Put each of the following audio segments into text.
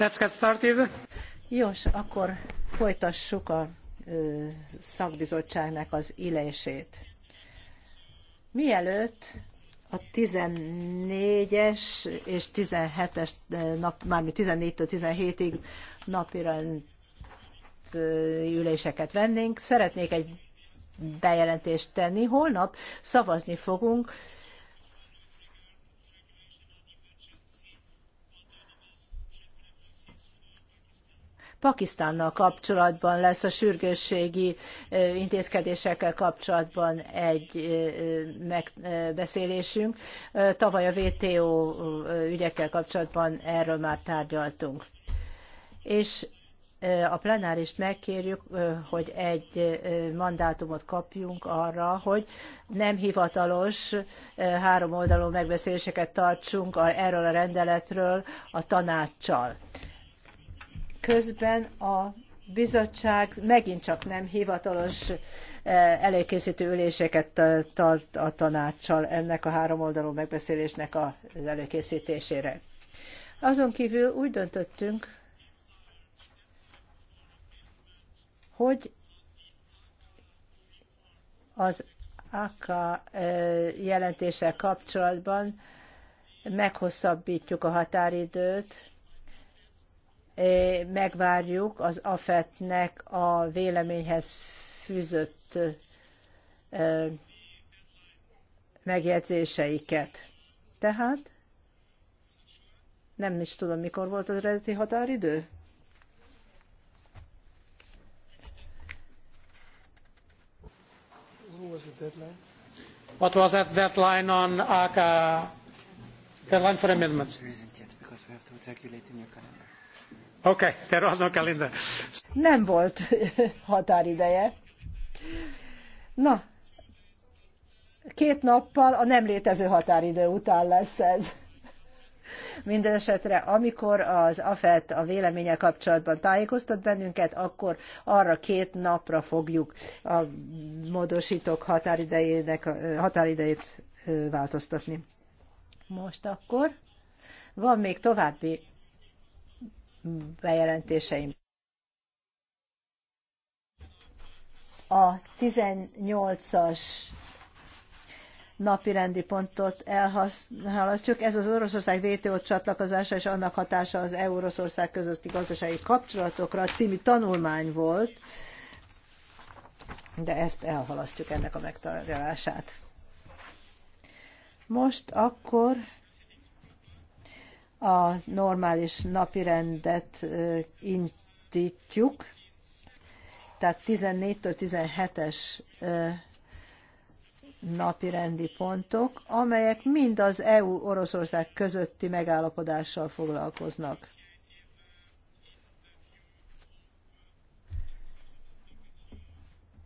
Let's get started. Jós, akkor folytassuk a szakbizottságnak az ülését. Mielőtt a 14-es és 17-es nap, mármint 14-től 17-ig napira üléseket vennénk, szeretnék egy bejelentést tenni. Holnap szavazni fogunk Pakisztánnal kapcsolatban lesz a sürgősségi intézkedésekkel kapcsolatban egy megbeszélésünk. Tavaly a WTO ügyekkel kapcsolatban erről már tárgyaltunk. És a plenárist megkérjük, hogy egy mandátumot kapjunk arra, hogy nem hivatalos oldalú megbeszéléseket tartsunk erről a rendeletről a tanácssal. Közben a bizottság megint csak nem hivatalos eh, előkészítő üléseket tart a tanácssal ennek a háromoldalú megbeszélésnek az előkészítésére. Azon kívül úgy döntöttünk, hogy az AKA eh, jelentése kapcsolatban meghosszabbítjuk a határidőt Eh, megvárjuk az AFET-nek a véleményhez fűzött eh, megjegyzéseiket. Tehát nem is tudom, mikor volt az eredeti határidő. What was that deadline on ACA? Uh, deadline for amendments? There isn't yet because we have to calculate in your calendar. Nem volt határideje. Na, két nappal a nem létező határidő után lesz ez. Mindenesetre, amikor az AFET a véleménye kapcsolatban tájékoztat bennünket, akkor arra két napra fogjuk a módosítók határidejének, határidejét változtatni. Most akkor van még további bejelentéseim. A 18-as rendi pontot elhalasztjuk. Ez az Oroszország VTO csatlakozása és annak hatása az Oroszország közötti gazdasági kapcsolatokra című tanulmány volt, de ezt elhalasztjuk ennek a megtalálását. Most akkor a normális napirendet indítjuk, tehát 14-től 17-es napirendi pontok, amelyek mind az EU-Oroszország közötti megállapodással foglalkoznak.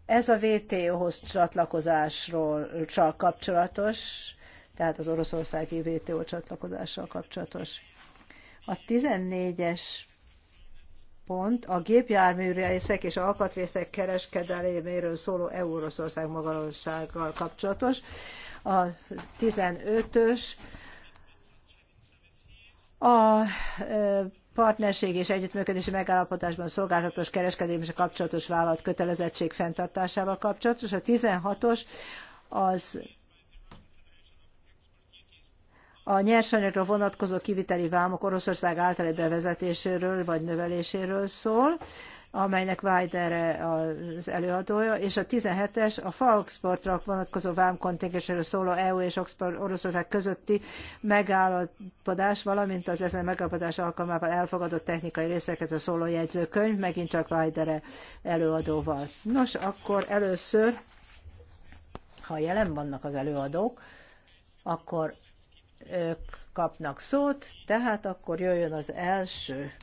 Ez a WTO-hoz csatlakozásról csak kapcsolatos, tehát az oroszországi VTO csatlakozással kapcsolatos. A 14-es pont a gépjárműrészek és alkatrészek kereskedeléméről szóló Oroszország magalossággal kapcsolatos. A 15-ös a partnerség és együttműködési megállapodásban szolgáltatós kereskedése kapcsolatos vállalat kötelezettség fenntartásával kapcsolatos. A 16-os az a nyersanyagra vonatkozó kiviteli vámok Oroszország általi bevezetéséről vagy növeléséről szól, amelynek Weider az előadója, és a 17-es a fa exportra vonatkozó vámkontingenséről szóló EU és Oroszország közötti megállapodás, valamint az ezen megállapodás alkalmával elfogadott technikai részekről szóló jegyzőkönyv, megint csak Weider előadóval. Nos, akkor először, ha jelen vannak az előadók, akkor ők kapnak szót, tehát akkor jöjjön az első,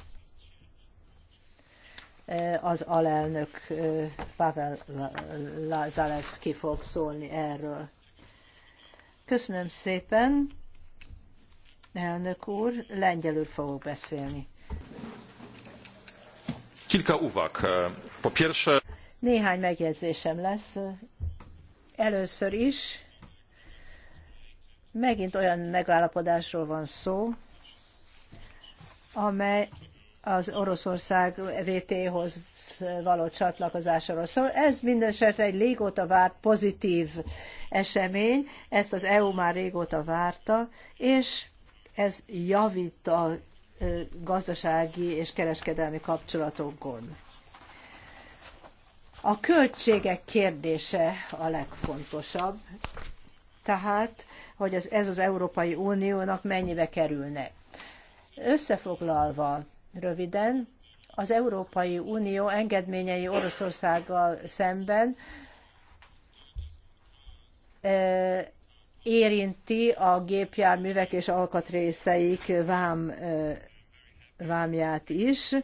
eh, az alelnök eh, Pavel Zalewski fog szólni erről. Köszönöm szépen, elnök úr, lengyelül fogok beszélni. Kilka uvak. Po pierwsze... Néhány megjegyzésem lesz. Először is Megint olyan megállapodásról van szó, amely az Oroszország VT-hoz való csatlakozásról. Szóval ez mindesetre egy régóta várt pozitív esemény, ezt az EU már régóta várta, és ez javít a gazdasági és kereskedelmi kapcsolatokon. A költségek kérdése a legfontosabb. Tehát hogy ez, ez az Európai Uniónak mennyibe kerülne. Összefoglalva röviden, az Európai Unió engedményei Oroszországgal szemben érinti a gépjárművek és alkatrészeik vám, vámját is,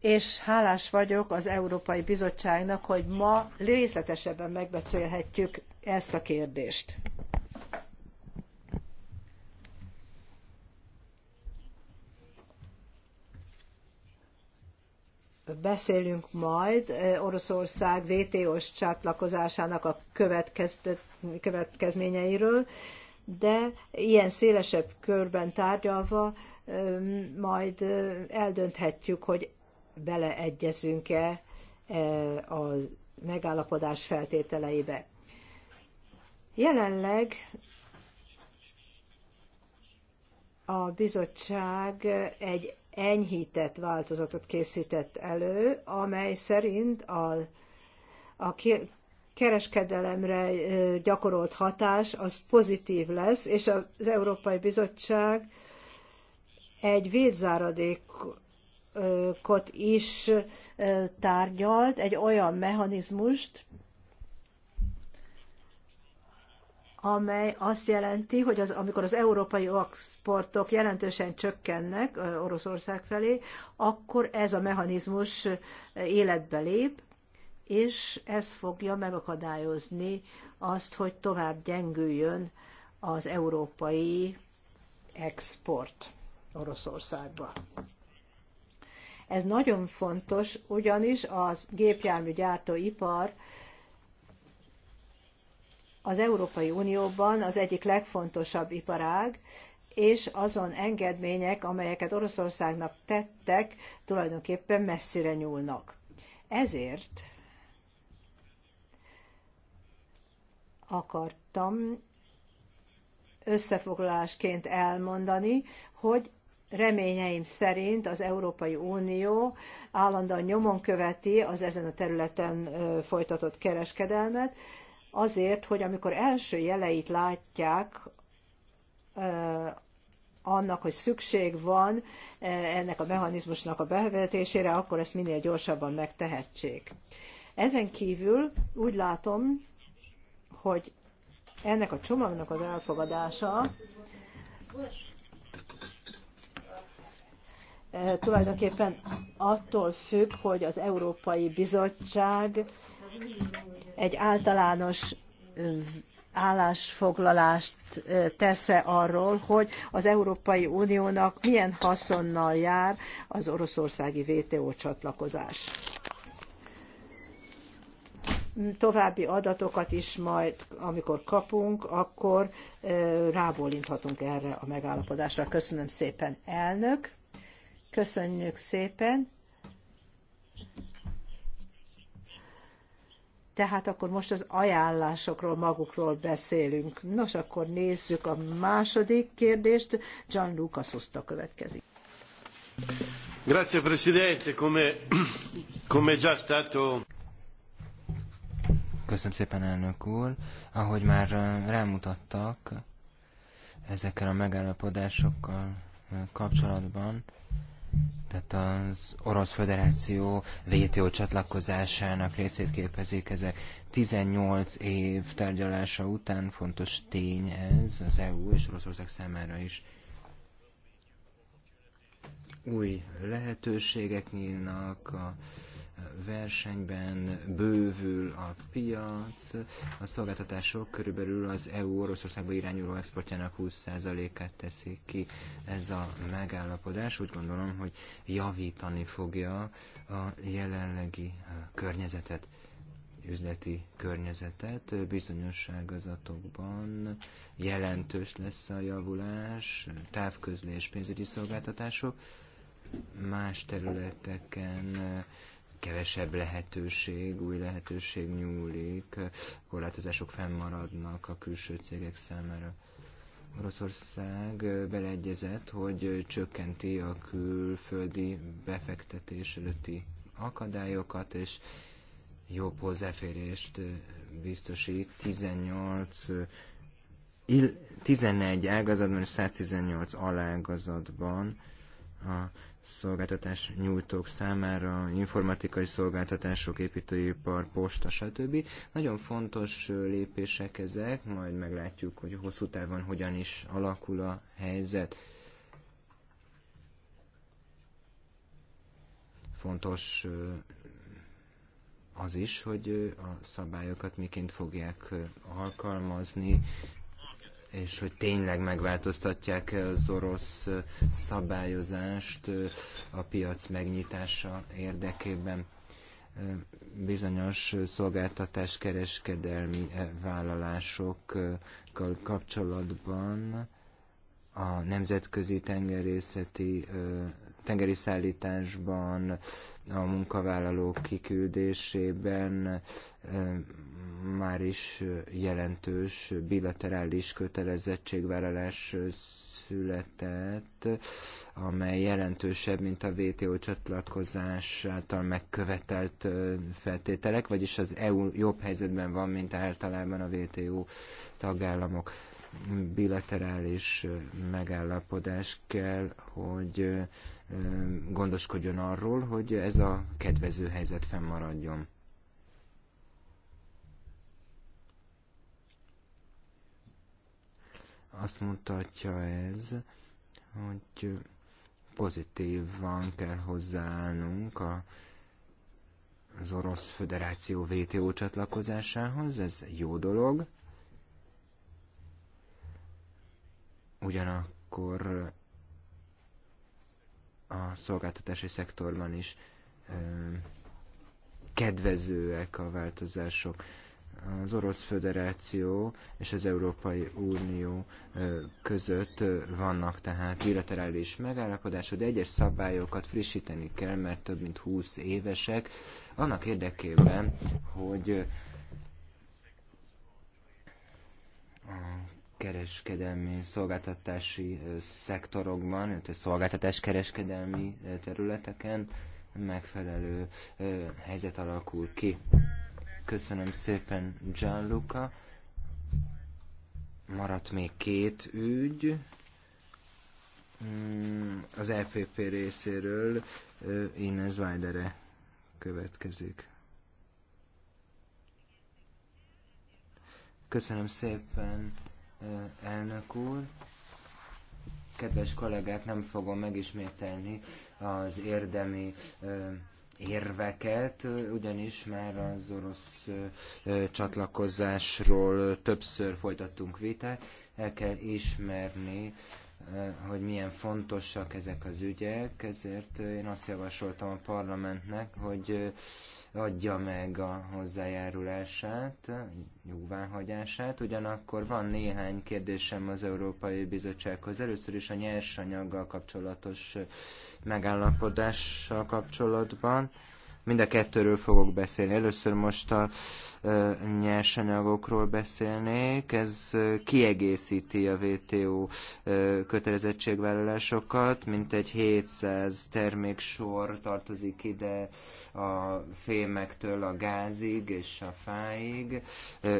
és hálás vagyok az Európai Bizottságnak, hogy ma részletesebben megbeszélhetjük ezt a kérdést. beszélünk majd Oroszország VTO-s csatlakozásának a következményeiről, de ilyen szélesebb körben tárgyalva majd eldönthetjük, hogy beleegyezünk-e a megállapodás feltételeibe. Jelenleg a bizottság egy enyhített változatot készített elő, amely szerint a, a kereskedelemre gyakorolt hatás az pozitív lesz, és az Európai Bizottság egy védzáradékot is tárgyalt, egy olyan mechanizmust, amely azt jelenti, hogy az, amikor az európai exportok jelentősen csökkennek Oroszország felé, akkor ez a mechanizmus életbe lép, és ez fogja megakadályozni azt, hogy tovább gyengüljön az európai export Oroszországba. Ez nagyon fontos, ugyanis az gépjármű gyártóipar ipar az Európai Unióban az egyik legfontosabb iparág, és azon engedmények, amelyeket Oroszországnak tettek, tulajdonképpen messzire nyúlnak. Ezért akartam összefoglalásként elmondani, hogy reményeim szerint az Európai Unió állandóan nyomon követi az ezen a területen folytatott kereskedelmet, azért, hogy amikor első jeleit látják annak, hogy szükség van ennek a mechanizmusnak a bevezetésére, akkor ezt minél gyorsabban megtehetsék. Ezen kívül úgy látom, hogy ennek a csomagnak az elfogadása tulajdonképpen attól függ, hogy az Európai Bizottság egy általános állásfoglalást tesz-e arról, hogy az Európai Uniónak milyen haszonnal jár az oroszországi WTO csatlakozás. További adatokat is majd, amikor kapunk, akkor rábólinthatunk erre a megállapodásra. Köszönöm szépen, elnök! Köszönjük szépen! Tehát akkor most az ajánlásokról magukról beszélünk. Nos, akkor nézzük a második kérdést. Gianluca Susta következik. Grazie Presidente, come, come già stato... Köszönöm szépen, elnök úr. Ahogy már rámutattak ezekkel a megállapodásokkal kapcsolatban, tehát az Orosz Föderáció VTO csatlakozásának részét képezik ezek. 18 év tárgyalása után fontos tény ez az EU és Oroszország számára is. Új lehetőségek nyílnak a versenyben, bővül a piac, a szolgáltatások körülbelül az EU Oroszországba irányuló exportjának 20%-át teszik ki ez a megállapodás. Úgy gondolom, hogy javítani fogja a jelenlegi eh, környezetet üzleti környezetet. Bizonyos ágazatokban jelentős lesz a javulás, távközlés, pénzügyi szolgáltatások, más területeken eh, kevesebb lehetőség, új lehetőség nyúlik, korlátozások fennmaradnak a külső cégek számára. Oroszország beleegyezett, hogy csökkenti a külföldi befektetés előtti akadályokat, és jobb hozzáférést biztosít 18 11 ágazatban és 118 alágazatban a szolgáltatás nyújtók számára, informatikai szolgáltatások, építőipar, posta, stb. Nagyon fontos lépések ezek, majd meglátjuk, hogy hosszú távon hogyan is alakul a helyzet. Fontos az is, hogy a szabályokat miként fogják alkalmazni, és hogy tényleg megváltoztatják -e az orosz szabályozást a piac megnyitása érdekében bizonyos szolgáltatás kereskedelmi vállalásokkal kapcsolatban a nemzetközi tengerészeti tengeri szállításban, a munkavállalók kiküldésében, már is jelentős bilaterális kötelezettségvállalás született, amely jelentősebb, mint a WTO csatlakozás által megkövetelt feltételek, vagyis az EU jobb helyzetben van, mint általában a WTO tagállamok. Bilaterális megállapodás kell, hogy gondoskodjon arról, hogy ez a kedvező helyzet fennmaradjon Azt mutatja ez, hogy pozitívan kell hozzáállnunk a, az Orosz Föderáció VTO csatlakozásához, ez jó dolog. Ugyanakkor a szolgáltatási szektorban is ö, kedvezőek a változások az Orosz Föderáció és az Európai Unió között vannak tehát bilaterális megállapodások, de egyes szabályokat frissíteni kell, mert több mint 20 évesek, annak érdekében, hogy a kereskedelmi szolgáltatási szektorokban, illetve kereskedelmi területeken megfelelő helyzet alakul ki. Köszönöm szépen, Gianluca. Maradt még két ügy. Mm, az EPP részéről Ines Weidere következik. Köszönöm szépen, elnök úr kedves kollégák, nem fogom megismételni az érdemi érveket, ugyanis már az orosz csatlakozásról többször folytattunk vitát, el kell ismerni Eh, hogy milyen fontosak ezek az ügyek, ezért eh, én azt javasoltam a parlamentnek, hogy eh, adja meg a hozzájárulását, nyugvánhagyását. Ugyanakkor van néhány kérdésem az Európai Bizottsághoz. Először is a nyersanyaggal kapcsolatos megállapodással kapcsolatban Mind a kettőről fogok beszélni. Először most a nyersanyagokról beszélnék. Ez kiegészíti a WTO kötelezettségvállalásokat, mint egy 700 terméksor tartozik ide a fémektől a gázig és a fáig.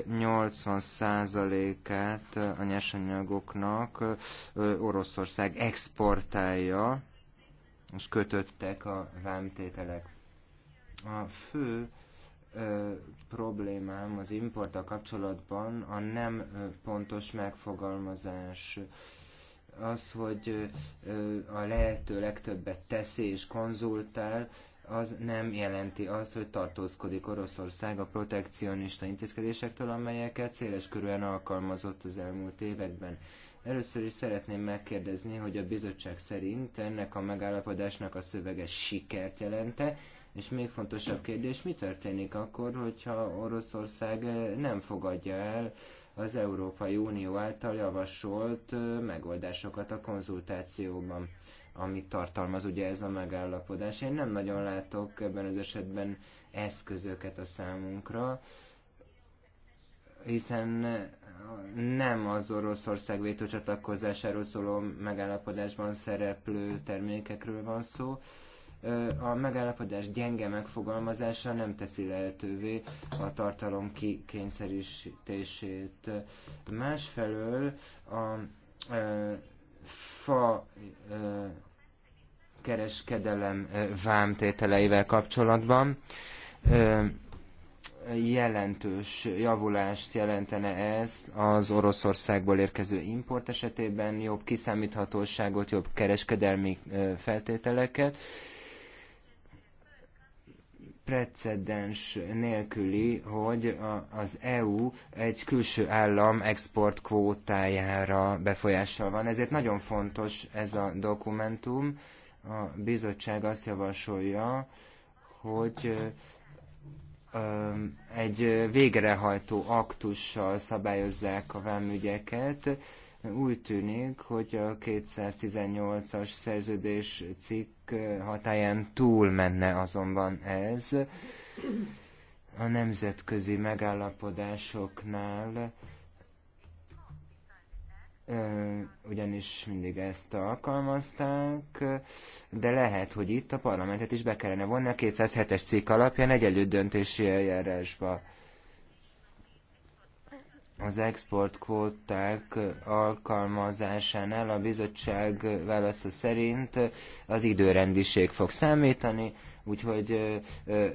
80%-át a nyersanyagoknak Oroszország exportálja, és kötöttek a vámtételek a fő ö, problémám az importa kapcsolatban a nem ö, pontos megfogalmazás. Az, hogy ö, a lehető legtöbbet teszi és konzultál, az nem jelenti azt, hogy tartózkodik Oroszország a protekcionista intézkedésektől, amelyeket széles körülön alkalmazott az elmúlt években. Először is szeretném megkérdezni, hogy a bizottság szerint ennek a megállapodásnak a szövege sikert jelente, és még fontosabb kérdés, mi történik akkor, hogyha Oroszország eh, nem fogadja el az Európai Unió által javasolt eh, megoldásokat a konzultációban, amit tartalmaz ugye ez a megállapodás. Én nem nagyon látok ebben az esetben eszközöket a számunkra, hiszen eh, nem az Oroszország vétócsatlakozásáról szóló megállapodásban szereplő termékekről van szó, a megállapodás gyenge megfogalmazása nem teszi lehetővé a tartalom kikényszerítését. Másfelől a fa kereskedelem vámtételeivel kapcsolatban jelentős javulást jelentene ez az Oroszországból érkező import esetében, jobb kiszámíthatóságot, jobb kereskedelmi feltételeket, precedens nélküli, hogy a, az EU egy külső állam kvótájára befolyással van. Ezért nagyon fontos ez a dokumentum. A bizottság azt javasolja, hogy egy végrehajtó aktussal szabályozzák a vámügyeket, úgy tűnik, hogy a 218-as szerződés cikk hatáján túl menne azonban ez. A nemzetközi megállapodásoknál ugyanis mindig ezt alkalmazták, de lehet, hogy itt a parlamentet is be kellene vonni a 207-es cikk alapján egy elődöntési eljárásba az exportkvóták alkalmazásánál a bizottság válasza szerint az időrendiség fog számítani, úgyhogy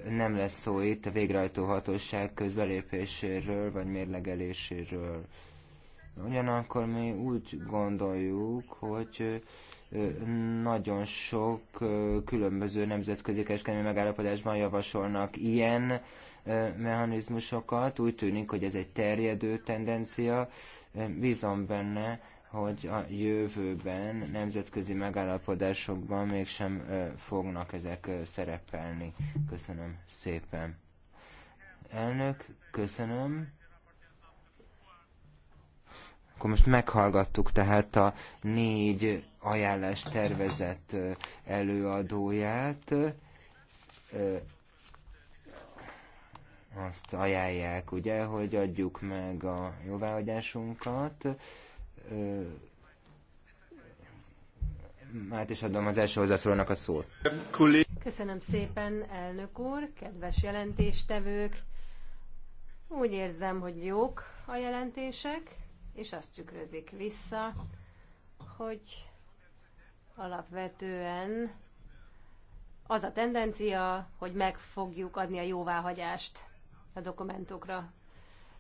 nem lesz szó itt a végrehajtó hatóság közbelépéséről vagy mérlegeléséről. Ugyanakkor mi úgy gondoljuk, hogy nagyon sok különböző nemzetközi kereskedelmi megállapodásban javasolnak ilyen mechanizmusokat. Úgy tűnik, hogy ez egy terjedő tendencia. Bízom benne, hogy a jövőben nemzetközi megállapodásokban mégsem fognak ezek szerepelni. Köszönöm szépen. Elnök, köszönöm. Akkor most meghallgattuk tehát a négy ajánlás tervezett előadóját. Azt ajánlják, ugye, hogy adjuk meg a jóváhagyásunkat. Hát is adom az első hozzászólónak a szót. Köszönöm szépen, elnök úr, kedves jelentéstevők. Úgy érzem, hogy jók a jelentések, és azt tükrözik vissza, hogy alapvetően az a tendencia, hogy meg fogjuk adni a jóváhagyást a dokumentokra.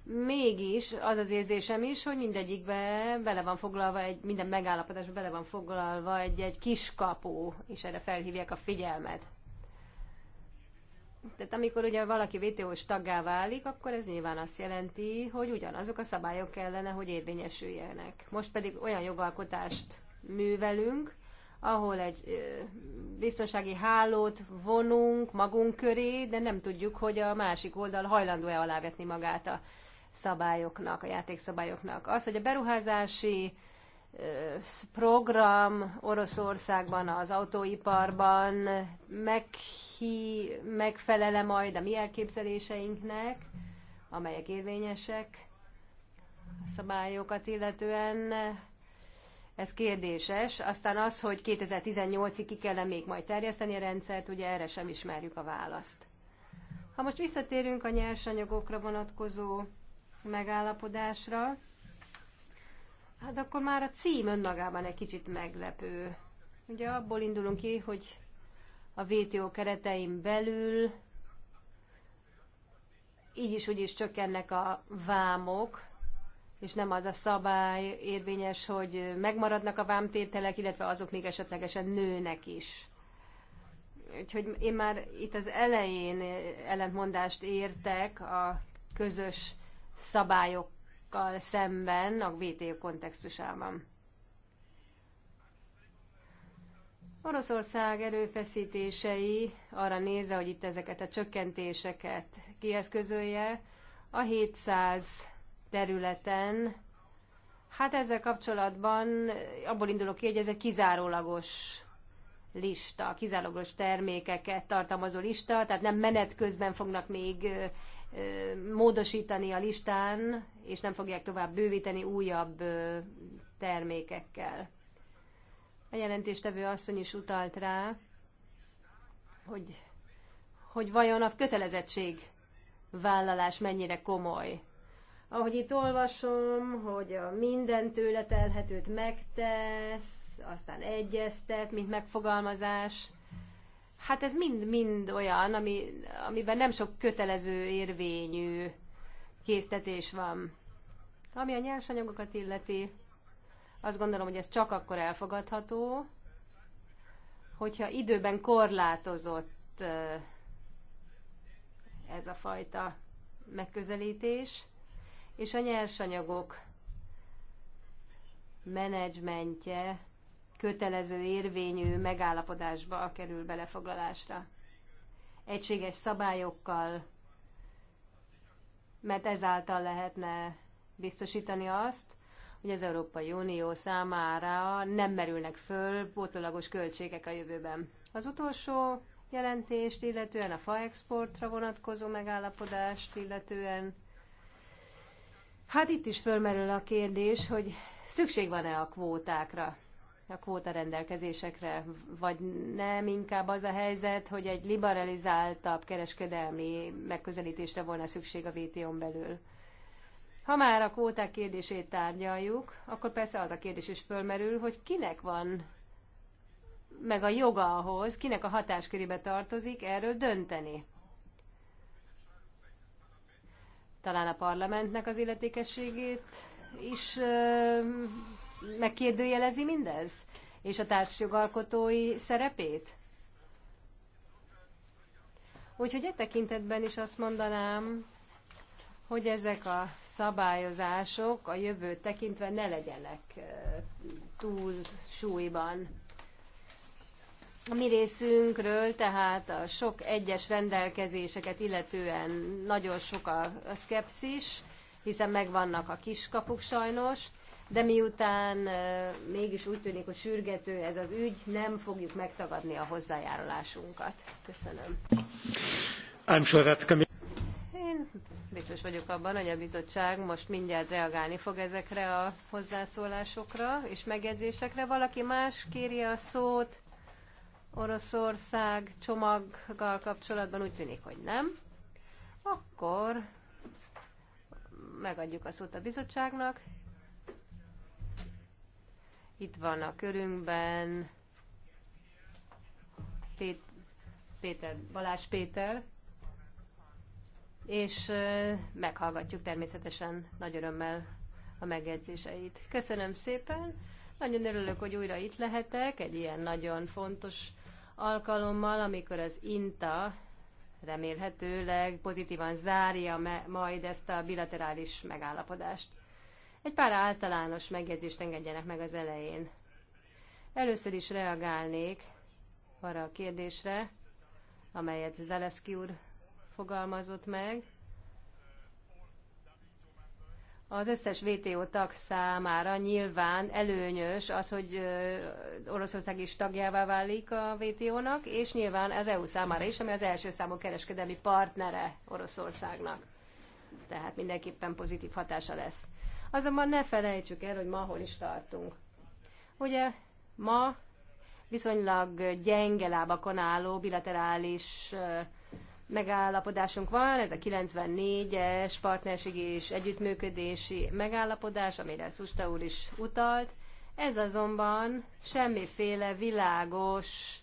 Mégis az az érzésem is, hogy mindegyikbe bele van foglalva, egy, minden megállapodásban bele van foglalva egy, egy kis kapó, és erre felhívják a figyelmet. Tehát amikor ugye valaki vto s taggá válik, akkor ez nyilván azt jelenti, hogy ugyanazok a szabályok kellene, hogy érvényesüljenek. Most pedig olyan jogalkotást művelünk, ahol egy biztonsági hálót vonunk magunk köré, de nem tudjuk, hogy a másik oldal hajlandó-e alávetni magát a szabályoknak, a játékszabályoknak. Az, hogy a beruházási program Oroszországban, az autóiparban meghi, megfelele majd a mi elképzeléseinknek, amelyek érvényesek szabályokat illetően, ez kérdéses. Aztán az, hogy 2018-ig ki kell még majd terjeszteni a rendszert, ugye erre sem ismerjük a választ. Ha most visszatérünk a nyersanyagokra vonatkozó megállapodásra, hát akkor már a cím önmagában egy kicsit meglepő. Ugye abból indulunk ki, hogy a WTO keretein belül így is úgy is csökkennek a vámok, és nem az a szabály érvényes, hogy megmaradnak a vámtételek, illetve azok még esetlegesen nőnek is. Úgyhogy én már itt az elején ellentmondást értek a közös szabályokkal szemben a WTO kontextusában. Oroszország erőfeszítései arra nézve, hogy itt ezeket a csökkentéseket kieszközölje, a 700 területen. Hát ezzel kapcsolatban abból indulok ki, hogy ez egy kizárólagos lista, kizárólagos termékeket tartalmazó lista, tehát nem menet közben fognak még módosítani a listán, és nem fogják tovább bővíteni újabb termékekkel. A jelentéstevő asszony is utalt rá, hogy, hogy vajon a kötelezettség vállalás mennyire komoly. Ahogy itt olvasom, hogy a minden tőle telhetőt megtesz, aztán egyeztet, mint megfogalmazás. Hát ez mind-mind olyan, ami, amiben nem sok kötelező érvényű késztetés van. Ami a nyersanyagokat illeti, azt gondolom, hogy ez csak akkor elfogadható, hogyha időben korlátozott ez a fajta megközelítés és a nyersanyagok menedzsmentje kötelező érvényű megállapodásba kerül belefoglalásra. Egységes szabályokkal, mert ezáltal lehetne biztosítani azt, hogy az Európai Unió számára nem merülnek föl pótolagos költségek a jövőben. Az utolsó jelentést, illetően a faexportra vonatkozó megállapodást, illetően Hát itt is fölmerül a kérdés, hogy szükség van-e a kvótákra, a kvóta rendelkezésekre, vagy nem inkább az a helyzet, hogy egy liberalizáltabb kereskedelmi megközelítésre volna szükség a WTO-n belül. Ha már a kvóták kérdését tárgyaljuk, akkor persze az a kérdés is fölmerül, hogy kinek van meg a joga ahhoz, kinek a hatáskörébe tartozik erről dönteni. talán a parlamentnek az illetékességét is megkérdőjelezi mindez? És a társjogalkotói szerepét? Úgyhogy e tekintetben is azt mondanám, hogy ezek a szabályozások a jövőt tekintve ne legyenek túl súlyban. A mi részünkről tehát a sok egyes rendelkezéseket illetően nagyon sok a szkepszis, hiszen megvannak a kiskapuk sajnos, de miután mégis úgy tűnik, hogy sürgető ez az ügy, nem fogjuk megtagadni a hozzájárulásunkat. Köszönöm. I'm sure that Én biztos vagyok abban, hogy a bizottság most mindjárt reagálni fog ezekre a hozzászólásokra és megjegyzésekre. Valaki más kéri a szót? Oroszország csomaggal kapcsolatban úgy tűnik, hogy nem. Akkor megadjuk a szót a bizottságnak. Itt van a körünkben Pét Péter, Balázs Péter, és meghallgatjuk természetesen nagy örömmel a megjegyzéseit. Köszönöm szépen! Nagyon örülök, hogy újra itt lehetek egy ilyen nagyon fontos alkalommal, amikor az INTA remélhetőleg pozitívan zárja majd ezt a bilaterális megállapodást. Egy pár általános megjegyzést engedjenek meg az elején. Először is reagálnék arra a kérdésre, amelyet Zeleszki úr fogalmazott meg, az összes WTO tag számára nyilván előnyös az, hogy Oroszország is tagjává válik a WTO-nak, és nyilván az EU számára is, ami az első számú kereskedelmi partnere Oroszországnak. Tehát mindenképpen pozitív hatása lesz. Azonban ne felejtsük el, hogy ma hol is tartunk. Ugye ma viszonylag gyenge lábakon álló bilaterális megállapodásunk van, ez a 94-es partnerségi és együttműködési megállapodás, amire Szusta úr is utalt. Ez azonban semmiféle világos,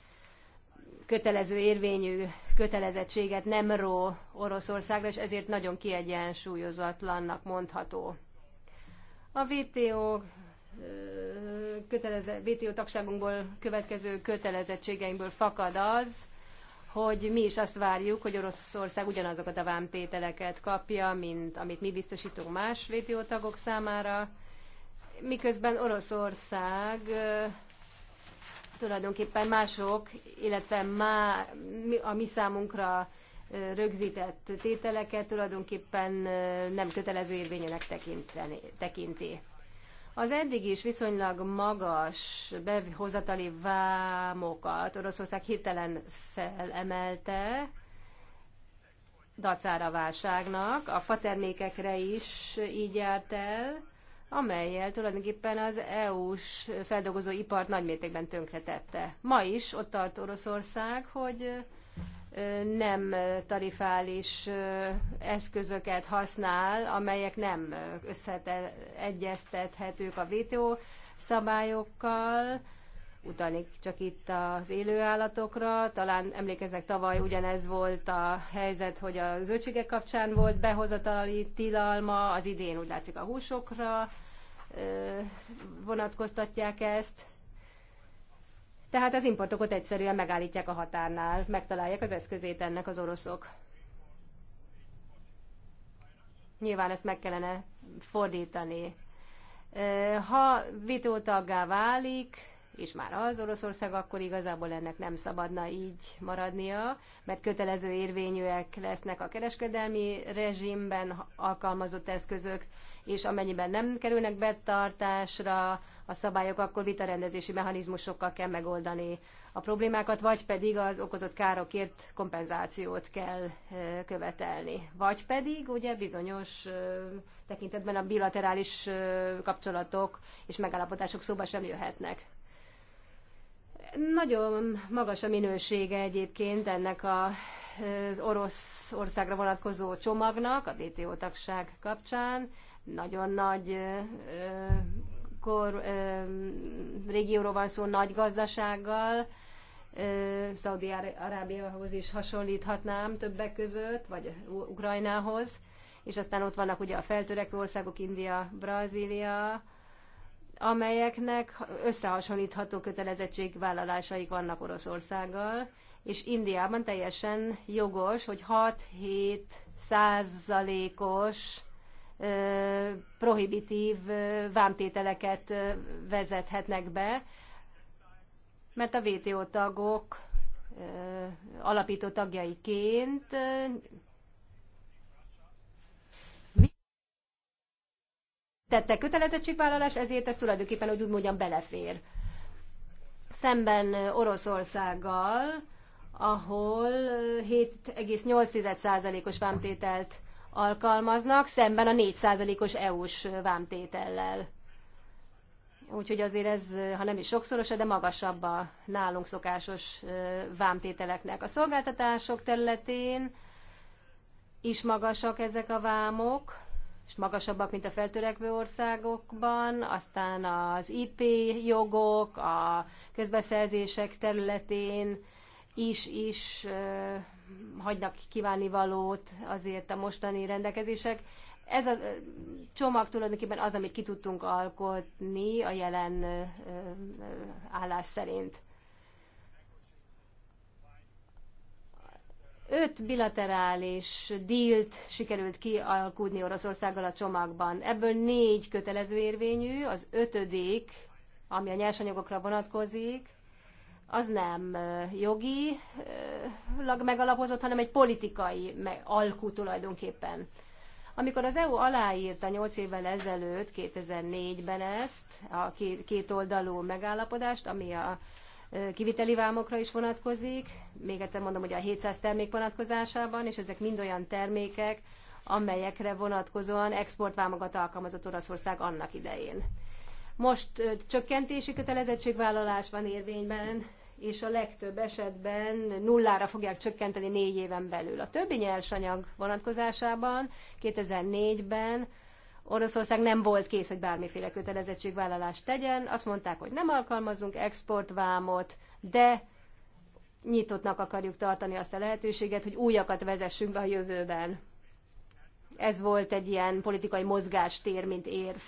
kötelező érvényű kötelezettséget nem ró Oroszországra, és ezért nagyon kiegyensúlyozatlannak mondható. A WTO kötelezett, WTO tagságunkból következő kötelezettségeinkből fakad az, hogy mi is azt várjuk, hogy Oroszország ugyanazokat a vámtételeket kapja, mint amit mi biztosítunk más VTO tagok számára, miközben Oroszország tulajdonképpen mások, illetve má, a mi számunkra rögzített tételeket tulajdonképpen nem kötelező érvényűnek tekinteni, tekinti. Az eddig is viszonylag magas behozatali vámokat Oroszország hirtelen felemelte, dacára válságnak, a fatermékekre is így járt el, amelyel tulajdonképpen az EU-s feldolgozó ipart nagymértékben tönkretette. Ma is ott tart Oroszország, hogy nem tarifális eszközöket használ, amelyek nem összeegyeztethetők a WTO szabályokkal, utalnék csak itt az élőállatokra. Talán emlékeznek, tavaly ugyanez volt a helyzet, hogy a zöldségek kapcsán volt behozatali tilalma, az idén úgy látszik a húsokra vonatkoztatják ezt. Tehát az importokat egyszerűen megállítják a határnál, megtalálják az eszközét ennek az oroszok. Nyilván ezt meg kellene fordítani. Ha vitótaggá válik, és már az Oroszország akkor igazából ennek nem szabadna így maradnia, mert kötelező érvényűek lesznek a kereskedelmi rezsimben alkalmazott eszközök, és amennyiben nem kerülnek betartásra a szabályok, akkor vitarendezési mechanizmusokkal kell megoldani a problémákat, vagy pedig az okozott károkért kompenzációt kell követelni. Vagy pedig ugye bizonyos tekintetben a bilaterális kapcsolatok és megállapodások szóba sem jöhetnek. Nagyon magas a minősége egyébként ennek a, az orosz országra vonatkozó csomagnak, a WTO tagság kapcsán. Nagyon nagy ö, kor, ö, régióról van szó, nagy gazdasággal. Szaudi-Arábiahoz is hasonlíthatnám többek között, vagy Ukrajnához. És aztán ott vannak ugye a feltörekvő országok, India, Brazília, amelyeknek összehasonlítható kötelezettségvállalásaik vannak Oroszországgal, és Indiában teljesen jogos, hogy 6-7 százalékos prohibitív vámtételeket vezethetnek be, mert a WTO tagok alapító tagjaiként tette kötelezettségvállalás, ezért ez tulajdonképpen, hogy úgy mondjam, belefér. Szemben Oroszországgal, ahol 7,8%-os vámtételt alkalmaznak, szemben a 4%-os EU-s vámtétellel. Úgyhogy azért ez, ha nem is sokszoros, de magasabb a nálunk szokásos vámtételeknek. A szolgáltatások területén is magasak ezek a vámok, és magasabbak, mint a feltörekvő országokban, aztán az IP jogok, a közbeszerzések területén is, is ö, hagynak kívánni valót azért a mostani rendelkezések. Ez a csomag tulajdonképpen az, amit ki tudtunk alkotni a jelen ö, ö, állás szerint. öt bilaterális dílt sikerült kialkudni Oroszországgal a csomagban. Ebből négy kötelező érvényű, az ötödik, ami a nyersanyagokra vonatkozik, az nem jogi megalapozott, hanem egy politikai alkú tulajdonképpen. Amikor az EU aláírta 8 évvel ezelőtt, 2004-ben ezt, a két oldalú megállapodást, ami a kiviteli vámokra is vonatkozik, még egyszer mondom, hogy a 700 termék vonatkozásában, és ezek mind olyan termékek, amelyekre vonatkozóan exportvámokat alkalmazott Oroszország annak idején. Most csökkentési kötelezettségvállalás van érvényben, és a legtöbb esetben nullára fogják csökkenteni négy éven belül. A többi nyersanyag vonatkozásában 2004-ben Oroszország nem volt kész, hogy bármiféle kötelezettségvállalást tegyen. Azt mondták, hogy nem alkalmazunk exportvámot, de nyitottnak akarjuk tartani azt a lehetőséget, hogy újakat vezessünk be a jövőben. Ez volt egy ilyen politikai mozgástér, mint érv.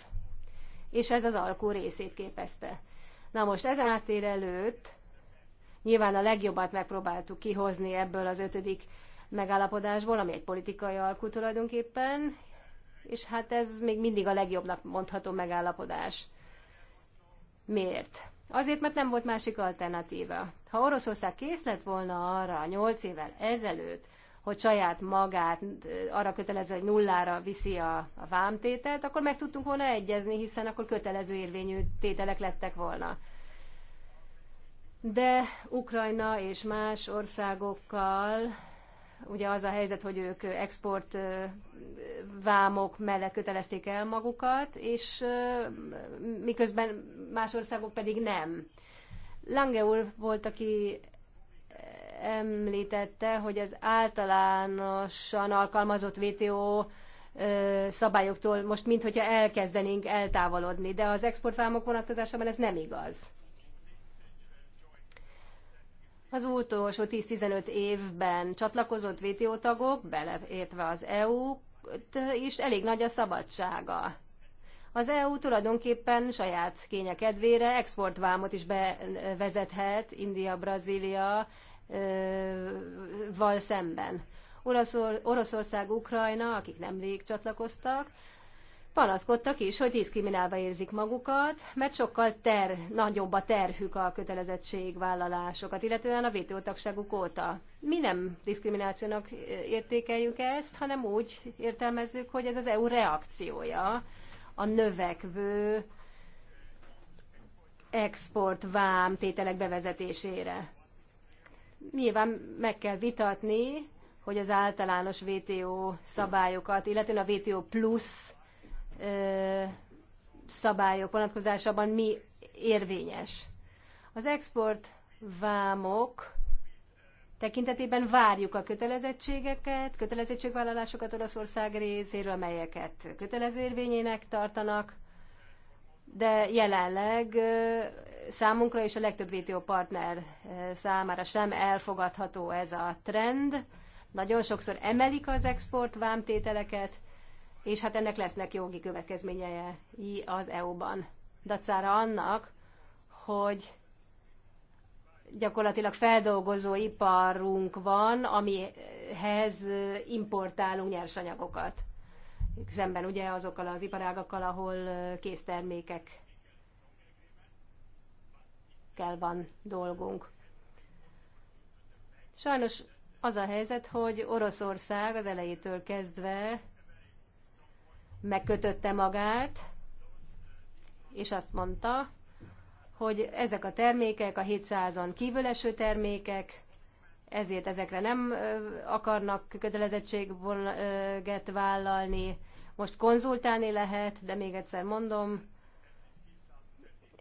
És ez az alkó részét képezte. Na most ezen áttér előtt nyilván a legjobbat megpróbáltuk kihozni ebből az ötödik megállapodásból, ami egy politikai alkú tulajdonképpen, és hát ez még mindig a legjobbnak mondható megállapodás. Miért? Azért, mert nem volt másik alternatíva. Ha Oroszország kész lett volna arra nyolc évvel ezelőtt, hogy saját magát eh, arra kötelező, hogy nullára viszi a, a vámtételt, akkor meg tudtunk volna egyezni, hiszen akkor kötelező érvényű tételek lettek volna. De Ukrajna és más országokkal ugye az a helyzet, hogy ők export vámok mellett kötelezték el magukat, és miközben más országok pedig nem. Lange úr volt, aki említette, hogy az általánosan alkalmazott VTO szabályoktól most mintha elkezdenénk eltávolodni, de az exportvámok vonatkozásában ez nem igaz. Az utolsó 10-15 évben csatlakozott WTO tagok, beleértve az EU, is elég nagy a szabadsága. Az EU tulajdonképpen saját kénye kedvére exportvámot is bevezethet India, Brazília val szemben. Oroszor, Oroszország, Ukrajna, akik nemrég csatlakoztak, panaszkodtak is, hogy diszkriminálva érzik magukat, mert sokkal ter, nagyobb a terhük a kötelezettségvállalásokat, illetően a vétótagságuk óta. Mi nem diszkriminációnak értékeljük ezt, hanem úgy értelmezzük, hogy ez az EU reakciója a növekvő exportvám tételek bevezetésére. Nyilván meg kell vitatni, hogy az általános VTO szabályokat, illetően a VTO plusz szabályok vonatkozásában mi érvényes. Az export vámok tekintetében várjuk a kötelezettségeket, kötelezettségvállalásokat Oroszország részéről, amelyeket kötelező érvényének tartanak, de jelenleg számunkra és a legtöbb VTO partner számára sem elfogadható ez a trend. Nagyon sokszor emelik az export vámtételeket, és hát ennek lesznek jogi következményei az EU-ban. Dacára annak, hogy gyakorlatilag feldolgozó iparunk van, amihez importálunk nyersanyagokat. Szemben ugye azokkal az iparágakkal, ahol késztermékek kell van dolgunk. Sajnos az a helyzet, hogy Oroszország az elejétől kezdve megkötötte magát, és azt mondta, hogy ezek a termékek, a 700-an kívüleső termékek, ezért ezekre nem akarnak kötelezettséget vállalni. Most konzultálni lehet, de még egyszer mondom,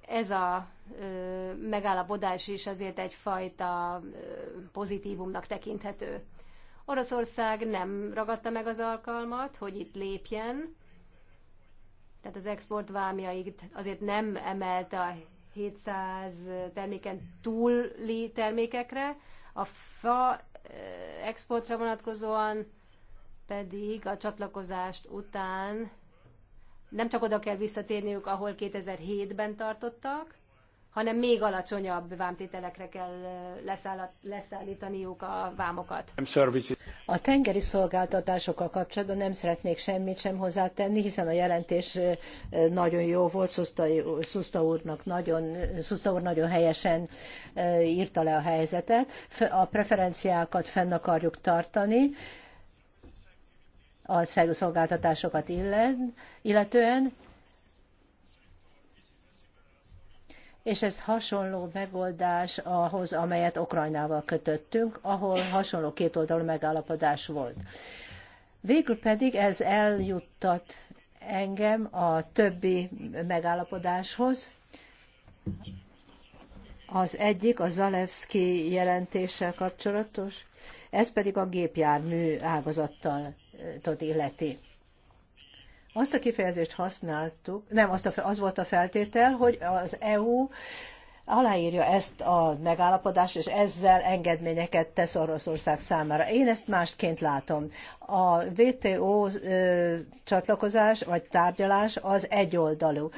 ez a megállapodás is azért egyfajta pozitívumnak tekinthető. Oroszország nem ragadta meg az alkalmat, hogy itt lépjen, tehát az export vámjait azért nem emelte a 700 terméken túli termékekre, a fa eh, exportra vonatkozóan pedig a csatlakozást után nem csak oda kell visszatérniük, ahol 2007-ben tartottak, hanem még alacsonyabb vámtételekre kell leszállítaniuk a vámokat. A tengeri szolgáltatásokkal kapcsolatban nem szeretnék semmit sem hozzátenni, hiszen a jelentés nagyon jó volt, Szuszta, Szuszta, úrnak nagyon, Szuszta úr nagyon helyesen írta le a helyzetet. A preferenciákat fenn akarjuk tartani, a szolgáltatásokat illetően, és ez hasonló megoldás ahhoz, amelyet Ukrajnával kötöttünk, ahol hasonló kétoldalú megállapodás volt. Végül pedig ez eljuttat engem a többi megállapodáshoz. Az egyik a Zalewski jelentéssel kapcsolatos, ez pedig a gépjármű ágazattal eh, illeti. Azt a kifejezést használtuk, nem, azt a, az volt a feltétel, hogy az EU aláírja ezt a megállapodást, és ezzel engedményeket tesz Oroszország számára. Én ezt másként látom. A WTO csatlakozás vagy tárgyalás az egyoldalú.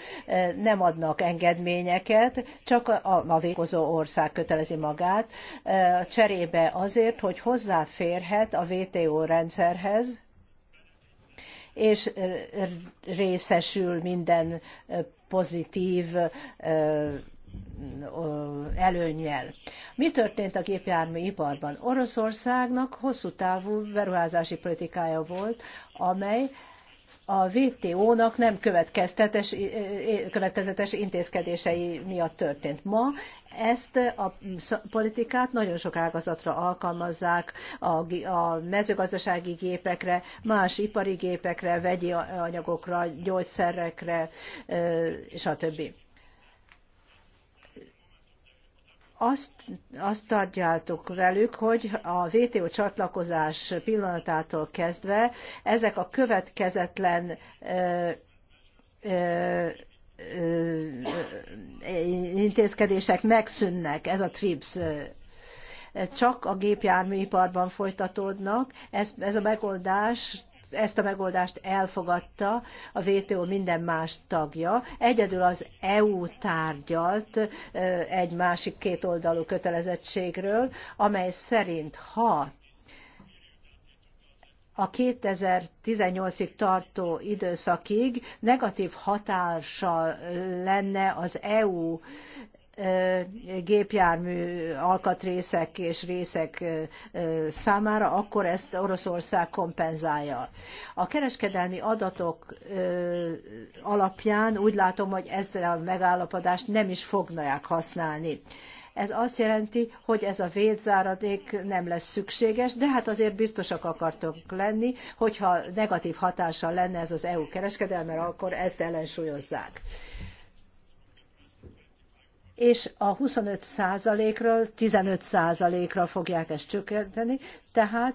Nem adnak engedményeket, csak a, a ország kötelezi magát cserébe azért, hogy hozzáférhet a WTO rendszerhez, és részesül minden pozitív előnyel. Mi történt a gépjármű iparban? Oroszországnak hosszú távú beruházási politikája volt, amely a VTO-nak nem következetes, következetes intézkedései miatt történt. Ma ezt a politikát nagyon sok ágazatra alkalmazzák, a, a mezőgazdasági gépekre, más ipari gépekre, vegyi anyagokra, gyógyszerekre, stb. azt, azt tárgyaltuk velük, hogy a VTO csatlakozás pillanatától kezdve ezek a következetlen ö, ö, ö, intézkedések megszűnnek, ez a TRIPS csak a gépjárműiparban folytatódnak. Ez, ez a megoldás ezt a megoldást elfogadta a WTO minden más tagja. Egyedül az EU tárgyalt egy másik kétoldalú kötelezettségről, amely szerint ha a 2018-ig tartó időszakig negatív hatással lenne az EU gépjármű alkatrészek és részek számára, akkor ezt Oroszország kompenzálja. A kereskedelmi adatok alapján úgy látom, hogy ezzel a megállapodást nem is fognak használni. Ez azt jelenti, hogy ez a védzáradék nem lesz szükséges, de hát azért biztosak akartok lenni, hogyha negatív hatással lenne ez az EU kereskedelme, akkor ezt ellensúlyozzák és a 25%-ról 15%-ra fogják ezt csökkenteni, tehát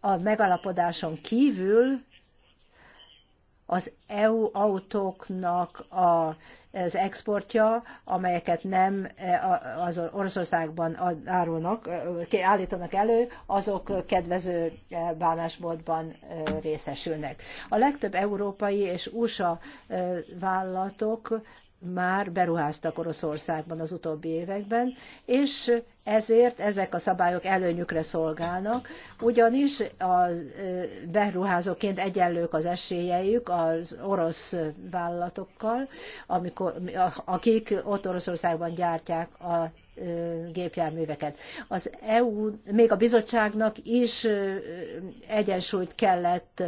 a megalapodáson kívül az EU autóknak az exportja, amelyeket nem az Oroszországban árulnak, állítanak elő, azok kedvező bánásmódban részesülnek. A legtöbb európai és USA vállalatok már beruháztak Oroszországban az utóbbi években, és ezért ezek a szabályok előnyükre szolgálnak, ugyanis a beruházóként egyenlők az esélyeik az orosz vállalatokkal, amikor, akik ott Oroszországban gyártják a gépjárműveket. Az EU, még a bizottságnak is egyensúlyt kellett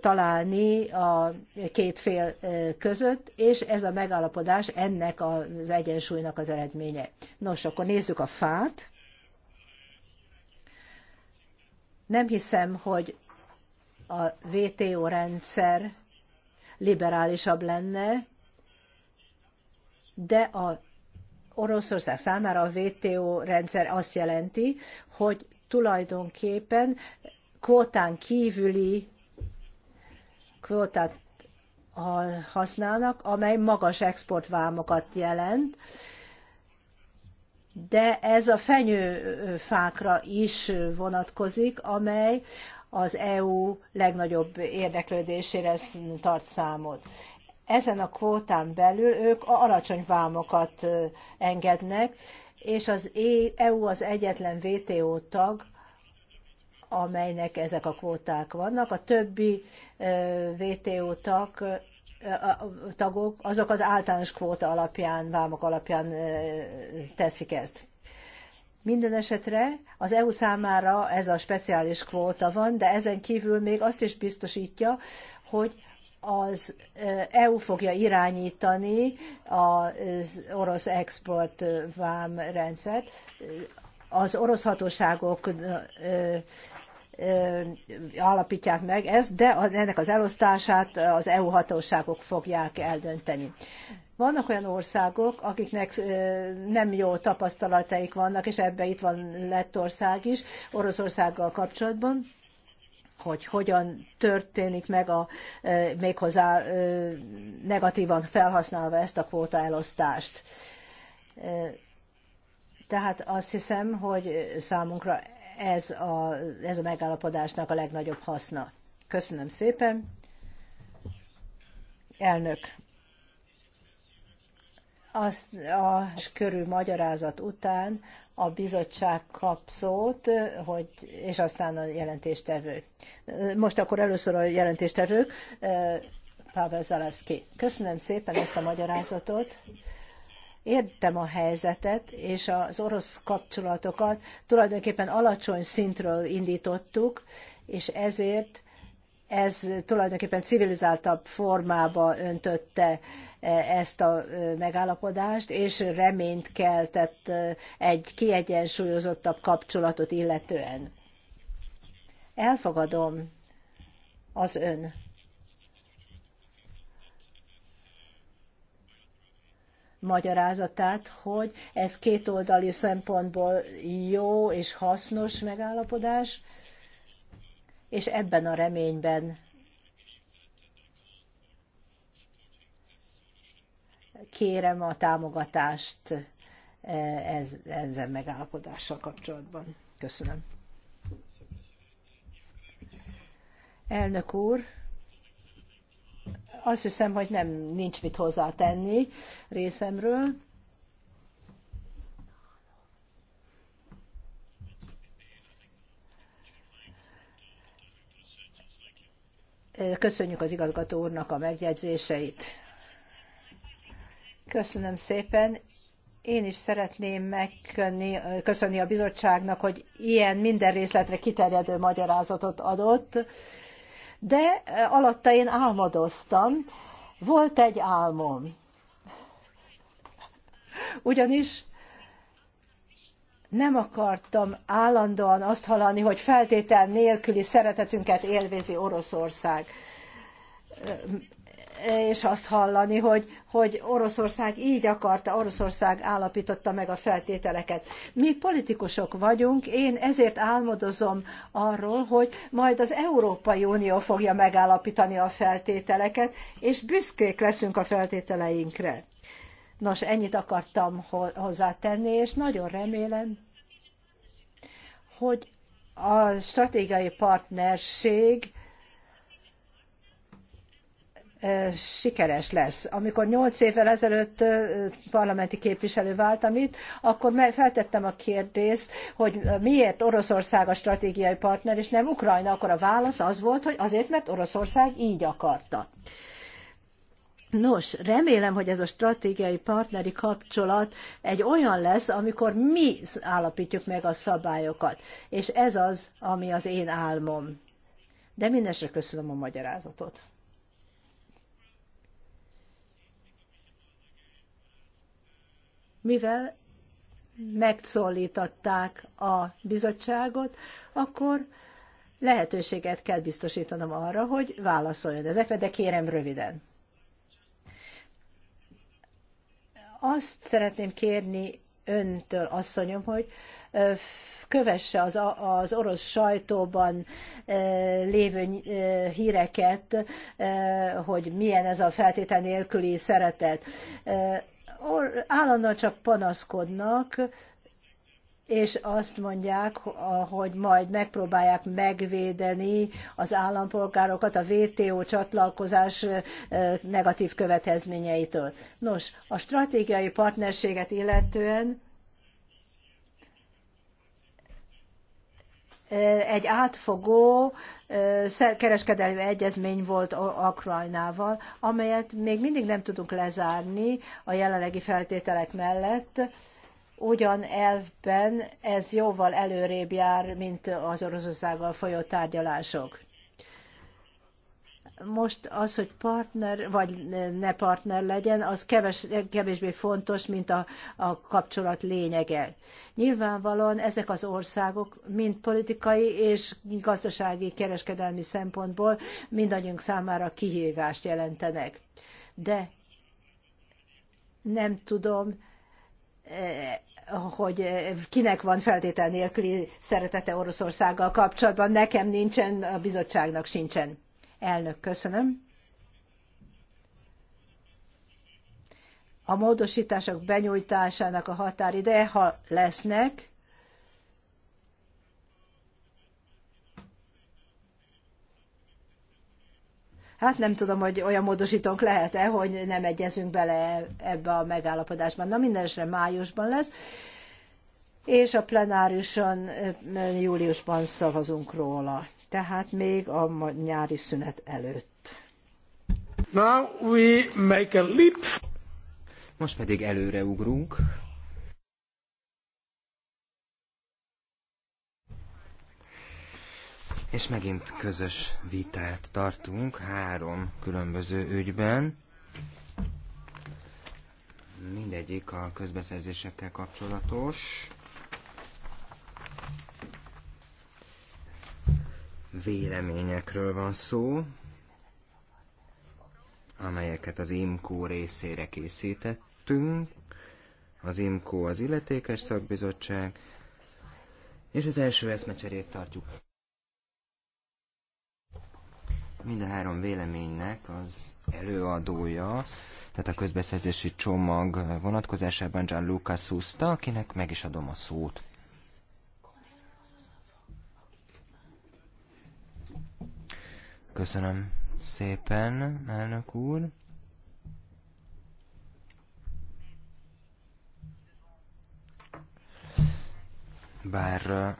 találni a két fél között, és ez a megállapodás ennek az egyensúlynak az eredménye. Nos, akkor nézzük a fát. Nem hiszem, hogy a VTO rendszer liberálisabb lenne, de a Oroszország számára a WTO rendszer azt jelenti, hogy tulajdonképpen kvótán kívüli kvótát használnak, amely magas exportvámokat jelent, de ez a fenyőfákra is vonatkozik, amely az EU legnagyobb érdeklődésére tart számot ezen a kvótán belül ők alacsony vámokat engednek, és az EU az egyetlen WTO tag, amelynek ezek a kvóták vannak. A többi WTO tag, tagok azok az általános kvóta alapján, vámok alapján teszik ezt. Minden esetre az EU számára ez a speciális kvóta van, de ezen kívül még azt is biztosítja, hogy az EU fogja irányítani az orosz export vám rendszert. Az orosz hatóságok állapítják meg ezt, de ennek az elosztását az EU hatóságok fogják eldönteni. Vannak olyan országok, akiknek nem jó tapasztalataik vannak, és ebbe itt van Lettország is, Oroszországgal kapcsolatban, hogy hogyan történik meg a, e, méghozzá e, negatívan felhasználva ezt a elosztást, e, Tehát azt hiszem, hogy számunkra ez a, ez a megállapodásnak a legnagyobb haszna. Köszönöm szépen. Elnök, azt a körül magyarázat után a bizottság kap szót, hogy, és aztán a jelentéstevő. Most akkor először a jelentéstevő, Pavel Zalewski. Köszönöm szépen ezt a magyarázatot. Értem a helyzetet, és az orosz kapcsolatokat tulajdonképpen alacsony szintről indítottuk, és ezért ez tulajdonképpen civilizáltabb formába öntötte Eh, ezt a eh, megállapodást, és reményt keltett eh, egy kiegyensúlyozottabb kapcsolatot illetően. Elfogadom az ön magyarázatát, hogy ez kétoldali szempontból jó és hasznos megállapodás, és ebben a reményben kérem a támogatást e, ez, ezzel megállapodással kapcsolatban. Köszönöm. Elnök úr, azt hiszem, hogy nem nincs mit hozzátenni részemről. Köszönjük az igazgató úrnak a megjegyzéseit. Köszönöm szépen. Én is szeretném megköszönni a bizottságnak, hogy ilyen minden részletre kiterjedő magyarázatot adott, de alatta én álmodoztam. Volt egy álmom. Ugyanis nem akartam állandóan azt hallani, hogy feltétel nélküli szeretetünket élvezi Oroszország és azt hallani, hogy, hogy Oroszország így akarta, Oroszország állapította meg a feltételeket. Mi politikusok vagyunk, én ezért álmodozom arról, hogy majd az Európai Unió fogja megállapítani a feltételeket, és büszkék leszünk a feltételeinkre. Nos, ennyit akartam hozzátenni, és nagyon remélem, hogy a stratégiai partnerség sikeres lesz. Amikor nyolc évvel ezelőtt parlamenti képviselő váltam itt, akkor feltettem a kérdést, hogy miért Oroszország a stratégiai partner, és nem Ukrajna, akkor a válasz az volt, hogy azért, mert Oroszország így akarta. Nos, remélem, hogy ez a stratégiai partneri kapcsolat egy olyan lesz, amikor mi állapítjuk meg a szabályokat. És ez az, ami az én álmom. De mindesre köszönöm a magyarázatot. mivel megszólították a bizottságot, akkor lehetőséget kell biztosítanom arra, hogy válaszoljon ezekre, de kérem röviden. Azt szeretném kérni öntől, asszonyom, hogy kövesse az, az orosz sajtóban lévő híreket, hogy milyen ez a feltétel nélküli szeretet állandóan csak panaszkodnak, és azt mondják, hogy majd megpróbálják megvédeni az állampolgárokat a WTO csatlakozás negatív következményeitől. Nos, a stratégiai partnerséget illetően egy átfogó kereskedelmi egyezmény volt Ukrajnával, amelyet még mindig nem tudunk lezárni a jelenlegi feltételek mellett, ugyan elvben ez jóval előrébb jár, mint az Oroszországgal folyó tárgyalások most az, hogy partner vagy ne partner legyen, az keves, kevésbé fontos, mint a, a kapcsolat lényege. Nyilvánvalóan ezek az országok mind politikai és gazdasági, kereskedelmi szempontból mindannyiunk számára kihívást jelentenek. De nem tudom, eh, hogy eh, kinek van feltétel nélküli szeretete Oroszországgal kapcsolatban, nekem nincsen, a bizottságnak sincsen. Elnök, köszönöm. A módosítások benyújtásának a határideje, ha lesznek, Hát nem tudom, hogy olyan módosítónk lehet-e, hogy nem egyezünk bele ebbe a megállapodásban. Na mindenesetre májusban lesz, és a plenárison júliusban szavazunk róla tehát még a nyári szünet előtt. Now we make a leap. Most pedig előre ugrunk. És megint közös vitát tartunk három különböző ügyben. Mindegyik a közbeszerzésekkel kapcsolatos. véleményekről van szó, amelyeket az IMCO részére készítettünk. Az IMCO az illetékes szakbizottság, és az első eszmecserét tartjuk. Mind a három véleménynek az előadója, tehát a közbeszerzési csomag vonatkozásában Gianluca Susta, akinek meg is adom a szót. Köszönöm szépen, elnök úr. Bár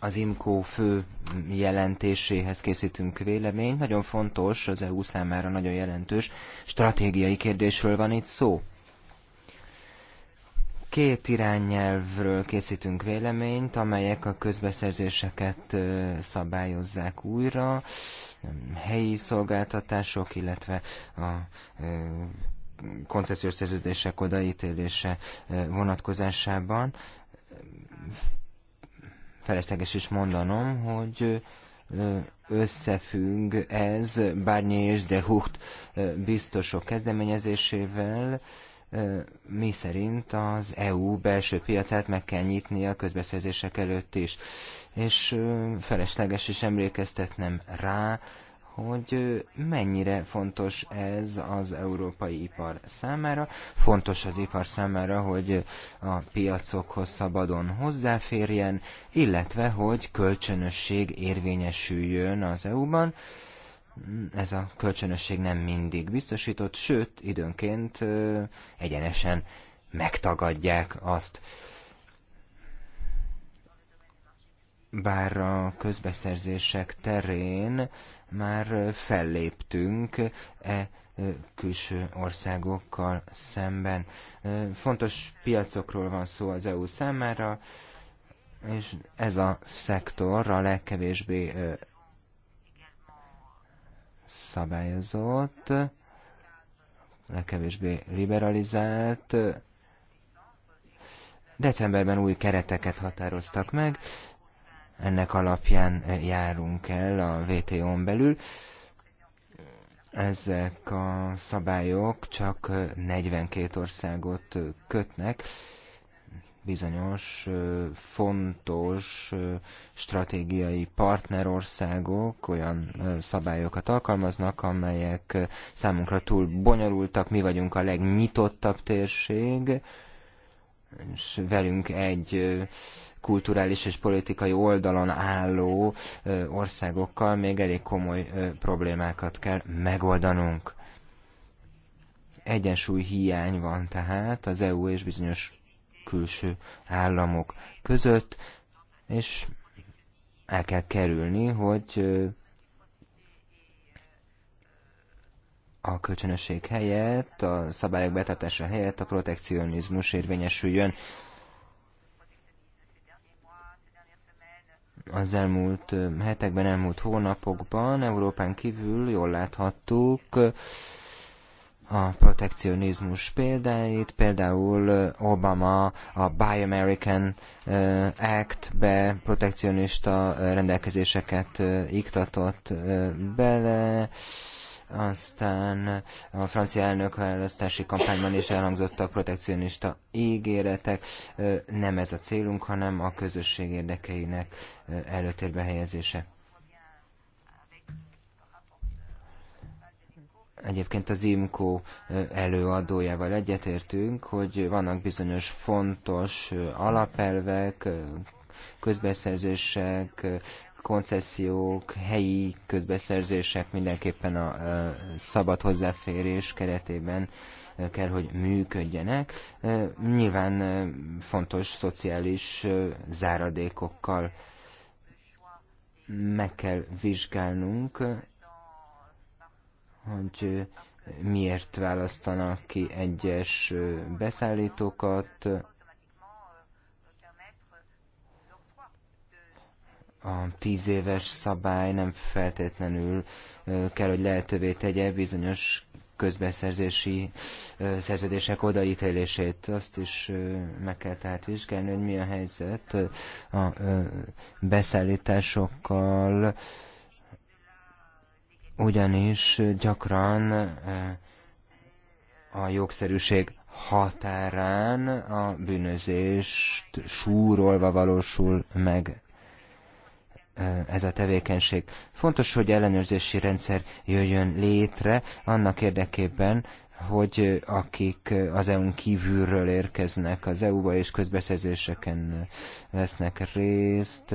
az IMCO fő jelentéséhez készítünk véleményt. Nagyon fontos, az EU számára nagyon jelentős stratégiai kérdésről van itt szó. Két irányelvről készítünk véleményt, amelyek a közbeszerzéseket szabályozzák újra, helyi szolgáltatások, illetve a koncesziós szerződések odaítélése vonatkozásában. Felesleges is mondanom, hogy összefügg ez Barnier és de Hucht biztosok kezdeményezésével, mi szerint az EU belső piacát meg kell nyitni a közbeszerzések előtt is. És felesleges is emlékeztetnem rá, hogy mennyire fontos ez az európai ipar számára. Fontos az ipar számára, hogy a piacokhoz szabadon hozzáférjen, illetve hogy kölcsönösség érvényesüljön az EU-ban ez a kölcsönösség nem mindig biztosított, sőt, időnként egyenesen megtagadják azt. Bár a közbeszerzések terén már felléptünk e külső országokkal szemben. Fontos piacokról van szó az EU számára, és ez a szektor a legkevésbé szabályozott, legkevésbé liberalizált. Decemberben új kereteket határoztak meg, ennek alapján járunk el a WTO-n belül. Ezek a szabályok csak 42 országot kötnek, bizonyos fontos stratégiai partnerországok olyan szabályokat alkalmaznak, amelyek számunkra túl bonyolultak, mi vagyunk a legnyitottabb térség, és velünk egy kulturális és politikai oldalon álló országokkal még elég komoly problémákat kell megoldanunk. Egyensúly hiány van tehát az EU és bizonyos külső államok között, és el kell kerülni, hogy a kölcsönösség helyett, a szabályok betartása helyett a protekcionizmus érvényesüljön. Az elmúlt hetekben, elmúlt hónapokban Európán kívül jól láthattuk, a protekcionizmus példáit, például Obama a Buy American Act-be protekcionista rendelkezéseket iktatott bele, aztán a francia elnök választási kampányban is elhangzottak protekcionista ígéretek. Nem ez a célunk, hanem a közösség érdekeinek előtérbe helyezése. Egyébként az IMCO előadójával egyetértünk, hogy vannak bizonyos fontos alapelvek, közbeszerzések, koncesziók, helyi közbeszerzések mindenképpen a szabad hozzáférés keretében kell, hogy működjenek. Nyilván fontos szociális záradékokkal meg kell vizsgálnunk hogy miért választanak ki egyes beszállítókat, a tíz éves szabály nem feltétlenül kell, hogy lehetővé tegye bizonyos közbeszerzési szerződések odaítélését. Azt is meg kell tehát vizsgálni, hogy mi a helyzet a beszállításokkal, ugyanis gyakran eh, a jogszerűség határán a bűnözést súrolva valósul meg eh, ez a tevékenység. Fontos, hogy ellenőrzési rendszer jöjjön létre annak érdekében, hogy akik az EU-n kívülről érkeznek az EU-ba, és közbeszerzéseken vesznek részt,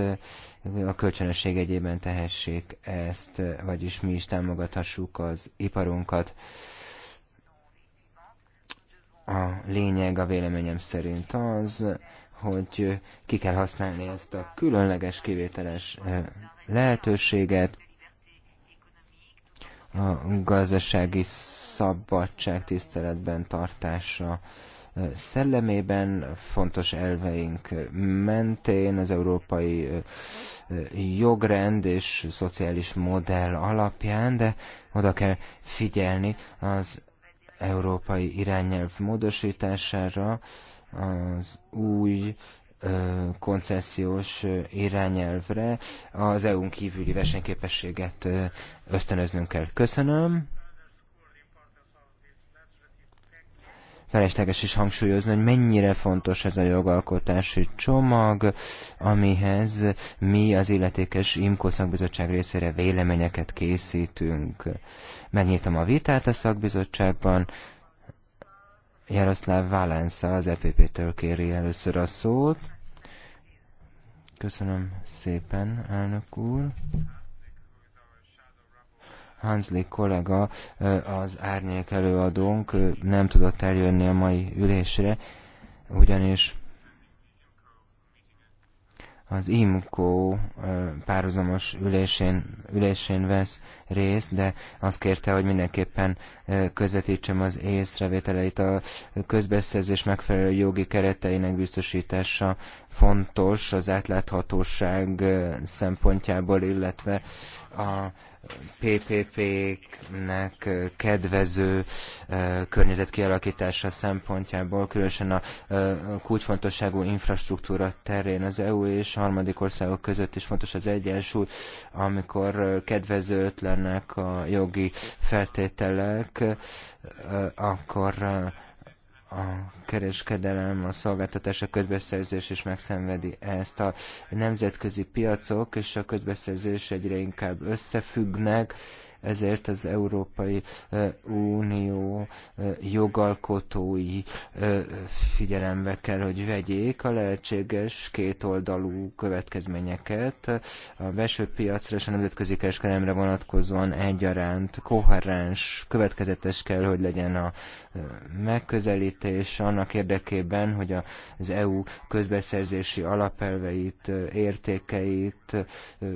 a kölcsönösség egyében tehessék ezt, vagyis mi is támogathassuk az iparunkat. A lényeg a véleményem szerint az, hogy ki kell használni ezt a különleges, kivételes eh, lehetőséget, a gazdasági szabadság tiszteletben tartása szellemében, fontos elveink mentén, az európai jogrend és szociális modell alapján, de oda kell figyelni az európai irányelv módosítására, az új koncesziós irányelvre az EU-n kívüli versenyképességet ösztönöznünk kell. Köszönöm. felesleges is hangsúlyozni, hogy mennyire fontos ez a jogalkotási csomag, amihez mi az illetékes IMCO szakbizottság részére véleményeket készítünk. Megnyitom a vitát a szakbizottságban, Jaroszláv Valensa az EPP-től kéri először a szót. Köszönöm szépen, elnök úr. Hansli kollega, az árnyék előadónk nem tudott eljönni a mai ülésre, ugyanis az IMCO párhuzamos ülésén, ülésén vesz részt, de azt kérte, hogy mindenképpen közvetítsem az észrevételeit. A közbeszerzés megfelelő jogi kereteinek biztosítása fontos az átláthatóság szempontjából, illetve a ppp nek kedvező környezet kialakítása szempontjából, különösen a kulcsfontosságú infrastruktúra terén az EU és harmadik országok között is fontos az egyensúly, amikor kedvezőtlenek a jogi feltételek, akkor a kereskedelem, a szolgáltatás, a közbeszerzés is megszenvedi ezt. A nemzetközi piacok és a közbeszerzés egyre inkább összefüggnek, ezért az Európai Unió jogalkotói figyelembe kell, hogy vegyék a lehetséges kétoldalú következményeket a belső piacra és a nemzetközi kereskedelemre vonatkozóan egyaránt koherens, következetes kell, hogy legyen a megközelítés annak érdekében, hogy az EU közbeszerzési alapelveit, értékeit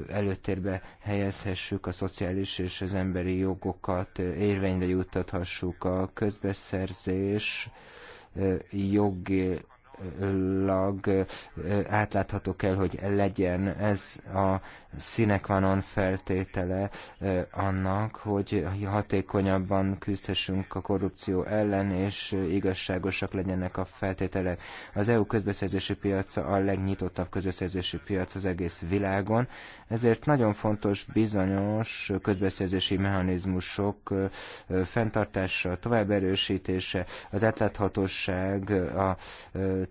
előtérbe helyezhessük, a szociális és az emberi jogokat érvényre juttathassuk. A közbeszerzés jogi viszonylag átlátható kell, hogy legyen. Ez a színek vanon feltétele annak, hogy hatékonyabban küzdhessünk a korrupció ellen, és igazságosak legyenek a feltételek. Az EU közbeszerzési piaca a legnyitottabb közbeszerzési piac az egész világon, ezért nagyon fontos bizonyos közbeszerzési mechanizmusok fenntartása, tovább erősítése, az átláthatóság, a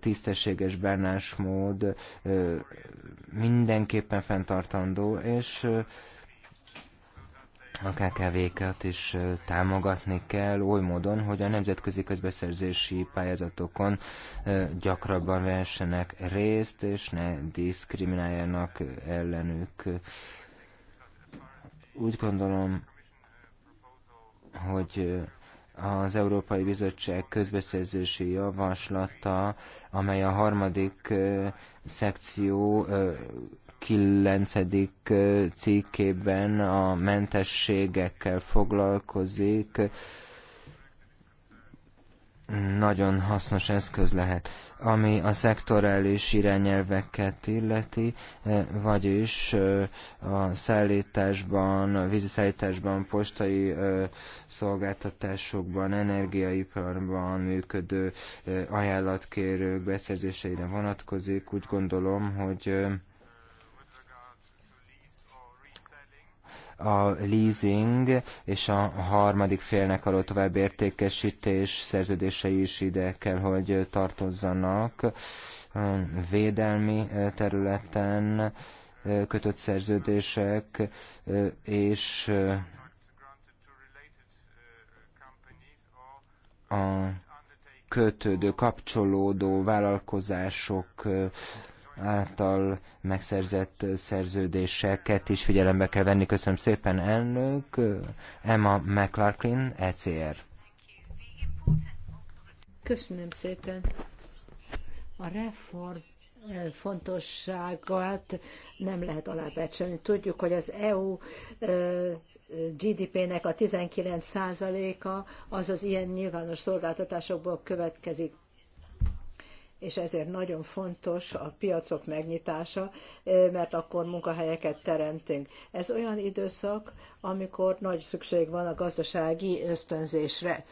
tisztességes bánásmód mindenképpen fenntartandó, és a KKV-kat is támogatni kell oly módon, hogy a nemzetközi közbeszerzési pályázatokon gyakrabban vessenek részt, és ne diszkrimináljanak ellenük. Úgy gondolom, hogy az Európai Bizottság közbeszerzési javaslata amely a harmadik szekció kilencedik cikkében a mentességekkel foglalkozik. Nagyon hasznos eszköz lehet ami a szektorális irányelveket illeti, eh, vagyis eh, a szállításban, a szállításban, postai eh, szolgáltatásokban, energiaiparban működő ajánlatkérők beszerzéseire vonatkozik. Úgy gondolom, hogy a leasing és a harmadik félnek való tovább értékesítés szerződései is ide kell, hogy tartozzanak. Védelmi területen kötött szerződések és a kötődő, kapcsolódó vállalkozások által megszerzett szerződéseket is figyelembe kell venni. Köszönöm szépen, elnök. Emma McLarkin, ECR. Köszönöm szépen. A reform eh, fontosságát nem lehet alábecsülni. Tudjuk, hogy az EU eh, GDP-nek a 19%-a az az ilyen nyilvános szolgáltatásokból következik és ezért nagyon fontos a piacok megnyitása, mert akkor munkahelyeket teremtünk. Ez olyan időszak, amikor nagy szükség van a gazdasági ösztönzésre.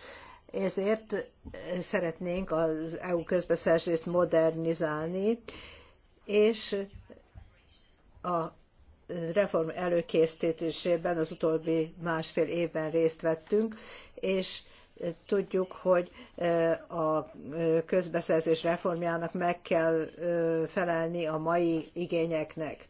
Ezért szeretnénk az EU közbeszerzést modernizálni, és a reform előkészítésében az utóbbi másfél évben részt vettünk, és Tudjuk, hogy eh, a eh, közbeszerzés reformjának meg kell eh, felelni a mai igényeknek.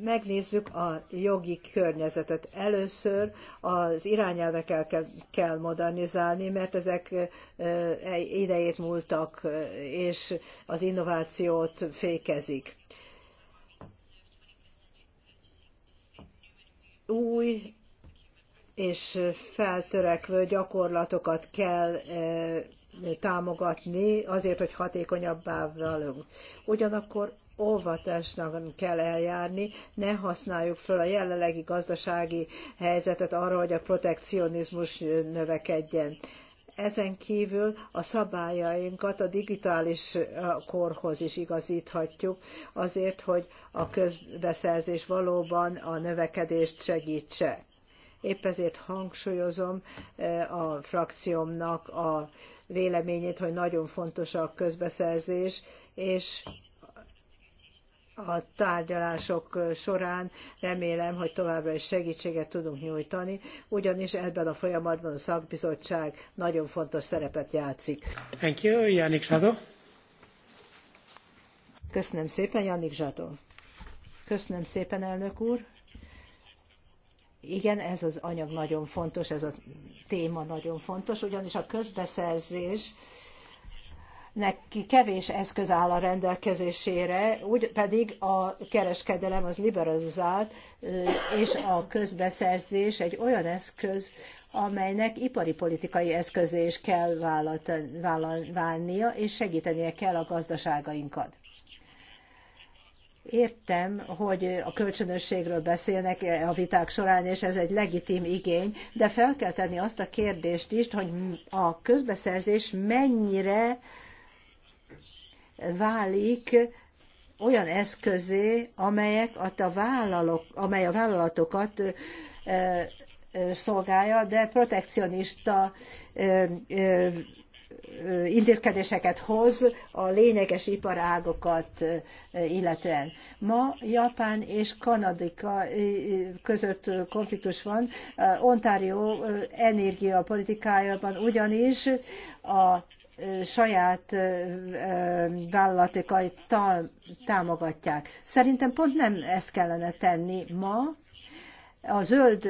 Megnézzük a jogi környezetet. Először az irányelvekkel kell modernizálni, mert ezek idejét múltak, és az innovációt fékezik. új és feltörekvő gyakorlatokat kell e, támogatni azért, hogy hatékonyabbá válunk. Ugyanakkor óvatosnak kell eljárni, ne használjuk fel a jelenlegi gazdasági helyzetet arra, hogy a protekcionizmus növekedjen. Ezen kívül a szabályainkat a digitális e, korhoz is igazíthatjuk, azért, hogy a közbeszerzés valóban a növekedést segítse Épp ezért hangsúlyozom e, a frakciómnak a véleményét, hogy nagyon fontos a közbeszerzés, és a tárgyalások során remélem, hogy továbbra is segítséget tudunk nyújtani, ugyanis ebben a folyamatban a szakbizottság nagyon fontos szerepet játszik. Thank you, Janik Zsado. Köszönöm szépen, Janik Zsado. Köszönöm szépen, elnök úr. Igen, ez az anyag nagyon fontos, ez a téma nagyon fontos, ugyanis a közbeszerzés neki kevés eszköz áll a rendelkezésére, úgy pedig a kereskedelem az liberalizált, és a közbeszerzés egy olyan eszköz, amelynek ipari politikai eszközé is kell válnia, és segítenie kell a gazdaságainkat. Értem, hogy a kölcsönösségről beszélnek a viták során, és ez egy legitim igény, de fel kell tenni azt a kérdést is, hogy a közbeszerzés mennyire válik olyan eszközé, amelyek a vállalok, amely a vállalatokat szolgálja, de protekcionista intézkedéseket hoz a lényeges iparágokat illetően. Ma Japán és Kanadika között konfliktus van. Ontario energiapolitikájában ugyanis a saját vállalatokat támogatják. Szerintem pont nem ezt kellene tenni ma, a zöld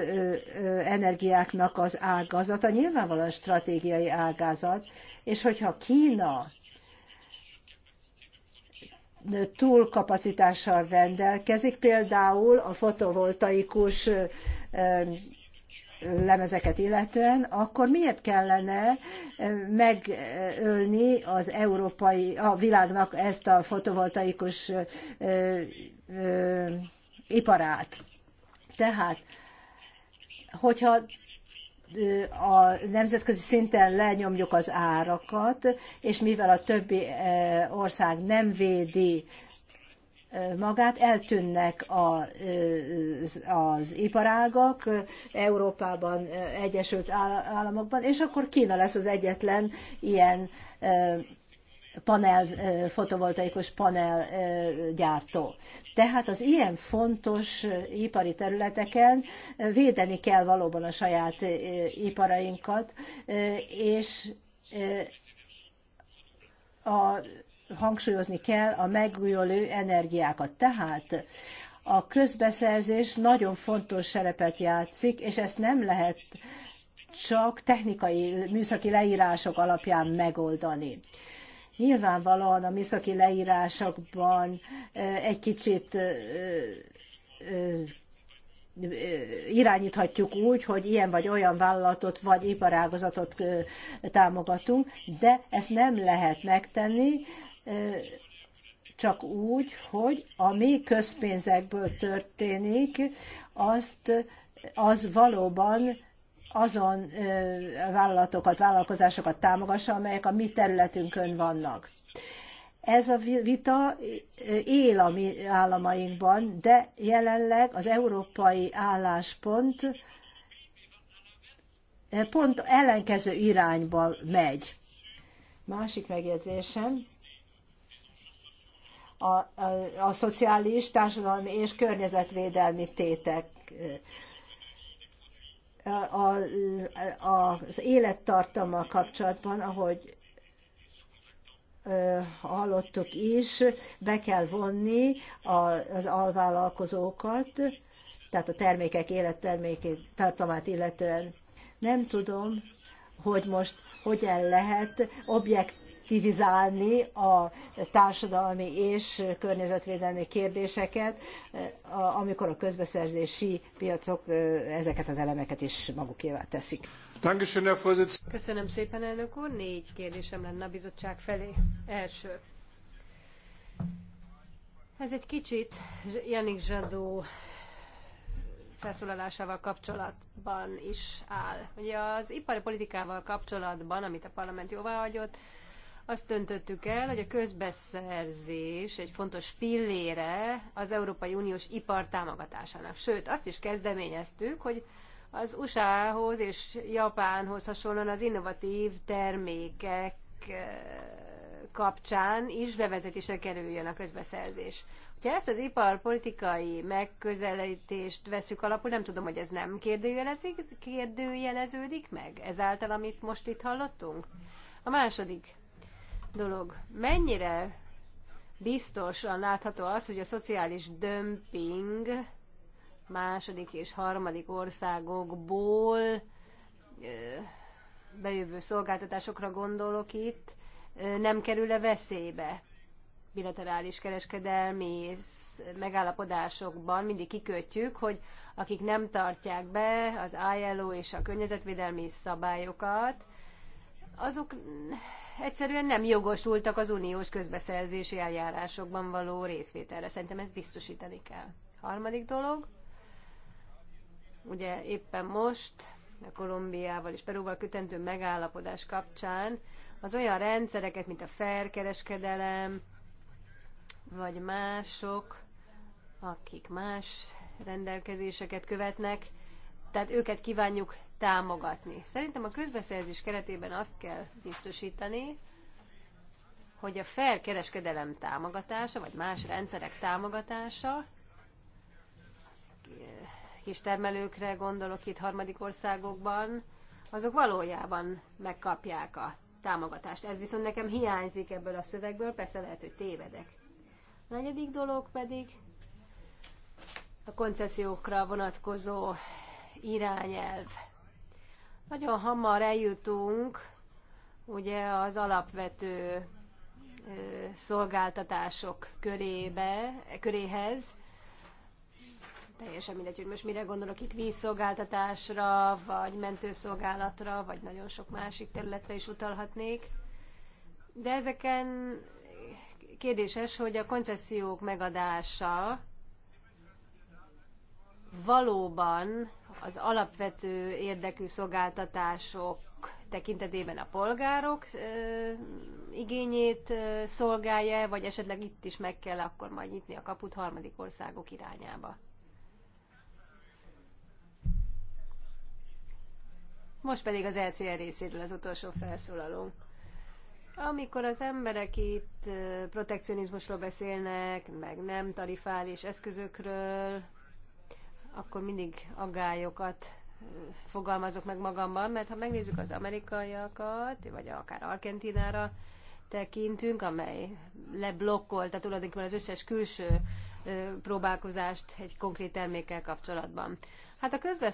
energiáknak az ágazata nyilvánvalóan stratégiai ágazat, és hogyha Kína túlkapacitással rendelkezik, például a fotovoltaikus lemezeket illetően, akkor miért kellene megölni az európai, a világnak ezt a fotovoltaikus iparát? Tehát, hogyha a nemzetközi szinten lenyomjuk az árakat, és mivel a többi ország nem védi magát, eltűnnek az, az iparágak Európában, Egyesült Államokban, és akkor Kína lesz az egyetlen ilyen panel, fotovoltaikus panel gyártó. Tehát az ilyen fontos ipari területeken védeni kell valóban a saját iparainkat, és a, hangsúlyozni kell a megújuló energiákat. Tehát a közbeszerzés nagyon fontos szerepet játszik, és ezt nem lehet csak technikai, műszaki leírások alapján megoldani. Nyilvánvalóan a műszaki leírásokban egy kicsit irányíthatjuk úgy, hogy ilyen vagy olyan vállalatot vagy iparágazatot támogatunk, de ezt nem lehet megtenni, csak úgy, hogy ami közpénzekből történik, azt az valóban azon vállalatokat, vállalkozásokat támogassa, amelyek a mi területünkön vannak. Ez a vita él a mi államainkban, de jelenleg az európai álláspont pont ellenkező irányba megy. Másik megjegyzésem, a, a, a szociális, társadalmi és környezetvédelmi tétek az élettartammal kapcsolatban, ahogy hallottuk is, be kell vonni az alvállalkozókat, tehát a termékek élettermékét, tartalmát illetően. Nem tudom, hogy most hogyan lehet objekt aktivizálni a társadalmi és környezetvédelmi kérdéseket, amikor a közbeszerzési piacok ezeket az elemeket is magukévá teszik. Köszönöm szépen, elnök úr. Négy kérdésem lenne a bizottság felé. Első. Ez egy kicsit Janik Zsadó felszólalásával kapcsolatban is áll. Ugye az ipari politikával kapcsolatban, amit a parlament jóváhagyott, azt döntöttük el, hogy a közbeszerzés egy fontos pillére az Európai Uniós ipar támogatásának. Sőt, azt is kezdeményeztük, hogy az USA-hoz és Japánhoz hasonlóan az innovatív termékek eh, kapcsán is bevezetésre kerüljön a közbeszerzés. Ha ezt az iparpolitikai megközelítést veszük alapul, nem tudom, hogy ez nem kérdőjeleződik meg ezáltal, amit most itt hallottunk. A második dolog. Mennyire biztosan látható az, hogy a szociális dömping második és harmadik országokból bejövő szolgáltatásokra gondolok itt, nem kerül-e veszélybe bilaterális kereskedelmi megállapodásokban mindig kikötjük, hogy akik nem tartják be az ILO és a környezetvédelmi szabályokat, azok egyszerűen nem jogosultak az uniós közbeszerzési eljárásokban való részvételre. Szerintem ezt biztosítani kell. Harmadik dolog, ugye éppen most a Kolumbiával és Perúval kötendő megállapodás kapcsán az olyan rendszereket, mint a felkereskedelem, vagy mások, akik más rendelkezéseket követnek, tehát őket kívánjuk támogatni. Szerintem a közbeszerzés keretében azt kell biztosítani, hogy a felkereskedelem támogatása, vagy más rendszerek támogatása, kistermelőkre gondolok itt harmadik országokban, azok valójában megkapják a támogatást. Ez viszont nekem hiányzik ebből a szövegből, persze lehet, hogy tévedek. A negyedik dolog pedig a koncesziókra vonatkozó irányelv. Nagyon hamar eljutunk ugye az alapvető szolgáltatások körébe, köréhez, teljesen mindegy, hogy most mire gondolok itt vízszolgáltatásra, vagy mentőszolgálatra, vagy nagyon sok másik területre is utalhatnék. De ezeken kérdéses, hogy a koncesziók megadása valóban az alapvető érdekű szolgáltatások tekintetében a polgárok igényét szolgálja, vagy esetleg itt is meg kell akkor majd nyitni a kaput harmadik országok irányába. Most pedig az LCR e részéről az utolsó felszólaló. Amikor az emberek itt protekcionizmusról beszélnek, meg nem tarifális eszközökről, akkor mindig aggályokat fogalmazok meg magamban, mert ha megnézzük az amerikaiakat, vagy akár Argentinára tekintünk, amely leblokkolta tulajdonképpen az összes külső próbálkozást egy konkrét termékkel kapcsolatban. Hát a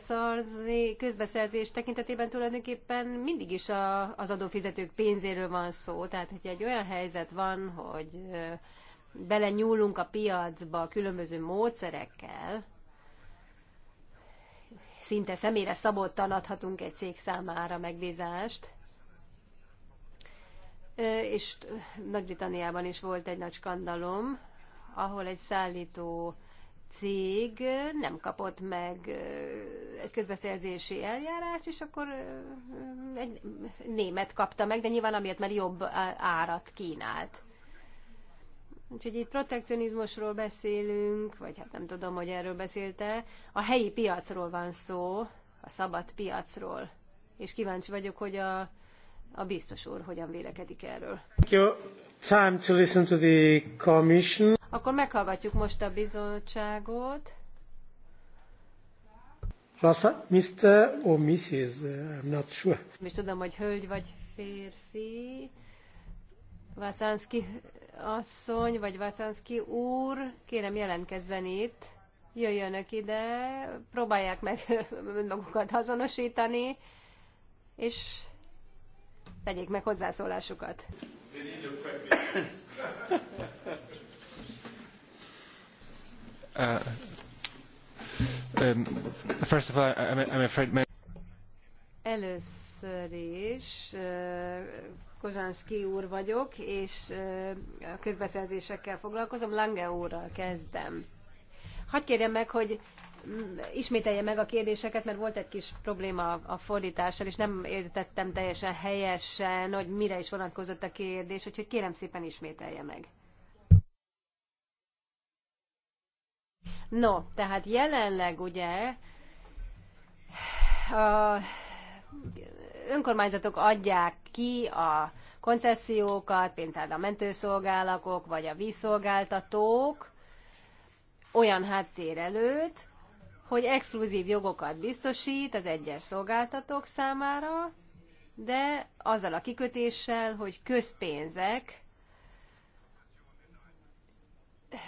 közbeszerzés tekintetében tulajdonképpen mindig is a, az adófizetők pénzéről van szó. Tehát, hogyha egy olyan helyzet van, hogy belenyúlunk a piacba különböző módszerekkel, szinte személyre szabottan adhatunk egy cég számára megbízást. És Nagy-Britanniában is volt egy nagy skandalom, ahol egy szállító cég nem kapott meg egy közbeszerzési eljárást, és akkor egy német kapta meg, de nyilván amiért, mert jobb árat kínált. Úgyhogy itt protekcionizmusról beszélünk, vagy hát nem tudom, hogy erről beszélte. A helyi piacról van szó, a szabad piacról. És kíváncsi vagyok, hogy a, a biztos úr hogyan vélekedik erről. Time to listen to the commission. Akkor meghallgatjuk most a bizottságot. Lassa, Mr. or Mrs. Uh, I'm not sure. Most tudom, hogy hölgy vagy férfi. Vászánszki asszony, vagy Vacanszki úr, kérem jelentkezzen itt, jöjjönök ide, próbálják meg magukat azonosítani, és tegyék meg hozzászólásukat. Uh, um, first of all, I'm, afraid Először is uh, Kozsánski úr vagyok, és a közbeszerzésekkel foglalkozom. Lange úrral kezdem. Hadd kérjem meg, hogy mm, ismételje meg a kérdéseket, mert volt egy kis probléma a fordítással, és nem értettem teljesen helyesen, hogy mire is vonatkozott a kérdés, úgyhogy kérem szépen ismételje meg. No, tehát jelenleg ugye a önkormányzatok adják ki a koncesziókat, például a mentőszolgálakok vagy a vízszolgáltatók olyan háttér előtt, hogy exkluzív jogokat biztosít az egyes szolgáltatók számára, de azzal a kikötéssel, hogy közpénzek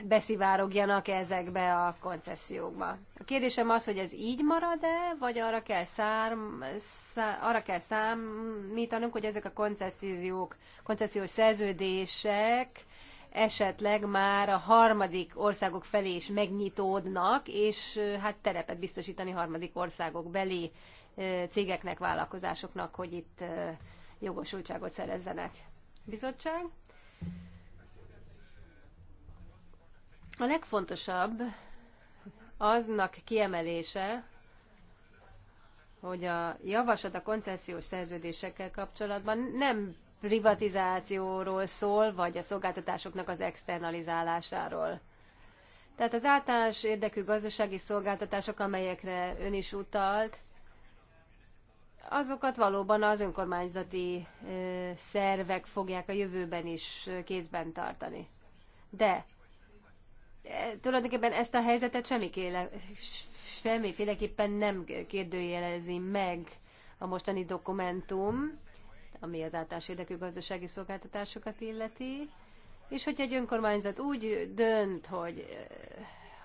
beszivárogjanak ezekbe a koncesziókba. A kérdésem az, hogy ez így marad-e, vagy arra kell, szám, szá, arra kell számítanunk, hogy ezek a koncesziók, koncesziós szerződések esetleg már a harmadik országok felé is megnyitódnak, és hát terepet biztosítani harmadik országok beli cégeknek, vállalkozásoknak, hogy itt jogosultságot szerezzenek. Bizottság? A legfontosabb aznak kiemelése, hogy a javaslat a koncesziós szerződésekkel kapcsolatban nem privatizációról szól, vagy a szolgáltatásoknak az externalizálásáról. Tehát az általános érdekű gazdasági szolgáltatások, amelyekre ön is utalt, azokat valóban az önkormányzati szervek fogják a jövőben is kézben tartani. De tulajdonképpen ezt a helyzetet semmiféle, semmiféleképpen nem kérdőjelezi meg a mostani dokumentum, ami az általános érdekű gazdasági szolgáltatásokat illeti, és hogyha egy önkormányzat úgy dönt, hogy,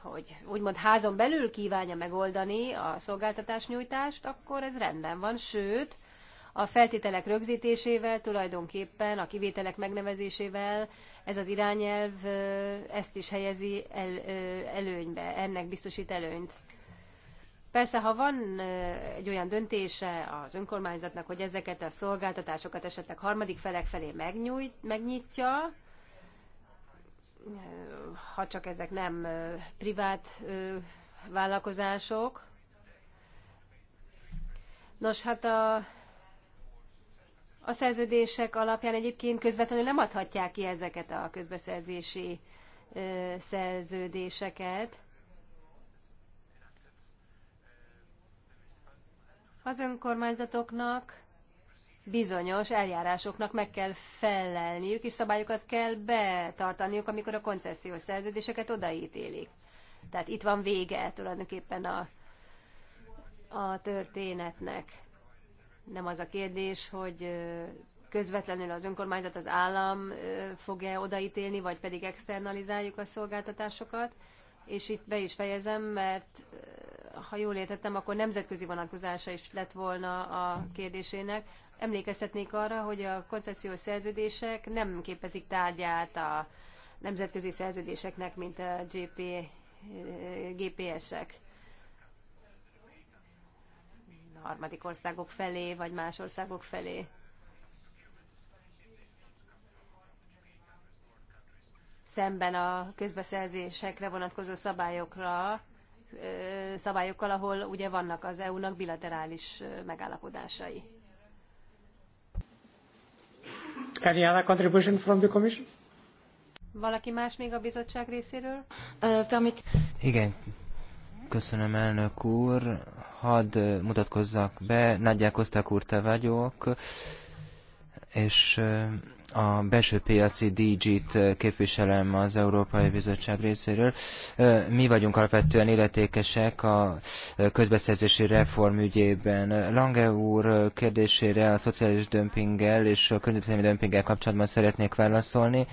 hogy úgymond házon belül kívánja megoldani a szolgáltatás nyújtást, akkor ez rendben van, sőt, a feltételek rögzítésével, tulajdonképpen a kivételek megnevezésével ez az irányelv ezt is helyezi el, előnybe, ennek biztosít előnyt. Persze, ha van egy olyan döntése az önkormányzatnak, hogy ezeket a szolgáltatásokat esetleg harmadik felek felé megnyújt, megnyitja, ha csak ezek nem privát vállalkozások. Nos, hát a a szerződések alapján egyébként közvetlenül nem adhatják ki ezeket a közbeszerzési szerződéseket. Az önkormányzatoknak bizonyos eljárásoknak meg kell felelniük, és szabályokat kell betartaniuk, amikor a koncesziós szerződéseket odaítélik. Tehát itt van vége tulajdonképpen a, a történetnek. Nem az a kérdés, hogy közvetlenül az önkormányzat, az állam fog-e odaítélni, vagy pedig externalizáljuk a szolgáltatásokat. És itt be is fejezem, mert ha jól értettem, akkor nemzetközi vonatkozása is lett volna a kérdésének. Emlékeztetnék arra, hogy a koncesziós szerződések nem képezik tárgyát a nemzetközi szerződéseknek, mint a GP, GPS-ek harmadik országok felé, vagy más országok felé. Szemben a közbeszerzésekre vonatkozó szabályokra, szabályokkal, ahol ugye vannak az EU-nak bilaterális megállapodásai. Any other contribution from the commission? Valaki más még a bizottság részéről? Uh, Igen, Köszönöm, elnök úr. Hadd mutatkozzak be, Nagyják úr, te vagyok, és a belső piaci DG-t képviselem az Európai Bizottság részéről. Mi vagyunk alapvetően illetékesek a közbeszerzési reform ügyében. Lange úr kérdésére a szociális dömpinggel és a környezetvédelmi dömpinggel kapcsolatban szeretnék válaszolni.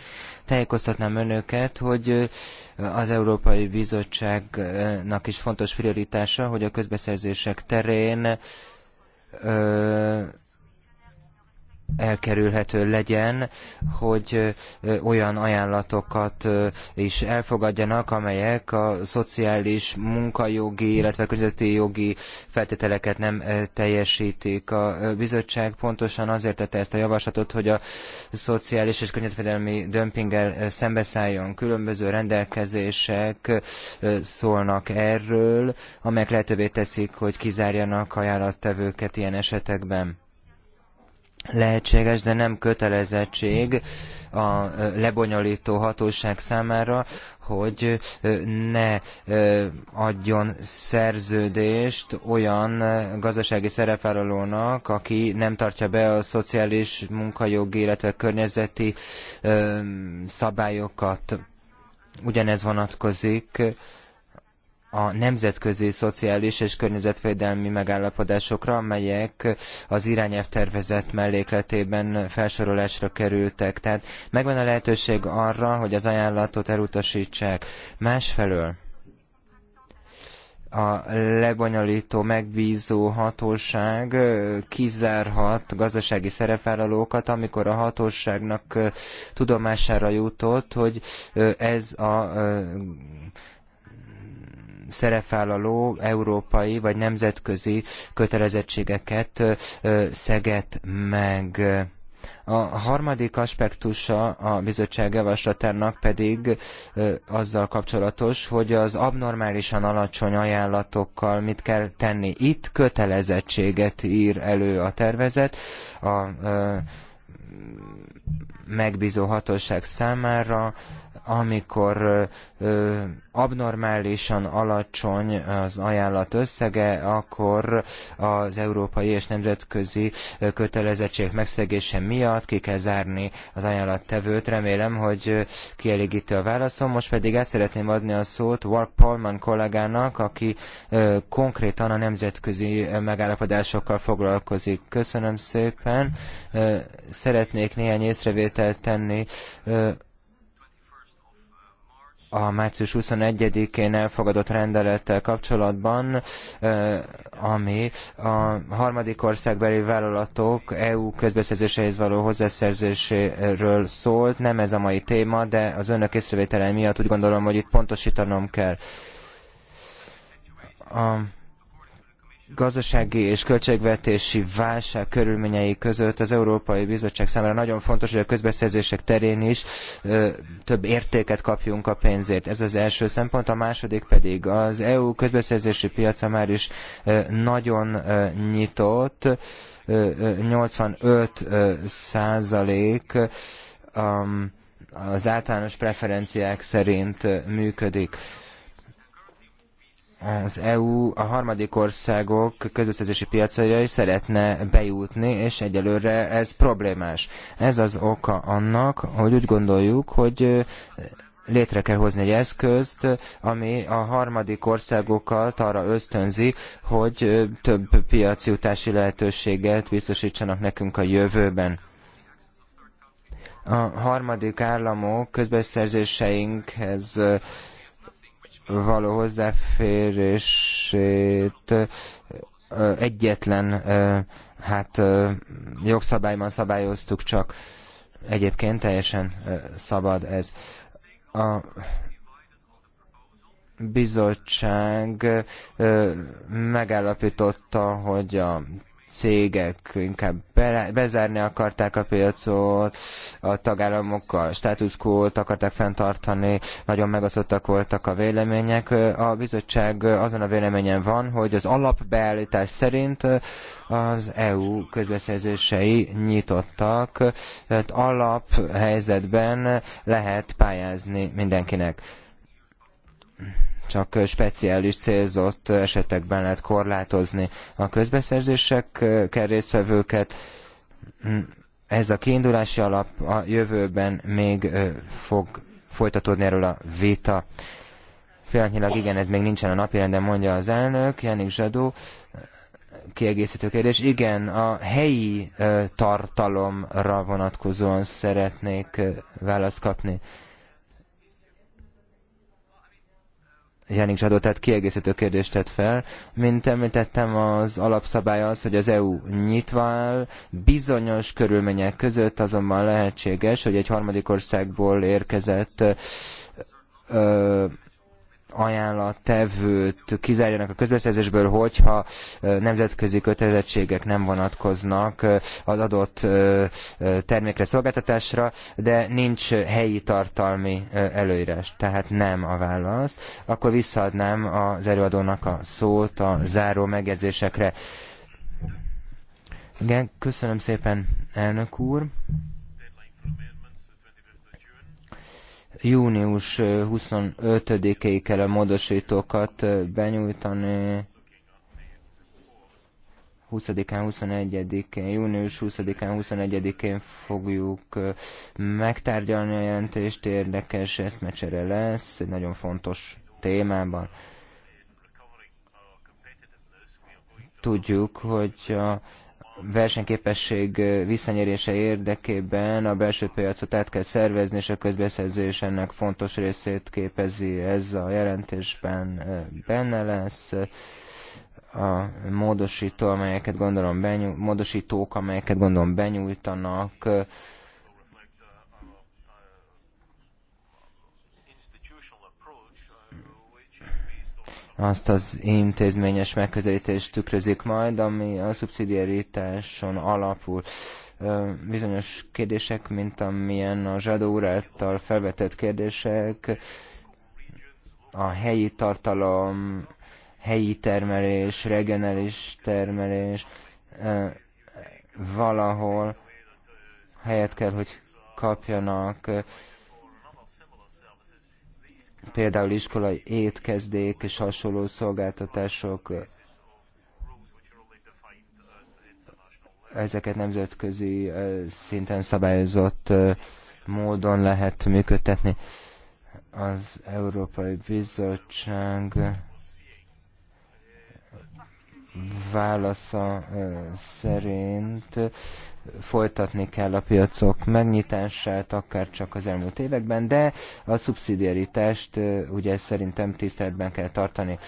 Tájékoztatnám önöket, hogy az Európai Bizottságnak is fontos prioritása, hogy a közbeszerzések terén elkerülhető legyen, hogy olyan ajánlatokat is elfogadjanak, amelyek a szociális, munkajogi, illetve közötti jogi feltételeket nem teljesítik. A bizottság pontosan azért tette ezt a javaslatot, hogy a szociális és környezetvédelmi dömpinggel szembeszálljon. Különböző rendelkezések szólnak erről, amelyek lehetővé teszik, hogy kizárjanak ajánlattevőket ilyen esetekben lehetséges, de nem kötelezettség a lebonyolító hatóság számára, hogy ne adjon szerződést olyan gazdasági szerepvállalónak, aki nem tartja be a szociális munkajogi, illetve környezeti szabályokat. Ugyanez vonatkozik a nemzetközi szociális és környezetvédelmi megállapodásokra, amelyek az irányelvtervezet mellékletében felsorolásra kerültek. Tehát megvan a lehetőség arra, hogy az ajánlatot elutasítsák. Másfelől a lebonyolító, megbízó hatóság kizárhat gazdasági szerepvállalókat, amikor a hatóságnak tudomására jutott, hogy ez a szerepvállaló európai vagy nemzetközi kötelezettségeket szeget meg. A harmadik aspektusa a bizottság javaslatának pedig azzal kapcsolatos, hogy az abnormálisan alacsony ajánlatokkal mit kell tenni. Itt kötelezettséget ír elő a tervezet. A, megbízó hatóság számára amikor abnormálisan alacsony az ajánlat összege, akkor az európai és nemzetközi kötelezettség megszegése miatt ki kell zárni az ajánlattevőt. Remélem, hogy kielégítő a válaszom. Most pedig át szeretném adni a szót Wark Polman kollégának, aki konkrétan a nemzetközi megállapodásokkal foglalkozik. Köszönöm szépen. Szeretnék néhány észrevételt tenni a március 21-én elfogadott rendelettel kapcsolatban, ami a harmadik országbeli vállalatok EU közbeszerzéseihez való hozzászerzéséről szólt. Nem ez a mai téma, de az önök észrevételei miatt úgy gondolom, hogy itt pontosítanom kell. A gazdasági és költségvetési válság körülményei között az Európai Bizottság számára nagyon fontos, hogy a közbeszerzések terén is ö, több értéket kapjunk a pénzért. Ez az első szempont, a második pedig az EU közbeszerzési piaca már is ö, nagyon ö, nyitott, 85 százalék az általános preferenciák szerint működik az EU a harmadik országok közbeszerzési piacai szeretne bejutni, és egyelőre ez problémás. Ez az oka annak, hogy úgy gondoljuk, hogy létre kell hozni egy eszközt, ami a harmadik országokat arra ösztönzi, hogy több piaci utási lehetőséget biztosítsanak nekünk a jövőben a harmadik államok közbeszerzéseinkhez való hozzáférését egyetlen hát jogszabályban szabályoztuk, csak egyébként teljesen szabad ez. A bizottság megállapította, hogy a cégek inkább bezárni akarták a piacot, a tagállamok a status quo-t akarták fenntartani, nagyon megosztottak voltak a vélemények. A bizottság azon a véleményen van, hogy az alapbeállítás szerint az EU közbeszerzései nyitottak, tehát helyzetben lehet pályázni mindenkinek csak speciális célzott esetekben lehet korlátozni a közbeszerzésekkel résztvevőket. Ez a kiindulási alap a jövőben még fog folytatódni erről a vita. Pillanatnyilag igen, ez még nincsen a napirenden, mondja az elnök, Jánik Zsadó. Kiegészítő kérdés. Igen, a helyi tartalomra vonatkozóan szeretnék választ kapni. Jánik Zsadó, tehát kiegészítő kérdést tett fel. Mint említettem, az alapszabály az, hogy az EU nyitva áll, bizonyos körülmények között azonban lehetséges, hogy egy harmadik országból érkezett ö, ajánlattevőt kizárjanak a közbeszerzésből, hogyha nemzetközi kötelezettségek nem vonatkoznak az adott termékre, szolgáltatásra, de nincs helyi tartalmi előírás, tehát nem a válasz. Akkor visszaadnám az előadónak a szót a záró megjegyzésekre. Igen, köszönöm szépen, elnök úr. június 25-ig kell a módosítókat benyújtani. 20-án, 21-én, június 20-án, 21-én fogjuk megtárgyalni a jelentést, érdekes eszmecsere lesz, egy nagyon fontos témában. Tudjuk, hogy a versenyképesség visszanyerése érdekében a belső piacot át kell szervezni, és a közbeszerzés ennek fontos részét képezi. Ez a jelentésben benne lesz a módosító, amelyeket gondolom benyújt, módosítók, amelyeket gondolom benyújtanak, azt az intézményes megközelítést tükrözik majd, ami a szubszidiaritáson alapul. Bizonyos kérdések, mint amilyen a Zsadó által felvetett kérdések, a helyi tartalom, helyi termelés, regionális termelés, valahol helyet kell, hogy kapjanak például iskolai étkezdék és hasonló szolgáltatások, ezeket nemzetközi szinten szabályozott módon lehet működtetni. Az Európai Bizottság válasza szerint folytatni kell a piacok megnyitását, akár csak az elmúlt években, de a szubszidiaritást ugye szerintem tiszteletben kell tartani.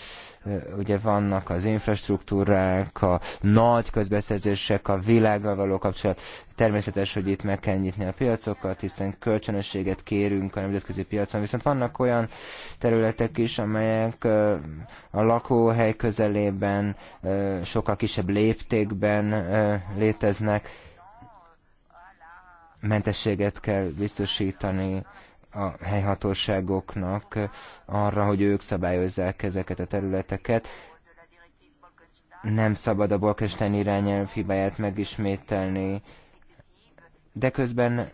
Ugye vannak az infrastruktúrák, a nagy közbeszerzések, a világgal való kapcsolat. Természetes, hogy itt meg kell nyitni a piacokat, hiszen kölcsönösséget kérünk a nemzetközi piacon, viszont vannak olyan területek is, amelyek a lakóhely közelében, sokkal kisebb léptékben léteznek, mentességet kell biztosítani a helyhatóságoknak arra, hogy ők szabályozzák ezeket a területeket. Nem szabad a Bolkestein irányelv hibáját megismételni, de közben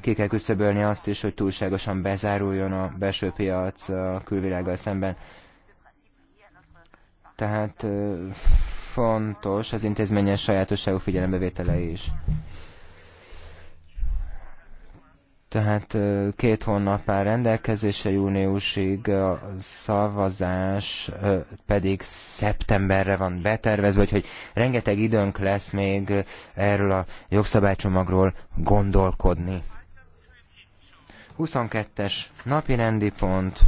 ki kell küszöbölni azt is, hogy túlságosan bezáruljon a belső piac a külvilággal szemben. Tehát fontos az intézményes sajátosságú figyelembevétele is. Tehát két hónap áll rendelkezése júniusig, a szavazás pedig szeptemberre van betervezve, hogy rengeteg időnk lesz még erről a jogszabálycsomagról gondolkodni. 22-es napi rendi pont.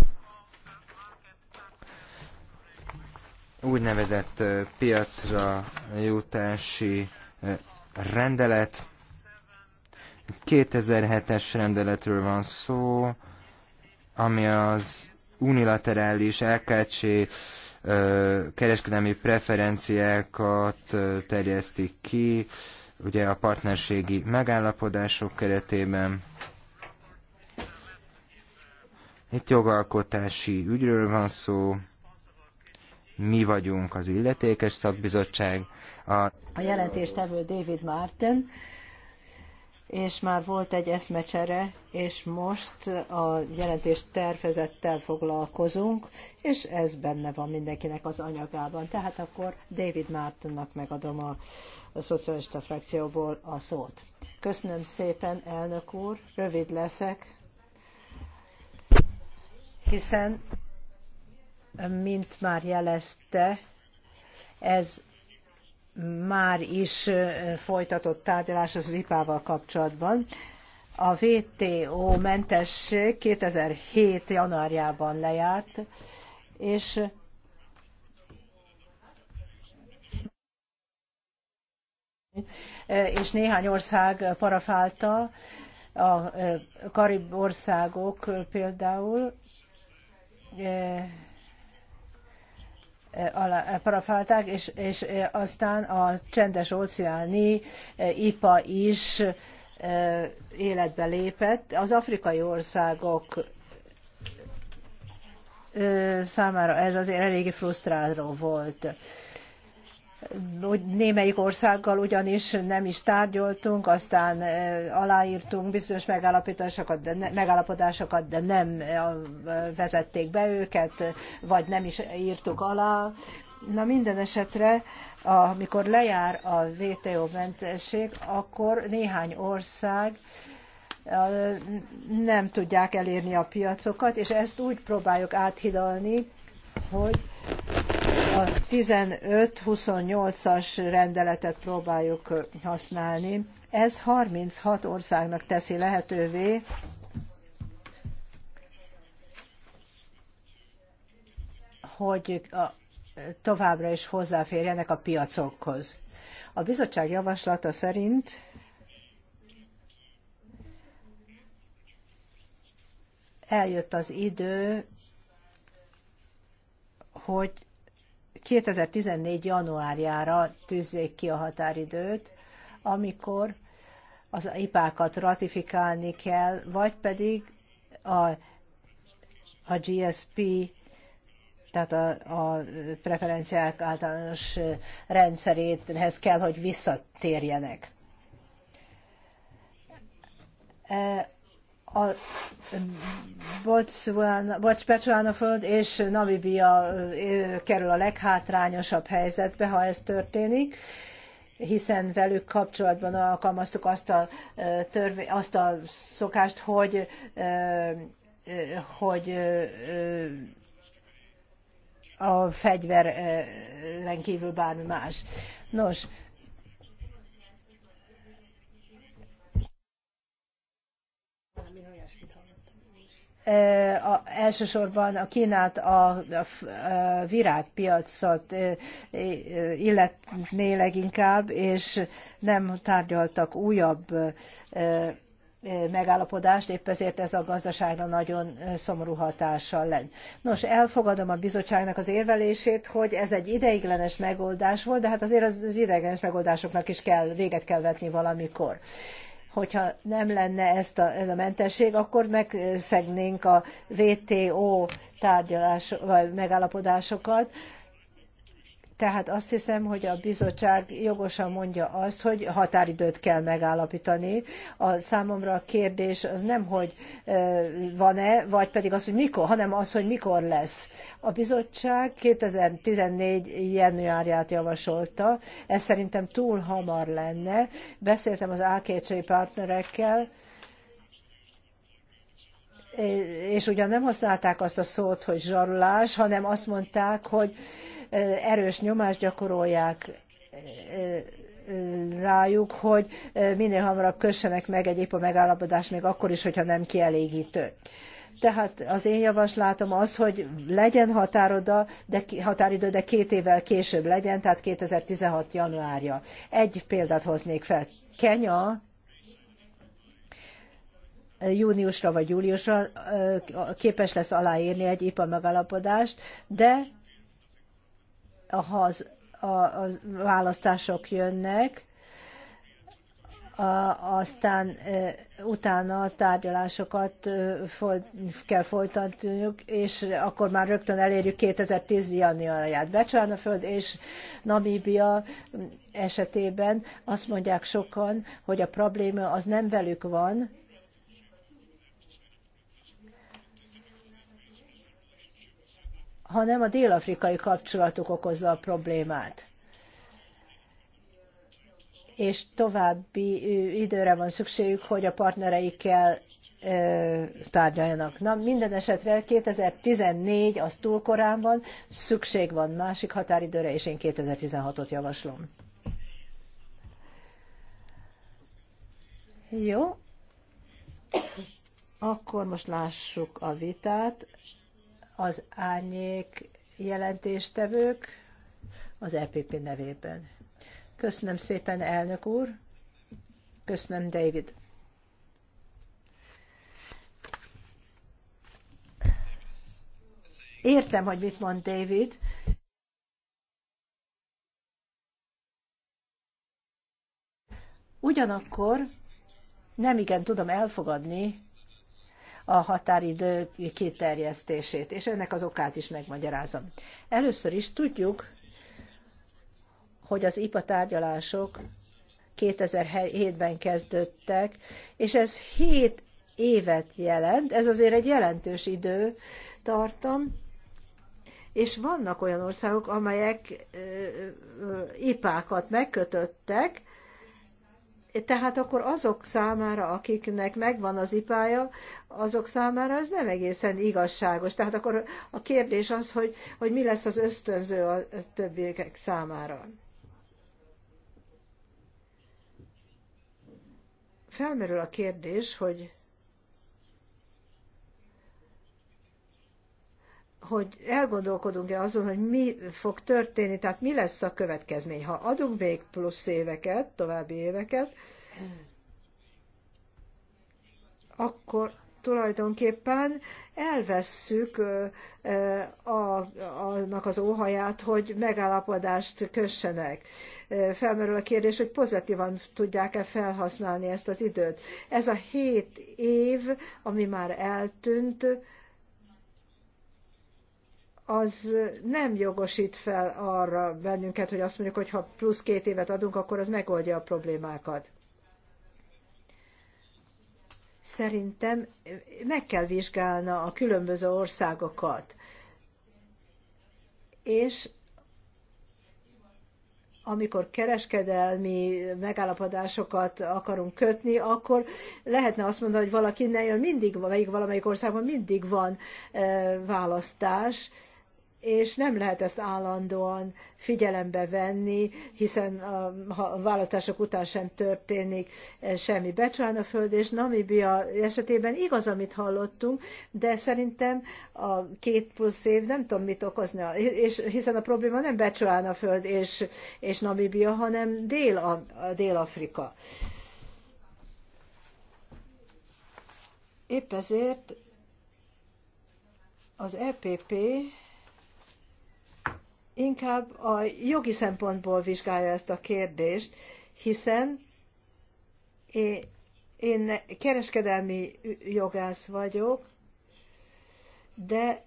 úgynevezett piacra jutási rendelet. 2007-es rendeletről van szó, ami az unilaterális LKC kereskedelmi preferenciákat terjesztik ki, ugye a partnerségi megállapodások keretében. Itt jogalkotási ügyről van szó, mi vagyunk az illetékes szakbizottság. A, a jelentéstevő David Martin, és már volt egy eszmecsere, és most a jelentés tervezettel foglalkozunk, és ez benne van mindenkinek az anyagában. Tehát akkor David Martinnak megadom a, a szocialista frakcióból a szót. Köszönöm szépen, elnök úr, rövid leszek, hiszen mint már jelezte, ez már is folytatott tárgyalás az IPA-val kapcsolatban. A WTO mentesség 2007. januárjában lejárt, és és néhány ország parafálta, a karib országok például, parafálták, és, és aztán a csendes óceáni IPA is életbe lépett. Az afrikai országok számára ez azért eléggé frusztráló volt némelyik országgal ugyanis nem is tárgyaltunk, aztán aláírtunk bizonyos megállapításokat, de ne, megállapodásokat, de nem vezették be őket, vagy nem is írtuk alá. Na minden esetre, amikor lejár a WTO mentesség, akkor néhány ország nem tudják elérni a piacokat, és ezt úgy próbáljuk áthidalni, hogy a 15-28-as rendeletet próbáljuk használni. Ez 36 országnak teszi lehetővé, hogy továbbra is hozzáférjenek a piacokhoz. A bizottság javaslata szerint eljött az idő hogy 2014. januárjára tűzzék ki a határidőt, amikor az ipákat ratifikálni kell, vagy pedig a, a GSP, tehát a, a preferenciák általános rendszeréhez kell, hogy visszatérjenek e, a Bocsbecsána föld és Namibia kerül a leghátrányosabb helyzetbe, ha ez történik hiszen velük kapcsolatban alkalmaztuk azt a, törvény, azt a szokást, hogy, hogy a fegyver kívül bármi más. Nos, a, elsősorban a Kínát a, a, a virágpiacot illetné leginkább, és nem tárgyaltak újabb megállapodást, épp ezért ez a gazdaságra nagyon szomorú hatással lenn. Nos, elfogadom a bizottságnak az érvelését, hogy ez egy ideiglenes megoldás volt, de hát azért az ideiglenes megoldásoknak is kell, véget kell vetni valamikor hogyha nem lenne ezt a, ez a mentesség, akkor megszegnénk a WTO tárgyalás, vagy megállapodásokat, tehát azt hiszem, hogy a bizottság jogosan mondja azt, hogy határidőt kell megállapítani. A számomra a kérdés az nem, hogy van-e, vagy pedig az, hogy mikor, hanem az, hogy mikor lesz. A bizottság 2014 januárját javasolta, ez szerintem túl hamar lenne. Beszéltem az AKC partnerekkel, és ugyan nem használták azt a szót, hogy zsarulás, hanem azt mondták, hogy erős nyomást gyakorolják rájuk, hogy minél hamarabb kössenek meg egy a megállapodás, még akkor is, hogyha nem kielégítő. Tehát az én javaslatom az, hogy legyen határoda, de, határidő, de két évvel később legyen, tehát 2016. januárja. Egy példát hoznék fel. Kenya júniusra vagy júliusra képes lesz aláírni egy IPA megalapodást, de ha az, a, a választások jönnek, aztán utána a tárgyalásokat kell folytatniuk, és akkor már rögtön elérjük 2010 januárját. Becsán a föld és Namíbia esetében azt mondják sokan, hogy a probléma az nem velük van, hanem a dél-afrikai kapcsolatuk okozza a problémát. És további időre van szükségük, hogy a partnereikkel tárgyaljanak. Na, minden esetre 2014 az túl korán van, szükség van másik határidőre, és én 2016-ot javaslom. Jó, akkor most lássuk a vitát az árnyék jelentéstevők az EPP nevében. Köszönöm szépen, elnök úr. Köszönöm, David. Értem, hogy mit mond David. Ugyanakkor nem igen tudom elfogadni, a határidő kiterjesztését, és ennek az okát is megmagyarázom. Először is tudjuk, hogy az IPA tárgyalások 2007-ben kezdődtek, és ez 7 évet jelent, ez azért egy jelentős idő tartam, és vannak olyan országok, amelyek ipákat megkötöttek, tehát akkor azok számára, akiknek megvan az ipája, azok számára ez nem egészen igazságos. Tehát akkor a kérdés az, hogy, hogy mi lesz az ösztönző a többiek számára. Felmerül a kérdés, hogy hogy elgondolkodunk-e azon, hogy mi fog történni, tehát mi lesz a következmény. Ha adunk még plusz éveket, további éveket, akkor tulajdonképpen elvesszük annak az óhaját, hogy megállapodást kössenek. Felmerül a kérdés, hogy pozitívan tudják-e felhasználni ezt az időt. Ez a hét év, ami már eltűnt, az nem jogosít fel arra bennünket, hogy azt mondjuk, hogy ha plusz két évet adunk, akkor az megoldja a problémákat. Szerintem meg kell vizsgálna a különböző országokat. És amikor kereskedelmi megállapodásokat akarunk kötni, akkor lehetne azt mondani, hogy valakinél mindig, valamelyik, valamelyik országban mindig van eh, választás, és nem lehet ezt állandóan figyelembe venni, hiszen a választások után sem történik e, semmi becsán a föld, és Namibia esetében igaz, amit hallottunk, de szerintem a két plusz év nem tudom mit okozna, és hiszen a probléma nem becsán a föld és, és Namibia, hanem Dél, a, Dél-Afrika. Épp ezért az EPP inkább a jogi szempontból vizsgálja ezt a kérdést, hiszen én kereskedelmi jogász vagyok, de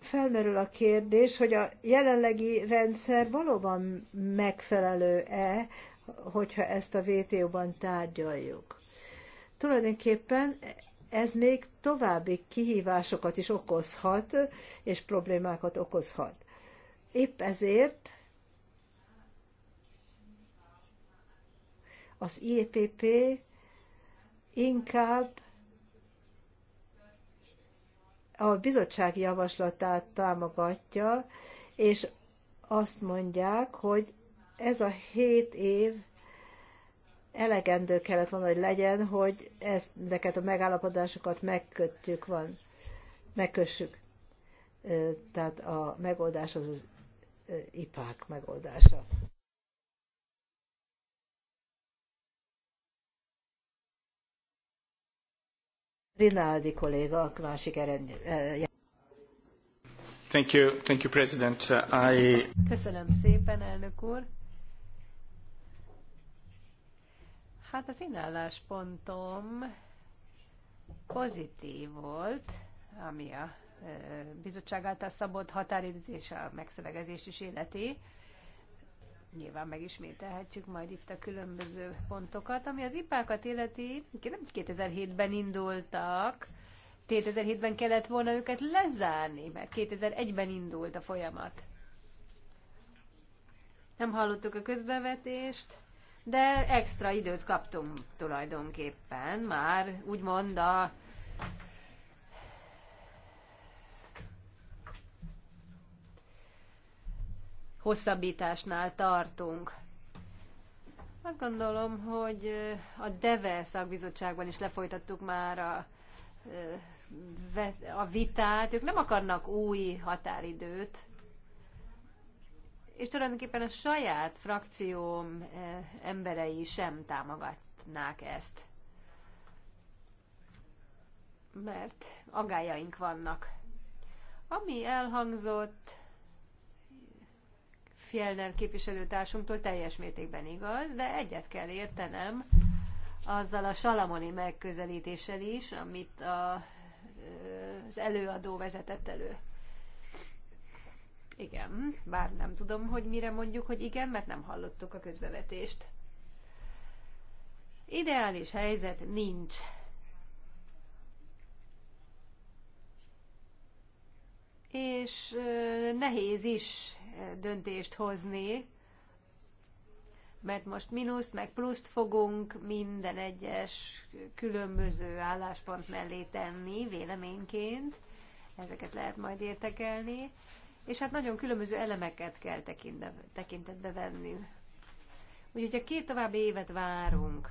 felmerül a kérdés, hogy a jelenlegi rendszer valóban megfelelő-e, hogyha ezt a vto ban tárgyaljuk. Tulajdonképpen ez még további kihívásokat is okozhat, és problémákat okozhat. Épp ezért az IEPP inkább a bizottság javaslatát támogatja, és azt mondják, hogy ez a hét év elegendő kellett volna, hogy legyen, hogy ezeket a megállapodásokat megkötjük van, megkössük. Tehát a megoldás az az IPÁK megoldása. Rinaldi kolléga, a másik eredmény. Thank you, thank you, President. I... Köszönöm szépen, elnök úr. Hát az én álláspontom pozitív volt, ami a bizottság által szabott határidőt és a megszövegezés is életé. Nyilván megismételhetjük majd itt a különböző pontokat. Ami az ipákat életi, nem 2007-ben indultak, 2007-ben kellett volna őket lezárni, mert 2001-ben indult a folyamat. Nem hallottuk a közbevetést, de extra időt kaptunk tulajdonképpen, már úgymond a hosszabbításnál tartunk. Azt gondolom, hogy a DEVE szakbizottságban is lefolytattuk már a, a vitát. Ők nem akarnak új határidőt, és tulajdonképpen a saját frakcióm emberei sem támogatnák ezt. Mert agályaink vannak. Ami elhangzott, Fjellner képviselőtársunktól teljes mértékben igaz, de egyet kell értenem azzal a salamoni megközelítéssel is, amit a, az előadó vezetett elő. Igen, bár nem tudom, hogy mire mondjuk, hogy igen, mert nem hallottuk a közbevetést. Ideális helyzet nincs. És euh, nehéz is döntést hozni, mert most mínuszt, meg pluszt fogunk minden egyes különböző álláspont mellé tenni véleményként, ezeket lehet majd értekelni, és hát nagyon különböző elemeket kell tekintetbe venni. Úgyhogy a két további évet várunk,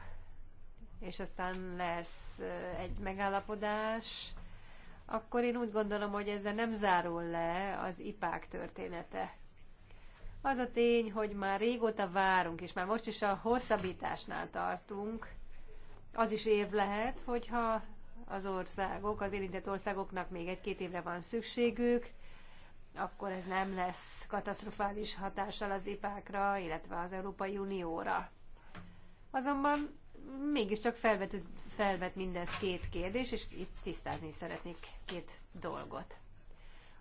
és aztán lesz egy megállapodás, akkor én úgy gondolom, hogy ezzel nem zárul le az IPÁK története. Az a tény, hogy már régóta várunk, és már most is a hosszabbításnál tartunk. Az is év lehet, hogyha az országok, az érintett országoknak még egy-két évre van szükségük, akkor ez nem lesz katasztrofális hatással az ipákra, illetve az Európai Unióra. Azonban mégiscsak felvet, felvet mindez két kérdés, és itt tisztázni szeretnék két dolgot.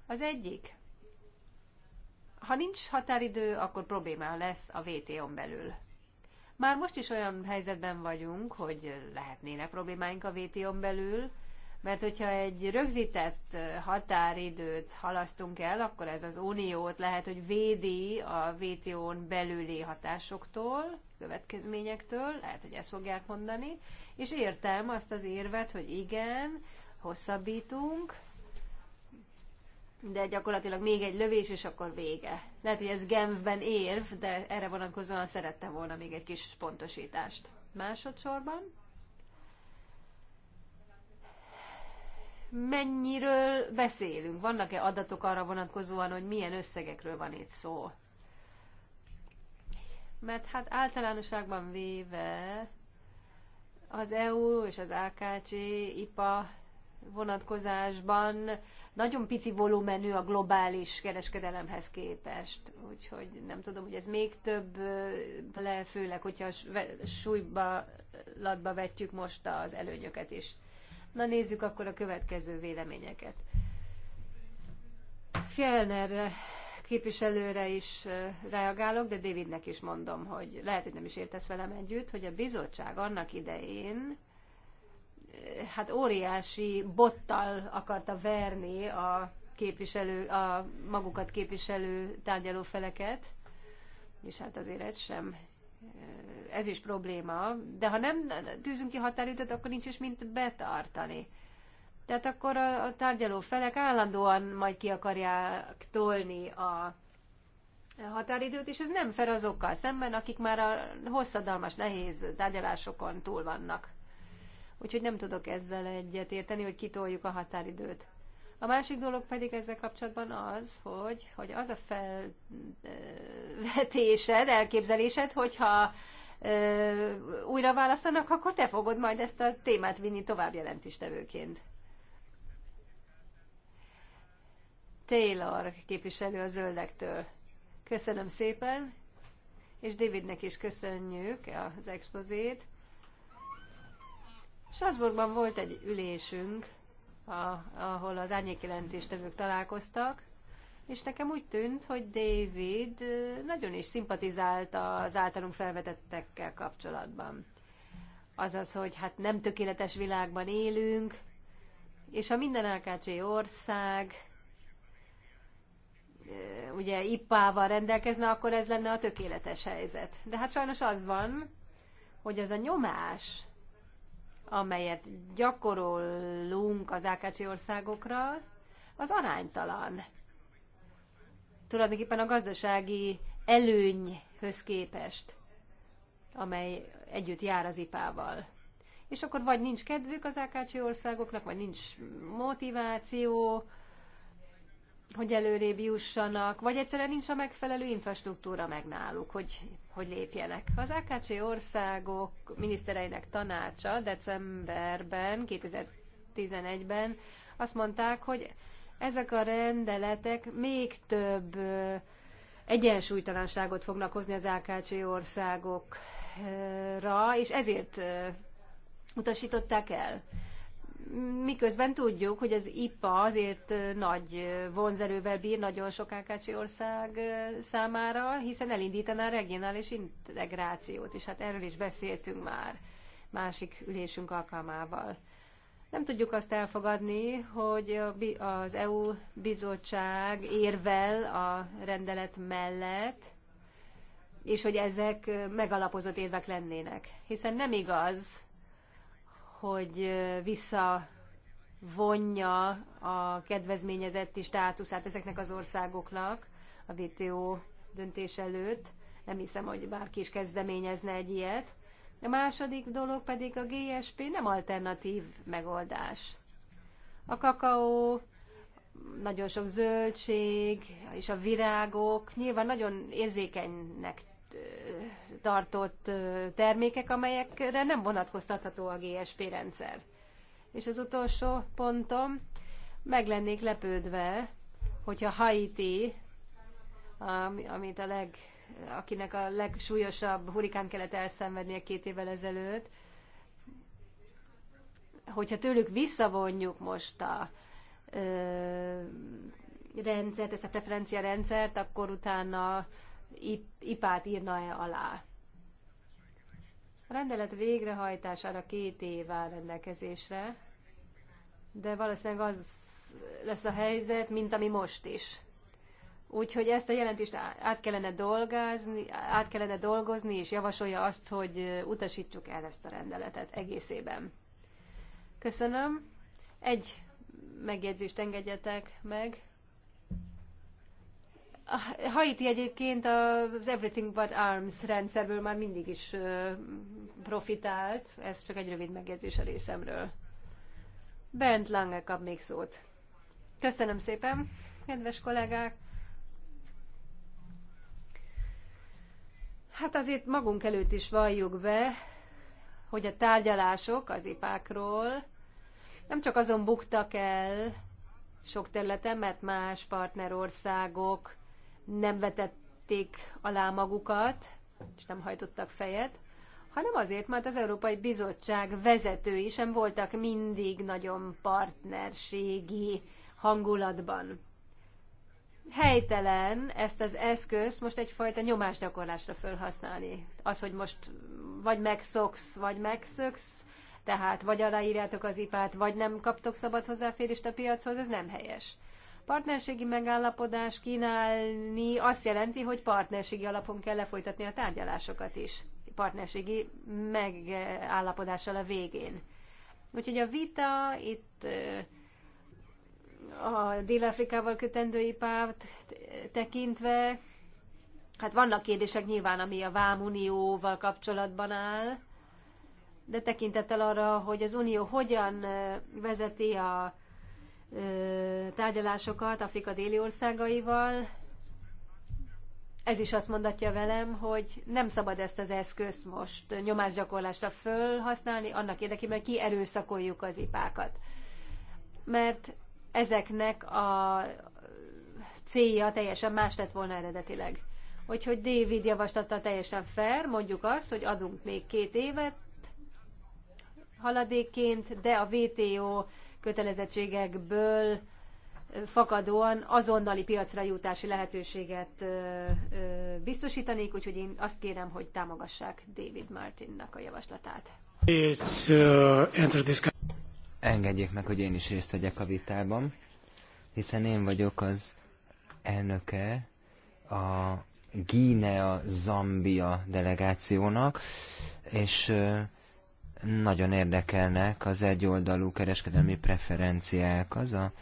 Az egyik, ha nincs határidő, akkor probléma lesz a VTO-n belül. Már most is olyan helyzetben vagyunk, hogy lehetnének problémáink a VTO-n belül, mert hogyha egy rögzített határidőt halasztunk el, akkor ez az uniót lehet, hogy védi a VTO-n belüli hatásoktól, következményektől, lehet, hogy ezt fogják mondani, és értem azt az érvet, hogy igen, hosszabbítunk, de gyakorlatilag még egy lövés, és akkor vége. Lehet, hogy ez Genfben érv, de erre vonatkozóan szerettem volna még egy kis pontosítást. Másodszorban. Mennyiről beszélünk? Vannak-e adatok arra vonatkozóan, hogy milyen összegekről van itt szó? Mert hát általánosságban véve az EU és az AKC, IPA vonatkozásban nagyon pici volumenű a globális kereskedelemhez képest. Úgyhogy nem tudom, hogy ez még több le, főleg, hogyha súlyba latba vetjük most az előnyöket is. Na nézzük akkor a következő véleményeket. Fjellner képviselőre is reagálok, de Davidnek is mondom, hogy lehet, hogy nem is értesz velem együtt, hogy a bizottság annak idején hát óriási bottal akarta verni a képviselő, a magukat képviselő tárgyalófeleket, és hát azért ez sem, eh, ez is probléma, de ha nem tűzünk ki határidőt, akkor nincs is mint betartani. Tehát akkor a tárgyaló felek állandóan majd ki akarják tolni a határidőt, és ez nem fel azokkal szemben, akik már a hosszadalmas, nehéz tárgyalásokon túl vannak. Úgyhogy nem tudok ezzel egyet érteni, hogy kitoljuk a határidőt. A másik dolog pedig ezzel kapcsolatban az, hogy, hogy az a felvetésed, elképzelésed, hogyha újra választanak, akkor te fogod majd ezt a témát vinni tovább jelentéstevőként. Taylor képviselő a zöldektől. Köszönöm szépen, és Davidnek is köszönjük az expozét. Strasbourgban volt egy ülésünk, a, ahol az árnyékjelentéstevők találkoztak, és nekem úgy tűnt, hogy David nagyon is szimpatizált az általunk felvetettekkel kapcsolatban. Azaz, hogy hát nem tökéletes világban élünk, és a minden AKC ország ugye ippával rendelkezne, akkor ez lenne a tökéletes helyzet. De hát sajnos az van, hogy az a nyomás, amelyet gyakorolunk az AKC országokra, az aránytalan. Tulajdonképpen a gazdasági előnyhöz képest, amely együtt jár az ipával. És akkor vagy nincs kedvük az AKC országoknak, vagy nincs motiváció, hogy előrébb jussanak, vagy egyszerűen nincs a megfelelő infrastruktúra meg náluk, hogy, hogy lépjenek. Az AKC országok minisztereinek tanácsa decemberben, 2011-ben azt mondták, hogy ezek a rendeletek még több egyensúlytalanságot fognak hozni az AKC országokra, és ezért utasították el miközben tudjuk, hogy az IPA azért nagy vonzerővel bír nagyon sok Ákácsi ország számára, hiszen elindítaná a regionális integrációt, és hát erről is beszéltünk már másik ülésünk alkalmával. Nem tudjuk azt elfogadni, hogy az EU bizottság érvel a rendelet mellett, és hogy ezek megalapozott érvek lennének. Hiszen nem igaz, hogy visszavonja a kedvezményezetti státuszát ezeknek az országoknak a WTO döntés előtt. Nem hiszem, hogy bárki is kezdeményezne egy ilyet. A második dolog pedig a GSP nem alternatív megoldás. A kakaó, nagyon sok zöldség és a virágok nyilván nagyon érzékenynek tartott termékek, amelyekre nem vonatkoztatható a GSP rendszer. És az utolsó pontom, meg lennék lepődve, hogyha Haiti, amit a leg, akinek a legsúlyosabb hurikán kellett elszenvednie két évvel ezelőtt, hogyha tőlük visszavonjuk most a ö, rendszert, ezt a preferencia rendszert, akkor utána ipát írna-e alá. A rendelet végrehajtására két év áll rendelkezésre, de valószínűleg az lesz a helyzet, mint ami most is. Úgyhogy ezt a jelentést át kellene dolgozni, át kellene dolgozni, és javasolja azt, hogy utasítsuk el ezt a rendeletet egészében. Köszönöm. Egy megjegyzést engedjetek meg. Haiti egyébként az Everything But Arms rendszerből már mindig is profitált, ez csak egy rövid megjegyzés a részemről. Bent Lange kap még szót. Köszönöm szépen, kedves kollégák! Hát azért magunk előtt is valljuk be, hogy a tárgyalások az ipákról nem csak azon buktak el sok területen, mert más partnerországok nem vetették alá magukat, és nem hajtottak fejet, hanem azért, mert az Európai Bizottság vezetői sem voltak mindig nagyon partnerségi hangulatban. Helytelen ezt az eszközt most egyfajta nyomásgyakorlásra felhasználni. Az, hogy most vagy megszoksz, vagy megszöksz, tehát vagy aláírjátok az ipát, vagy nem kaptok szabad hozzáférést a piachoz, ez nem helyes partnerségi megállapodás kínálni azt jelenti, hogy partnerségi alapon kell lefolytatni a tárgyalásokat is, partnerségi megállapodással a végén. Úgyhogy a vita itt a Dél-Afrikával kötendő ipát tekintve, hát vannak kérdések nyilván, ami a Vámunióval kapcsolatban áll, de tekintettel arra, hogy az Unió hogyan vezeti a tárgyalásokat Afrika déli országaival. Ez is azt mondatja velem, hogy nem szabad ezt az eszközt most nyomásgyakorlásra fölhasználni, annak érdekében ki erőszakoljuk az ipákat. Mert ezeknek a célja teljesen más lett volna eredetileg. Úgyhogy David javaslata teljesen fair, mondjuk azt, hogy adunk még két évet haladékként, de a WTO kötelezettségekből fakadóan azonnali piacra jutási lehetőséget biztosítanék, úgyhogy én azt kérem, hogy támogassák David Martinnak a javaslatát. Uh, Engedjék meg, hogy én is részt vegyek a vitában, hiszen én vagyok az elnöke a guinea zambia delegációnak, és nagyon érdekelnek az egyoldalú kereskedelmi preferenciák. Az a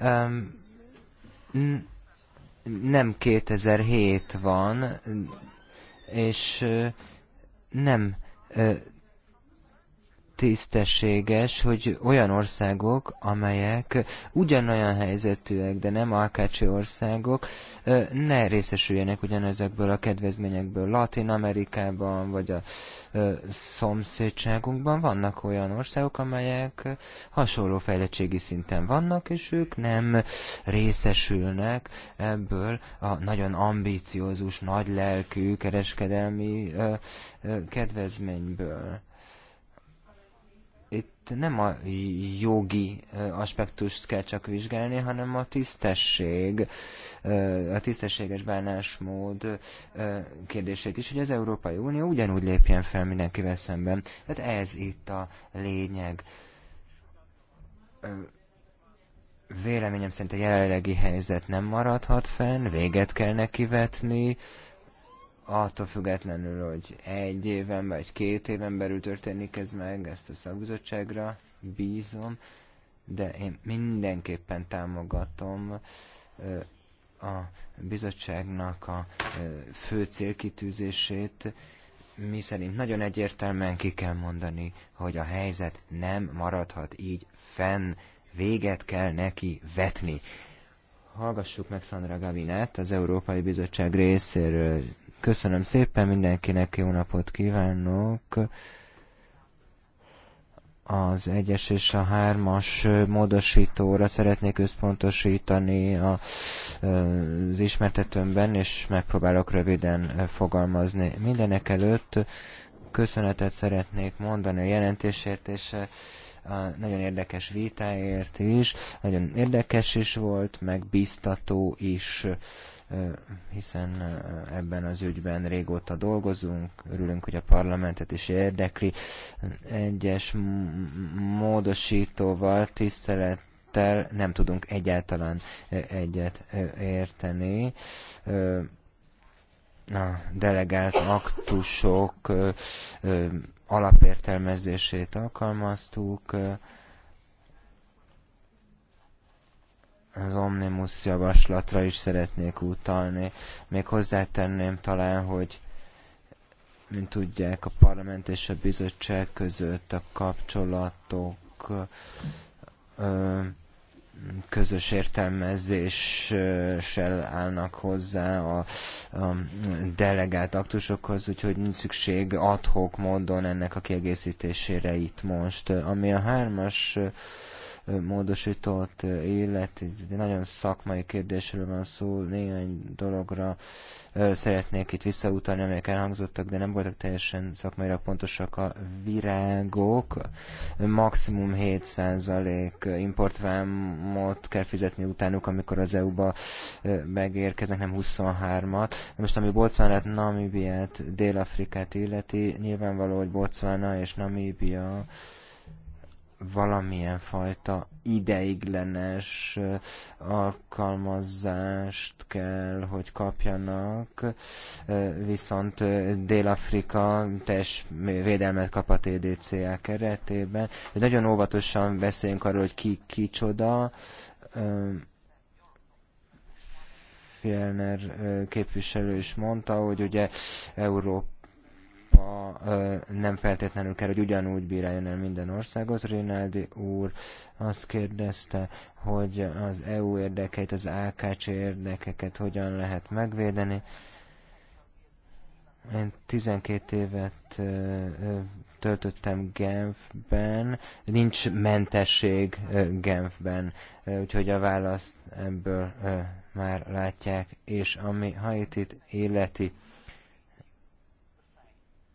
um, nem 2007 van, és nem tisztességes, hogy olyan országok, amelyek ugyanolyan helyzetűek, de nem alkácsi országok, ne részesüljenek ugyanezekből a kedvezményekből. Latin Amerikában vagy a szomszédságunkban vannak olyan országok, amelyek hasonló fejlettségi szinten vannak, és ők nem részesülnek ebből a nagyon ambíciózus, nagylelkű kereskedelmi kedvezményből nem a jogi aspektust kell csak vizsgálni, hanem a tisztesség, a tisztességes bánásmód kérdését is, hogy az Európai Unió ugyanúgy lépjen fel mindenkivel szemben. Tehát ez itt a lényeg. Véleményem szerint a jelenlegi helyzet nem maradhat fenn, véget kell neki vetni, attól függetlenül, hogy egy éven vagy két éven belül történik ez meg, ezt a szakbizottságra bízom, de én mindenképpen támogatom a bizottságnak a fő célkitűzését, mi szerint nagyon egyértelműen ki kell mondani, hogy a helyzet nem maradhat így fenn, véget kell neki vetni. Hallgassuk meg Sandra Gavinát, az Európai Bizottság részéről Köszönöm szépen mindenkinek, jó napot kívánok! az egyes és a hármas módosítóra szeretnék összpontosítani a, az ismertetőmben, és megpróbálok röviden fogalmazni. Mindenek előtt köszönetet szeretnék mondani a jelentésért, és a nagyon érdekes vitáért is, nagyon érdekes is volt, meg biztató is hiszen ebben az ügyben régóta dolgozunk, örülünk, hogy a parlamentet is érdekli. Egyes módosítóval, tisztelettel nem tudunk egyáltalán egyet érteni. A delegált aktusok alapértelmezését alkalmaztuk, az omnimus javaslatra is szeretnék utalni. Még hozzátenném talán, hogy mint tudják, a parlament és a bizottság között a kapcsolatok ö, közös értelmezéssel állnak hozzá a, a delegált aktusokhoz, úgyhogy nincs szükség adhok módon ennek a kiegészítésére itt most. Ami a hármas módosított élet, egy nagyon szakmai kérdésről van szó, néhány dologra szeretnék itt visszautalni, amelyek elhangzottak, de nem voltak teljesen szakmaira pontosak a virágok. Maximum 7% importvámot kell fizetni utánuk, amikor az EU-ba megérkeznek, nem 23-at. Most ami Botswanát, Namibiát, Dél-Afrikát illeti, nyilvánvaló, hogy Botswana és Namíbia valamilyen fajta ideiglenes alkalmazást kell, hogy kapjanak, viszont Dél-Afrika teljes védelmet kap a tdc keretében. Nagyon óvatosan beszéljünk arról, hogy ki kicsoda, Fjellner képviselő is mondta, hogy ugye Európa Európa nem feltétlenül kell, hogy ugyanúgy bíráljon el minden országot. Rinaldi úr azt kérdezte, hogy az EU érdekeit, az AKC érdekeket hogyan lehet megvédeni. Én 12 évet töltöttem Genfben, nincs mentesség Genfben, úgyhogy a választ ebből már látják, és ami Haitit életi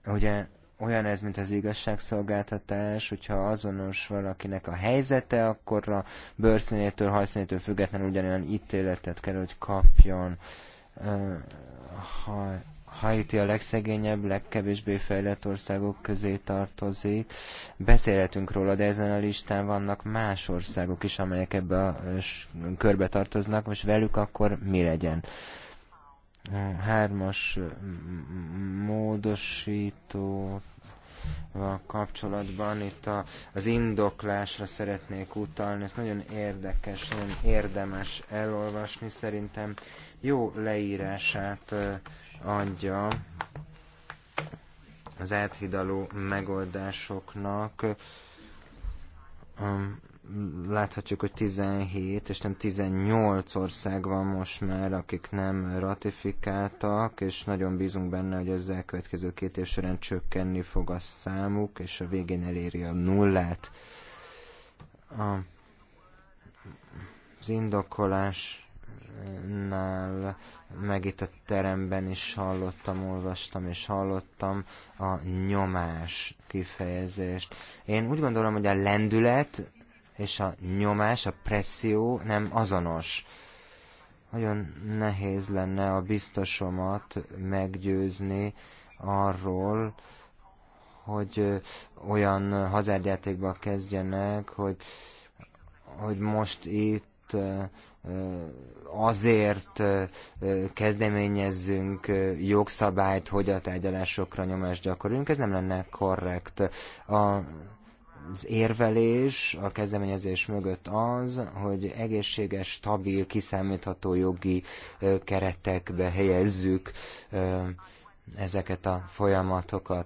Ugye olyan ez, mint az igazságszolgáltatás, hogyha azonos valakinek a helyzete, akkor a bőrszínétől, hajszínétől függetlenül ugyanolyan ítéletet kell, hogy kapjon. Ha Haiti a legszegényebb, legkevésbé fejlett országok közé tartozik. Beszélhetünk róla, de ezen a listán vannak más országok is, amelyek ebbe a körbe tartoznak. Most velük akkor mi legyen? hármas módosító kapcsolatban itt a, az indoklásra szeretnék utalni. Ez nagyon érdekes, nagyon érdemes elolvasni. Szerintem jó leírását adja az áthidaló megoldásoknak láthatjuk, hogy 17 és nem 18 ország van most már, akik nem ratifikáltak, és nagyon bízunk benne, hogy az elkövetkező két év során csökkenni fog a számuk, és a végén eléri a nullát. A, az indokolásnál meg itt a teremben is hallottam, olvastam és hallottam a nyomás kifejezést. Én úgy gondolom, hogy a lendület és a nyomás, a presszió nem azonos. Nagyon nehéz lenne a biztosomat meggyőzni arról, hogy olyan hazárdjátékba kezdjenek, hogy, hogy most itt azért kezdeményezzünk jogszabályt, hogy a tárgyalásokra nyomást gyakoroljunk. Ez nem lenne korrekt. A az érvelés a kezdeményezés mögött az, hogy egészséges, stabil, kiszámítható jogi keretekbe helyezzük ezeket a folyamatokat.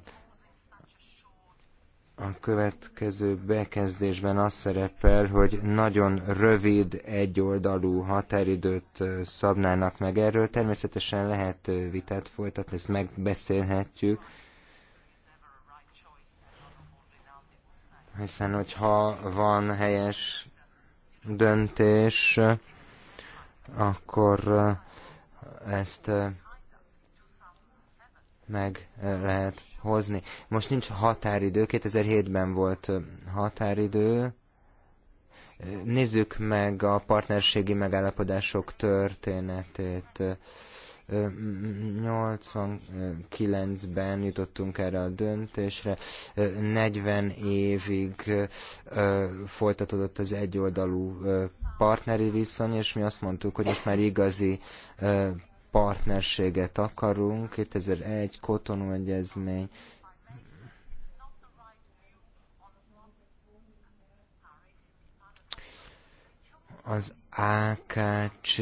A következő bekezdésben az szerepel, hogy nagyon rövid, egyoldalú határidőt szabnának meg erről. Természetesen lehet vitát folytatni, ezt megbeszélhetjük hiszen hogyha van helyes döntés, akkor eh, ezt eh, meg eh, lehet hozni. Most nincs határidő, 2007-ben volt határidő. Nézzük meg a partnerségi megállapodások történetét. 89-ben jutottunk erre a döntésre, 40 évig folytatódott az egyoldalú partneri viszony, és mi azt mondtuk, hogy most már igazi partnerséget akarunk, 2001 Kotonú egyezmény, az AKC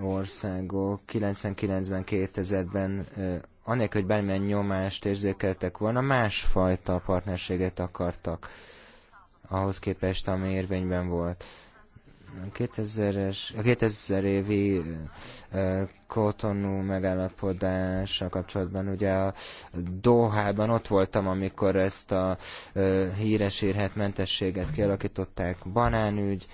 országok 99-ben, 2000-ben anélkül, hogy bármilyen nyomást érzékeltek volna, másfajta partnerséget akartak ahhoz képest, ami érvényben volt. A 2000-es, a 2000 évi kotonú megállapodással kapcsolatban, ugye a Dohában ott voltam, amikor ezt a híres érhet mentességet kialakították, banánügy,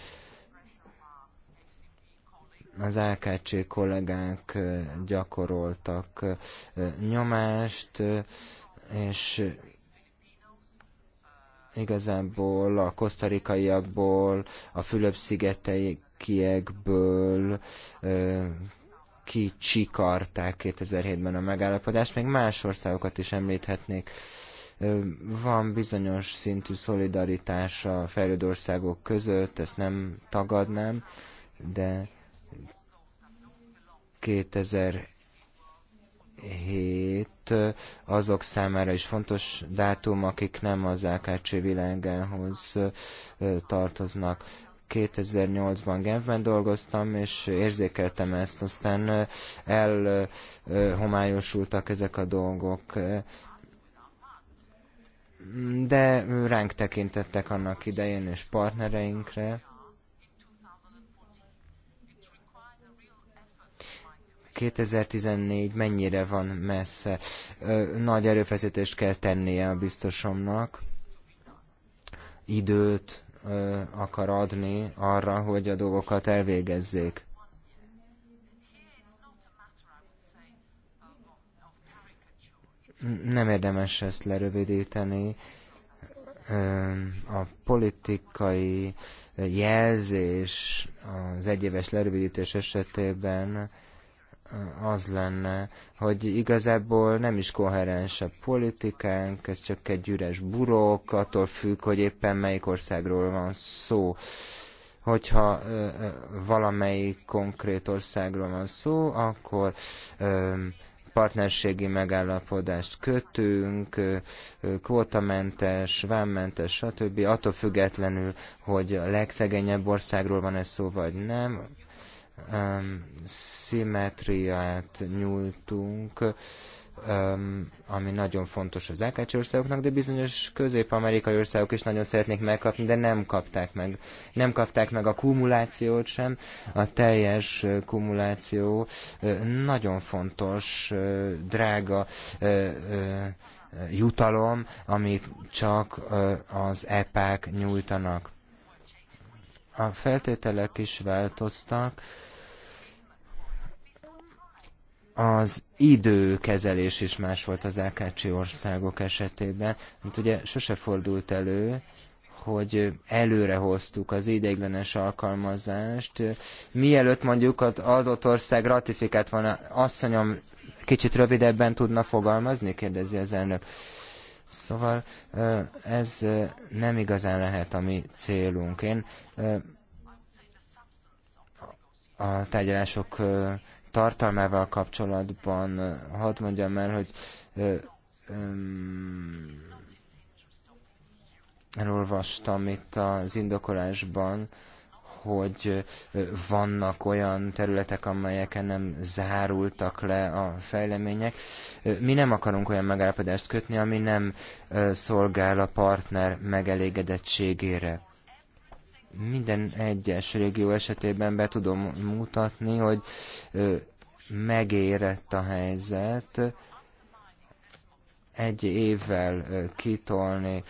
az AKC kollégák gyakoroltak nyomást, és igazából a kosztarikaiakból, a Fülöp-szigeteiekből kicsikarták 2007-ben a megállapodást, még más országokat is említhetnék. Van bizonyos szintű szolidaritás a fejlődő országok között, ezt nem tagadnám, de 2007 azok számára is fontos dátum, akik nem az AKC világához tartoznak. 2008-ban Genfben dolgoztam, és érzékeltem ezt, aztán elhomályosultak ezek a dolgok de ránk tekintettek annak idején és partnereinkre. 2014 mennyire van messze. Nagy erőfeszítést kell tennie a biztosomnak, időt akar adni arra, hogy a dolgokat elvégezzék. Nem érdemes ezt lerövidíteni a politikai jelzés az egyéves lerövidítés esetében az lenne, hogy igazából nem is koherens a politikánk, ez csak egy üres burok, attól függ, hogy éppen melyik országról van szó. Hogyha valamelyik konkrét országról van szó, akkor partnerségi megállapodást kötünk, kvótamentes, vámmentes, stb. Attól függetlenül, hogy a legszegényebb országról van ez szó, vagy nem, um, szimmetriát nyújtunk, um, ami nagyon fontos az AKC országoknak, de bizonyos közép-amerikai országok is nagyon szeretnék megkapni, de nem kapták meg. Nem kapták meg a kumulációt sem, a teljes kumuláció nagyon fontos, drága jutalom, amit csak az EPÁK nyújtanak. A feltételek is változtak, az időkezelés is más volt az AKC országok esetében, mert hát ugye sose fordult elő, hogy előre hoztuk az ideiglenes alkalmazást, mielőtt mondjuk az adott ország ratifikált volna, asszonyom kicsit rövidebben tudna fogalmazni, kérdezi az elnök. Szóval ez nem igazán lehet a mi célunk. Én a tárgyalások tartalmával kapcsolatban hadd mondjam el, hogy elolvastam itt az indokolásban, hogy vannak olyan területek, amelyeken nem zárultak le a fejlemények. Mi nem akarunk olyan megállapodást kötni, ami nem szolgál a partner megelégedettségére minden egyes régió esetében be tudom mutatni, hogy megérett a helyzet, egy évvel kitolni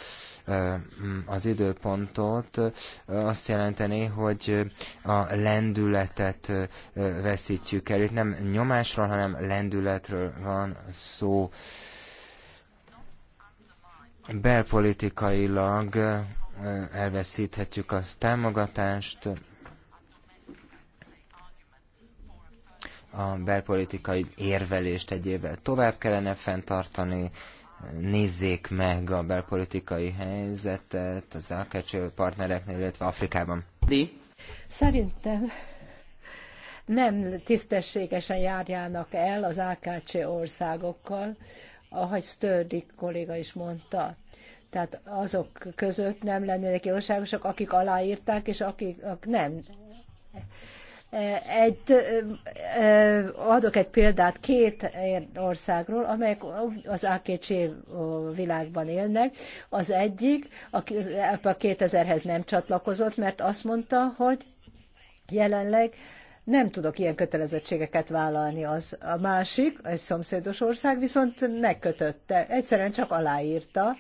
az időpontot, azt jelenteni, hogy a lendületet veszítjük el. Itt nem nyomásról, hanem lendületről van szó. Belpolitikailag elveszíthetjük a támogatást, a belpolitikai érvelést egyébben tovább kellene fenntartani, nézzék meg a belpolitikai helyzetet az AKC partnereknél, illetve Afrikában. Di? Szerintem nem tisztességesen járjának el az AKC országokkal, ahogy Stördi kolléga is mondta tehát azok között nem lennének országosak, akik aláírták, és akik nem. E, egy, adok egy példát két országról, amelyek az AKC világban élnek. Az egyik, aki a 2000-hez nem csatlakozott, mert azt mondta, hogy jelenleg nem tudok ilyen kötelezettségeket vállalni az. A másik, egy szomszédos ország viszont megkötötte, egyszerűen csak aláírta,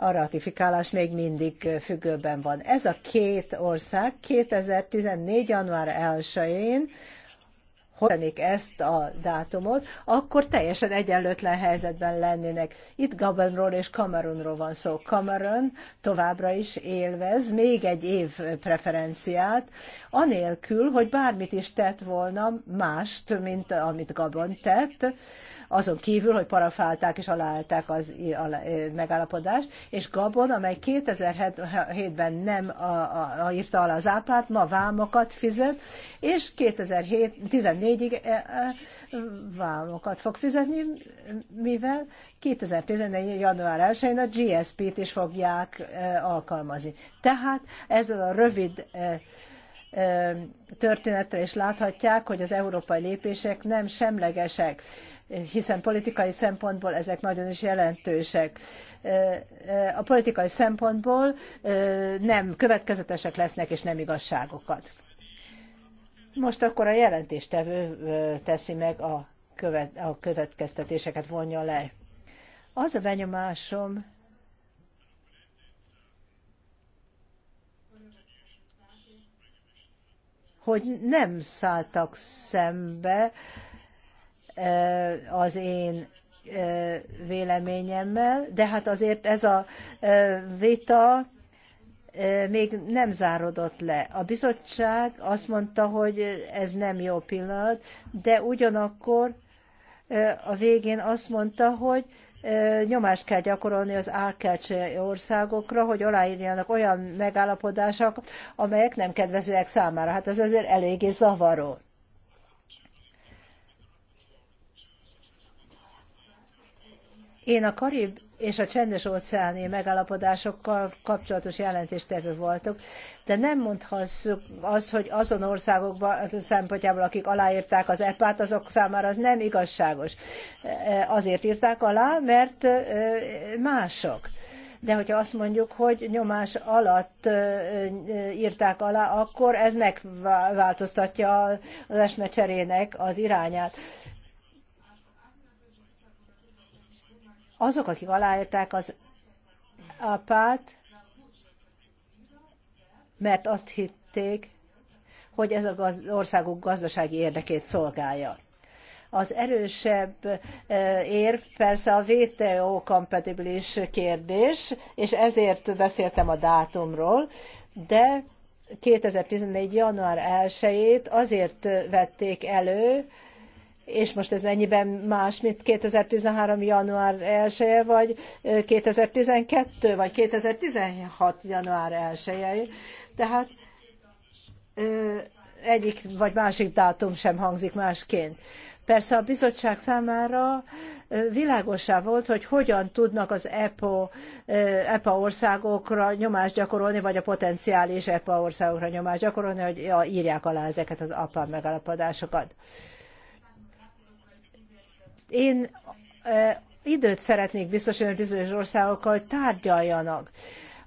a ratifikálás még mindig függőben van. Ez a két ország 2014. január 1-én hozzanék ezt a dátumot, akkor teljesen egyenlőtlen helyzetben lennének. Itt Gabonról és Kamerunról van szó. Kamerun továbbra is élvez még egy év preferenciát, anélkül, hogy bármit is tett volna mást, mint amit Gabon tett, azon kívül, hogy parafálták és aláállták az megállapodást, és Gabon, amely 2007-ben nem a, a, a, írta alá az ápát, ma vámokat fizet, és 2014-ig e, e, vámokat fog fizetni, mivel 2014. január 1-én a GSP-t is fogják e, alkalmazni. Tehát ezzel a rövid történetre is láthatják, hogy az európai lépések nem semlegesek hiszen politikai szempontból ezek nagyon is jelentősek. A politikai szempontból nem következetesek lesznek, és nem igazságokat. Most akkor a jelentéstevő teszi meg a, követ, a következtetéseket, vonja le. Az a benyomásom, hogy nem szálltak szembe az én véleményemmel, de hát azért ez a vita még nem zárodott le. A bizottság azt mondta, hogy ez nem jó pillanat, de ugyanakkor a végén azt mondta, hogy nyomást kell gyakorolni az AKC országokra, hogy aláírjanak olyan megállapodásokat, amelyek nem kedvezőek számára. Hát ez azért eléggé zavaró. Én a Karib és a csendes óceáni megállapodásokkal kapcsolatos jelentéstevő voltok, de nem mondhatjuk azt, hogy azon országokban szempontjából, akik aláírták az epá t azok számára az nem igazságos. Azért írták alá, mert mások. De hogyha azt mondjuk, hogy nyomás alatt írták alá, akkor ez megváltoztatja az esmecserének az irányát. azok, akik aláírták az apát, mert azt hitték, hogy ez az országok gazdasági érdekét szolgálja. Az erősebb érv persze a VTO kompatibilis kérdés, és ezért beszéltem a dátumról, de 2014. január 1-ét azért vették elő, és most ez mennyiben más, mint 2013. január 1 -e, vagy 2012, vagy 2016. január 1 -e. Tehát egyik vagy másik dátum sem hangzik másként. Persze a bizottság számára világosá volt, hogy hogyan tudnak az EPO, EPA országokra nyomást gyakorolni, vagy a potenciális EPA országokra nyomást gyakorolni, hogy írják alá ezeket az APA megalapodásokat. Én időt szeretnék biztosítani, bizonyos országokkal hogy tárgyaljanak.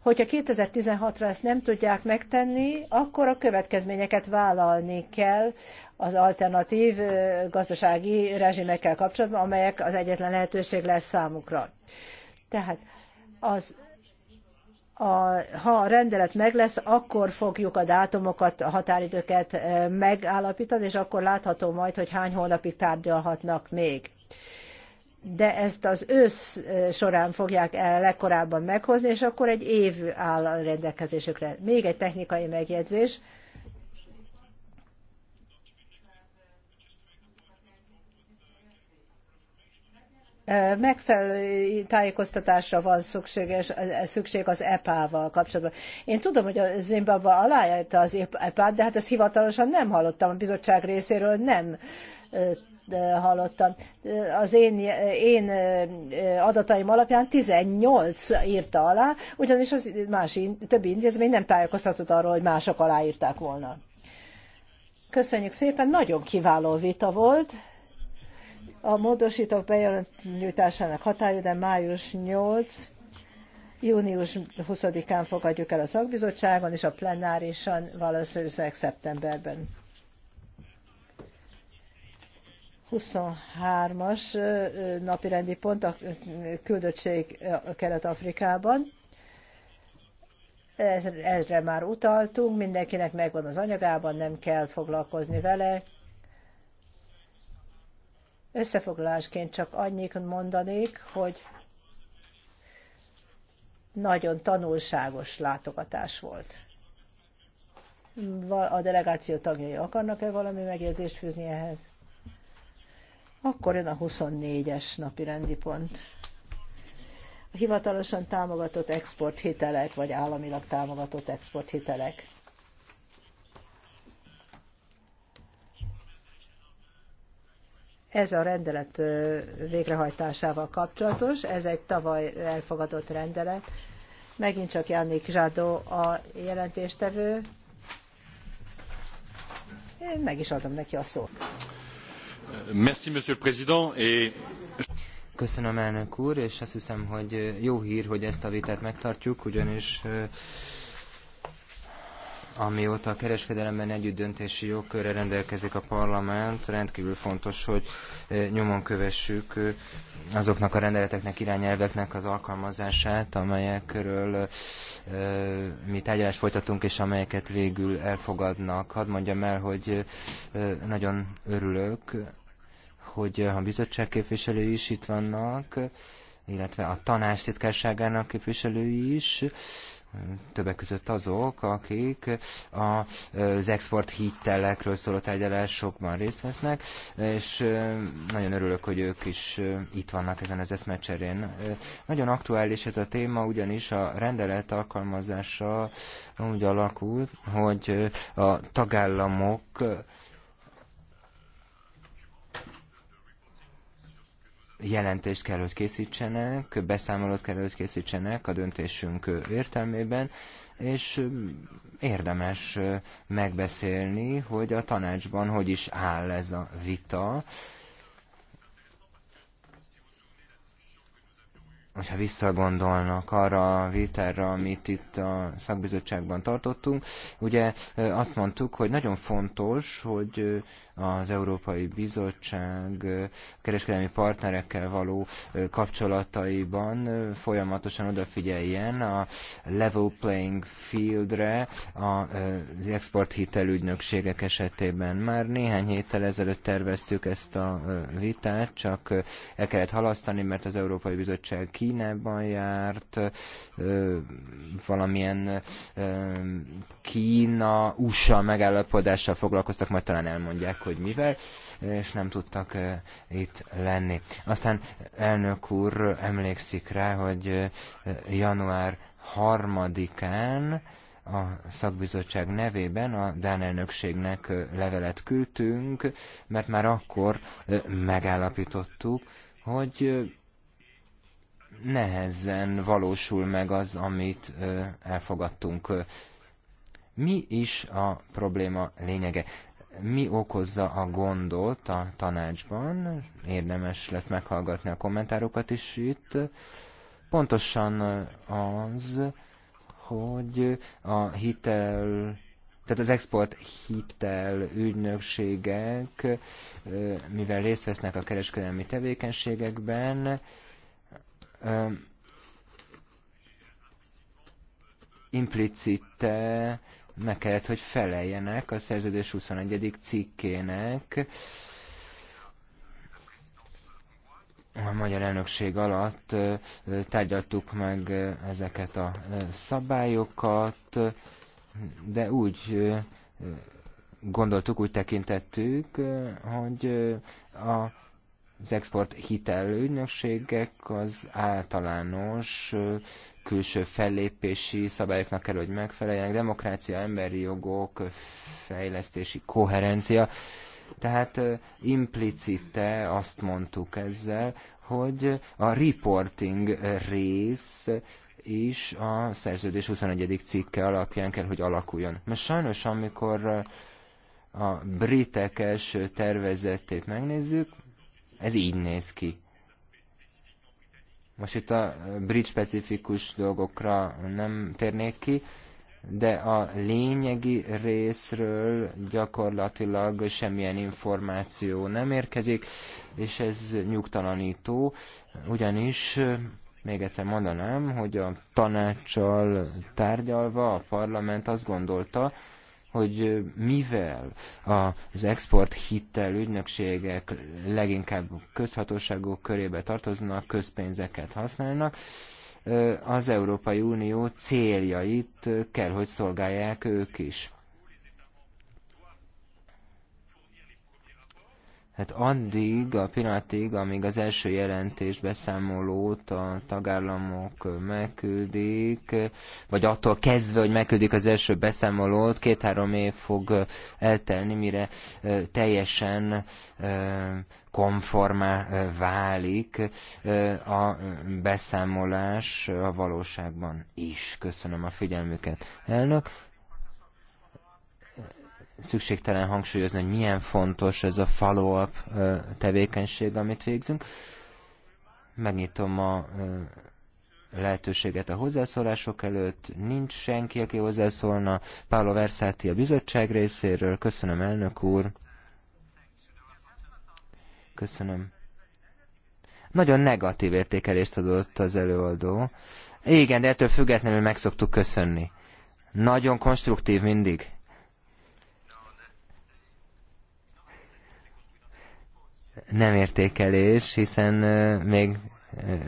Hogyha 2016-ra ezt nem tudják megtenni, akkor a következményeket vállalni kell az alternatív gazdasági rezsimekkel kapcsolatban, amelyek az egyetlen lehetőség lesz számukra. Tehát az a, ha a rendelet meg lesz, akkor fogjuk a dátumokat, a határidőket megállapítani, és akkor látható majd, hogy hány hónapig tárgyalhatnak még de ezt az ősz során fogják el legkorábban meghozni, és akkor egy év áll a rendelkezésükre. Még egy technikai megjegyzés. megfelelő tájékoztatásra van szükséges, szükség az EPA-val kapcsolatban. Én tudom, hogy a Zimbabwe alájárta az EPA-t, de hát ezt hivatalosan nem hallottam a bizottság részéről, nem hallottam. Az én, én adataim alapján 18 írta alá, ugyanis az más, többi intézmény nem tájékoztatott arról, hogy mások aláírták volna. Köszönjük szépen, nagyon kiváló vita volt. A módosítók bejelentésének határidő május 8 június 20-án fogadjuk el a szakbizottságon, és a plenárisan valószínűleg szeptemberben. 23-as napirendi pont a küldöttség Kelet-Afrikában. Erre már utaltunk, mindenkinek megvan az anyagában, nem kell foglalkozni vele. Összefoglalásként csak annyit mondanék, hogy nagyon tanulságos látogatás volt. A delegáció tagjai akarnak-e valami megjegyzést fűzni ehhez? Akkor jön a 24-es napi rendi pont. A hivatalosan támogatott exporthitelek, vagy államilag támogatott exporthitelek. Ez a rendelet végrehajtásával kapcsolatos, ez egy tavaly elfogadott rendelet. Megint csak Jánik Zsádó a jelentéstevő. Én meg is adom neki a szót. Monsieur le Président, Köszönöm, elnök úr, és azt hiszem, hogy jó hír, hogy ezt a vitát megtartjuk, ugyanis amióta a kereskedelemben együttdöntési döntési rendelkezik a parlament, rendkívül fontos, hogy nyomon kövessük azoknak a rendeleteknek, irányelveknek az alkalmazását, amelyekről mi tárgyalást folytatunk, és amelyeket végül elfogadnak. Hadd mondjam el, hogy nagyon örülök hogy a bizottság képviselői is itt vannak, illetve a tanács titkárságának képviselői is, többek között azok, akik az export hittelekről szóló tárgyalásokban részt vesznek, és nagyon örülök, hogy ők is itt vannak ezen az eszmecserén. Nagyon aktuális ez a téma, ugyanis a rendelet alkalmazása úgy alakult, hogy a tagállamok jelentést kell, hogy készítsenek, beszámolót kell, hogy készítsenek a döntésünk értelmében, és um, érdemes uh, megbeszélni, hogy a tanácsban hogy is áll ez a vita, hogyha visszagondolnak arra a vitára, amit itt a szakbizottságban tartottunk, ugye uh, azt mondtuk, hogy nagyon fontos, hogy uh, az Európai Bizottság kereskedelmi partnerekkel való kapcsolataiban folyamatosan odafigyeljen a level playing fieldre az hitelügynökségek esetében. Már néhány héttel ezelőtt terveztük ezt a vitát, csak el kellett halasztani, mert az Európai Bizottság Kínában járt, valamilyen Kína-USA megállapodással foglalkoztak, majd talán elmondják, hogy hogy mivel, és nem tudtak itt lenni. Aztán elnök úr emlékszik rá, hogy január harmadikán a szakbizottság nevében a Dán elnökségnek levelet küldtünk, mert már akkor megállapítottuk, hogy nehezen valósul meg az, amit elfogadtunk. Mi is a probléma lényege? mi okozza a gondot a tanácsban, érdemes lesz meghallgatni a kommentárokat is itt, pontosan az, hogy a hitel tehát az export hitel ügynökségek, mivel részt vesznek a kereskedelmi tevékenységekben, implicite meg kellett, hogy feleljenek a szerződés 21. cikkének. A magyar elnökség alatt tárgyaltuk meg ezeket a szabályokat, de úgy gondoltuk, úgy tekintettük, hogy a az export hitelügynökségek az általános külső fellépési szabályoknak kell, hogy megfeleljenek, demokrácia, emberi jogok, fejlesztési koherencia. Tehát implicite azt mondtuk ezzel, hogy a reporting rész is a szerződés 21. cikke alapján kell, hogy alakuljon. Mert sajnos, amikor a britek első tervezetét megnézzük, ez így néz ki. Most itt a bridge specifikus dolgokra nem térnék ki, de a lényegi részről gyakorlatilag semmilyen információ nem érkezik, és ez nyugtalanító, ugyanis még egyszer mondanám, hogy a tanácssal tárgyalva a parlament azt gondolta, hogy mivel az export hittel ügynökségek leginkább közhatóságok körébe tartoznak, közpénzeket használnak, az Európai Unió céljait kell, hogy szolgálják ők is. hát addig, a pillanatig, amíg az első jelentés beszámolót a tagállamok megküldik, vagy attól kezdve, hogy megküldik az első beszámolót, két-három év fog eltelni, mire teljesen konformá válik a beszámolás a valóságban is. Köszönöm a figyelmüket, elnök szükségtelen hangsúlyozni, hogy milyen fontos ez a follow-up tevékenység, amit végzünk. Megnyitom a lehetőséget a hozzászólások előtt. Nincs senki, aki hozzászólna. Paolo Versáti a bizottság részéről. Köszönöm, elnök úr. Köszönöm. Nagyon negatív értékelést adott az előadó. Igen, de ettől függetlenül meg szoktuk köszönni. Nagyon konstruktív mindig. nem értékelés, hiszen még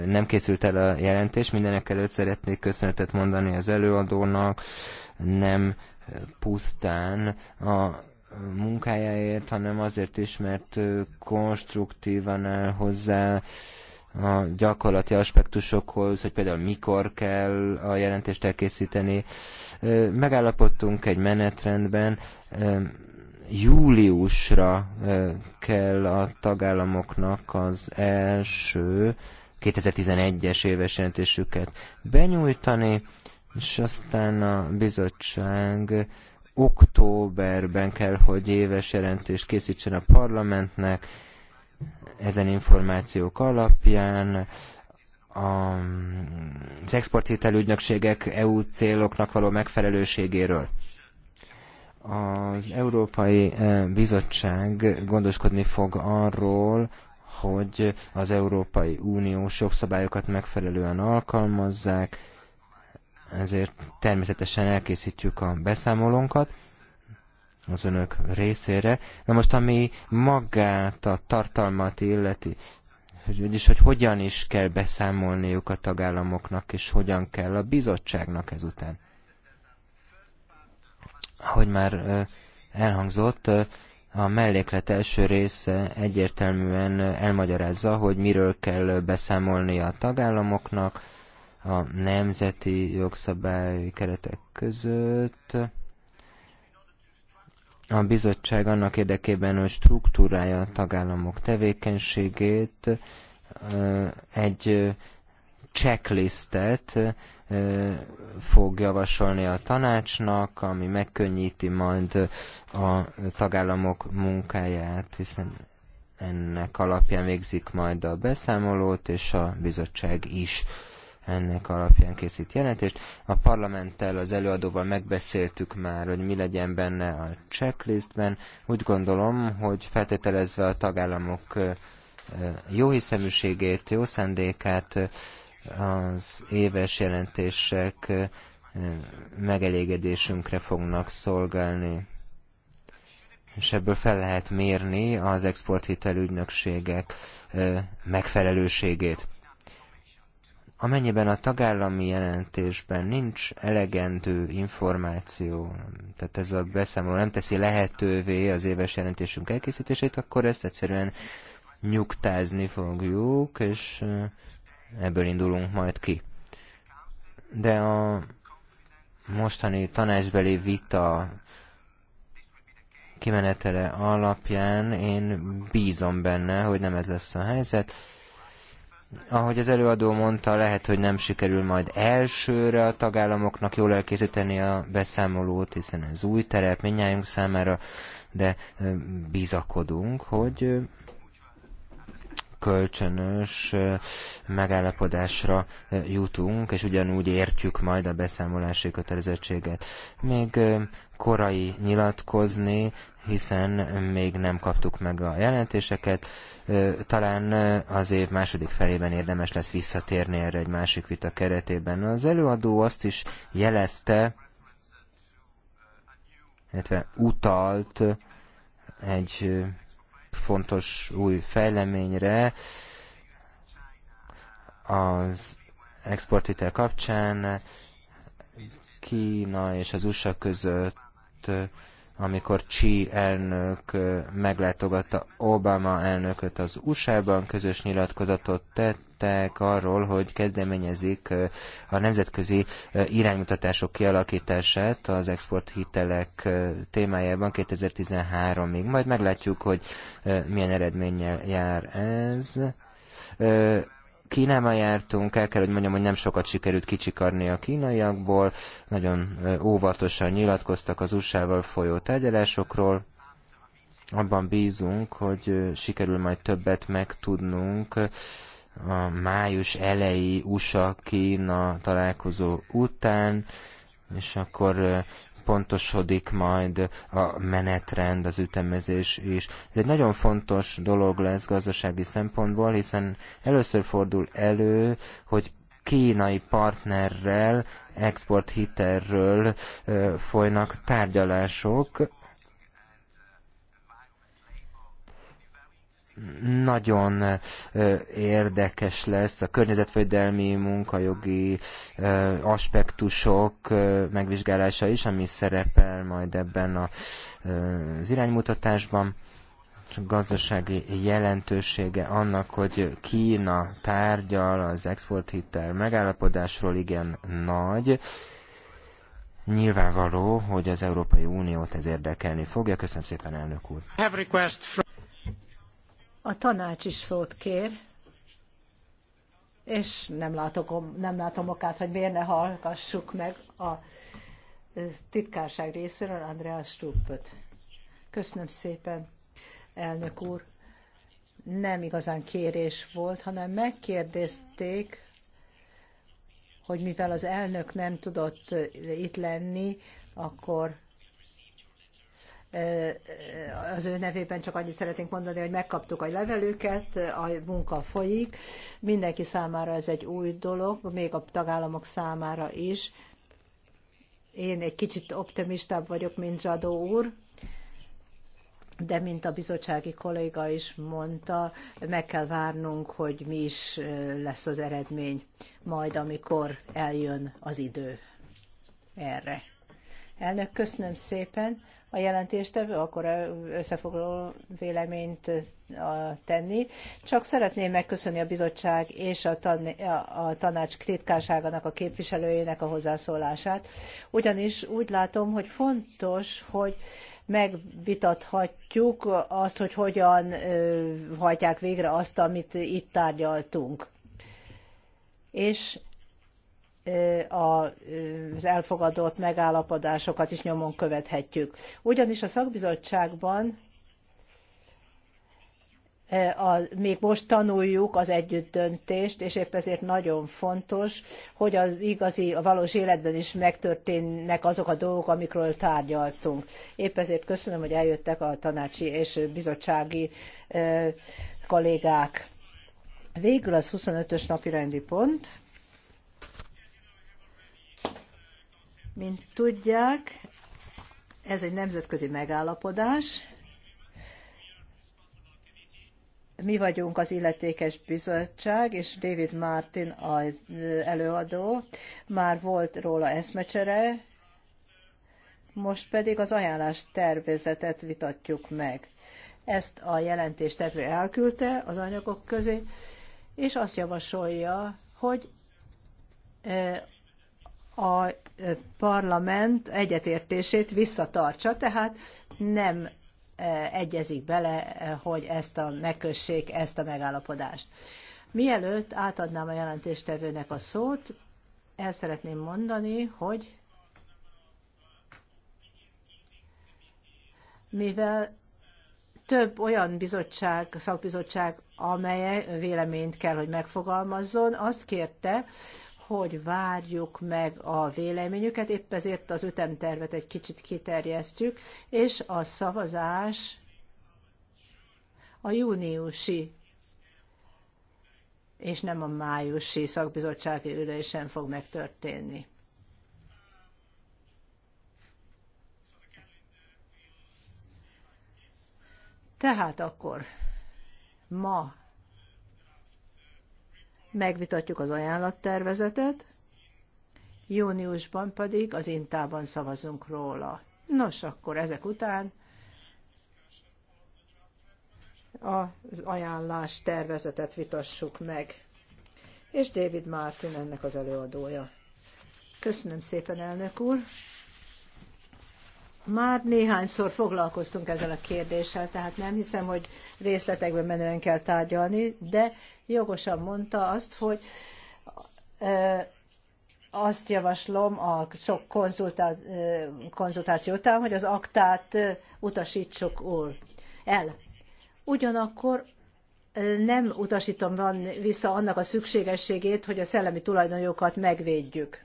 nem készült el a jelentés. Mindenek előtt szeretnék köszönetet mondani az előadónak, nem pusztán a munkájáért, hanem azért is, mert konstruktívan áll hozzá a gyakorlati aspektusokhoz, hogy például mikor kell a jelentést elkészíteni. Megállapodtunk egy menetrendben, júliusra kell a tagállamoknak az első 2011-es éves jelentésüket benyújtani, és aztán a bizottság októberben kell, hogy éves jelentést készítsen a parlamentnek, ezen információk alapján a, az exporthitelügynökségek EU céloknak való megfelelőségéről. Az Európai eh, Bizottság gondoskodni fog arról, hogy az Európai Uniós jogszabályokat megfelelően alkalmazzák, ezért természetesen elkészítjük a beszámolónkat az önök részére. Na most, ami magát a tartalmat illeti, vagyis, hogy hogyan is kell beszámolniuk a tagállamoknak, és hogyan kell a bizottságnak ezután. Ahogy már elhangzott, a melléklet első része egyértelműen elmagyarázza, hogy miről kell beszámolni a tagállamoknak a nemzeti jogszabály keretek között. A bizottság annak érdekében, hogy struktúrája a tagállamok tevékenységét, egy checklistet, fog javasolni a tanácsnak, ami megkönnyíti majd a tagállamok munkáját, hiszen ennek alapján végzik majd a beszámolót, és a bizottság is ennek alapján készít jelentést. A parlamenttel, az előadóval megbeszéltük már, hogy mi legyen benne a checklistben. Úgy gondolom, hogy feltételezve a tagállamok jó hiszeműségét, jó szendékát, az éves jelentések megelégedésünkre fognak szolgálni. És ebből fel lehet mérni az exporthitel ügynökségek megfelelőségét. Amennyiben a tagállami jelentésben nincs elegendő információ, tehát ez a beszámoló nem teszi lehetővé az éves jelentésünk elkészítését, akkor ezt egyszerűen nyugtázni fogjuk, és ebből indulunk majd ki. De a mostani tanácsbeli vita kimenetele alapján én bízom benne, hogy nem ez lesz a helyzet. Ahogy az előadó mondta, lehet, hogy nem sikerül majd elsőre a tagállamoknak jól elkészíteni a beszámolót, hiszen ez új terep minnyájunk számára, de bizakodunk, hogy kölcsönös megállapodásra jutunk, és ugyanúgy értjük majd a beszámolási kötelezettséget. Még korai nyilatkozni, hiszen még nem kaptuk meg a jelentéseket. Talán az év második felében érdemes lesz visszatérni erre egy másik vita keretében. Az előadó azt is jelezte, illetve utalt egy fontos új fejleményre az exportitel kapcsán Kína és az USA között amikor Xi elnök meglátogatta Obama elnököt az USA-ban, közös nyilatkozatot tettek arról, hogy kezdeményezik a nemzetközi iránymutatások kialakítását az exporthitelek témájában 2013-ig. Majd meglátjuk, hogy milyen eredménnyel jár ez Kínába jártunk, el kell, hogy mondjam, hogy nem sokat sikerült kicsikarni a kínaiakból, nagyon óvatosan nyilatkoztak az USA-val folyó tárgyalásokról, abban bízunk, hogy sikerül majd többet megtudnunk a május elejé USA-Kína találkozó után, és akkor pontosodik majd a menetrend, az ütemezés is. Ez egy nagyon fontos dolog lesz gazdasági szempontból, hiszen először fordul elő, hogy kínai partnerrel, exporthiterről folynak tárgyalások, nagyon érdekes lesz a környezetvédelmi munkajogi aspektusok megvizsgálása is, ami szerepel majd ebben a, az iránymutatásban gazdasági jelentősége annak, hogy Kína tárgyal az exporthitel megállapodásról igen nagy. Nyilvánvaló, hogy az Európai Uniót ez érdekelni fogja. Köszönöm szépen, elnök úr. A tanács is szót kér, és nem, látok, nem látom okát, hogy miért ne hallgassuk meg a eh, titkárság részéről Andreas Struppöt. Köszönöm szépen, elnök úr. Nem igazán kérés volt, hanem megkérdezték, hogy mivel az elnök nem tudott eh, itt lenni, akkor az ő nevében csak annyit szeretnénk mondani, hogy megkaptuk a levelüket, a munka folyik, mindenki számára ez egy új dolog, még a tagállamok számára is. Én egy kicsit optimistább vagyok, mint Zsadó úr, de mint a bizottsági kolléga is mondta, meg kell várnunk, hogy mi is lesz az eredmény, majd amikor eljön az idő erre. Elnök, köszönöm szépen a jelentéstevő, akkor összefoglaló véleményt tenni. Csak szeretném megköszönni a bizottság és a, tan a tanács titkárságának a képviselőjének a hozzászólását, ugyanis úgy látom, hogy fontos, hogy megvitathatjuk azt, hogy hogyan hajtják végre azt, amit itt tárgyaltunk. És az elfogadott megállapodásokat is nyomon követhetjük. Ugyanis a szakbizottságban a, még most tanuljuk az együttdöntést, és épp ezért nagyon fontos, hogy az igazi, a valós életben is megtörténnek azok a dolgok, amikről tárgyaltunk. Épp ezért köszönöm, hogy eljöttek a tanácsi és bizottsági kollégák. Végül az 25-ös napi rendi pont. Mint tudják, ez egy nemzetközi megállapodás. Mi vagyunk az illetékes bizottság, és David Martin az előadó. Már volt róla eszmecsere, most pedig az ajánlás tervezetet vitatjuk meg. Ezt a jelentéstevő elküldte az anyagok közé, és azt javasolja, hogy eh, a e, parlament egyetértését visszatartsa, tehát nem e, egyezik bele, e, hogy ezt a megkössék, ezt a megállapodást. Mielőtt átadnám a jelentéstevőnek a szót, el szeretném mondani, hogy mivel több olyan bizottság, szakbizottság, amely véleményt kell, hogy megfogalmazzon, azt kérte, hogy várjuk meg a véleményüket, épp ezért az ütemtervet egy kicsit kiterjesztjük, és a szavazás a júniusi és nem a májusi szakbizottsági ülésen fog megtörténni. Tehát akkor ma megvitatjuk az ajánlattervezetet, júniusban pedig az intában szavazunk róla. Nos, akkor ezek után az ajánlás tervezetet vitassuk meg. És David Martin ennek az előadója. Köszönöm szépen, elnök úr! Már néhányszor foglalkoztunk ezzel a kérdéssel, tehát nem hiszem, hogy részletekben menően kell tárgyalni, de jogosan mondta azt, hogy azt javaslom a sok konzultá konzultáció után, hogy az aktát utasítsuk úr el. Ugyanakkor nem utasítom van vissza annak a szükségességét, hogy a szellemi tulajdonjogokat megvédjük.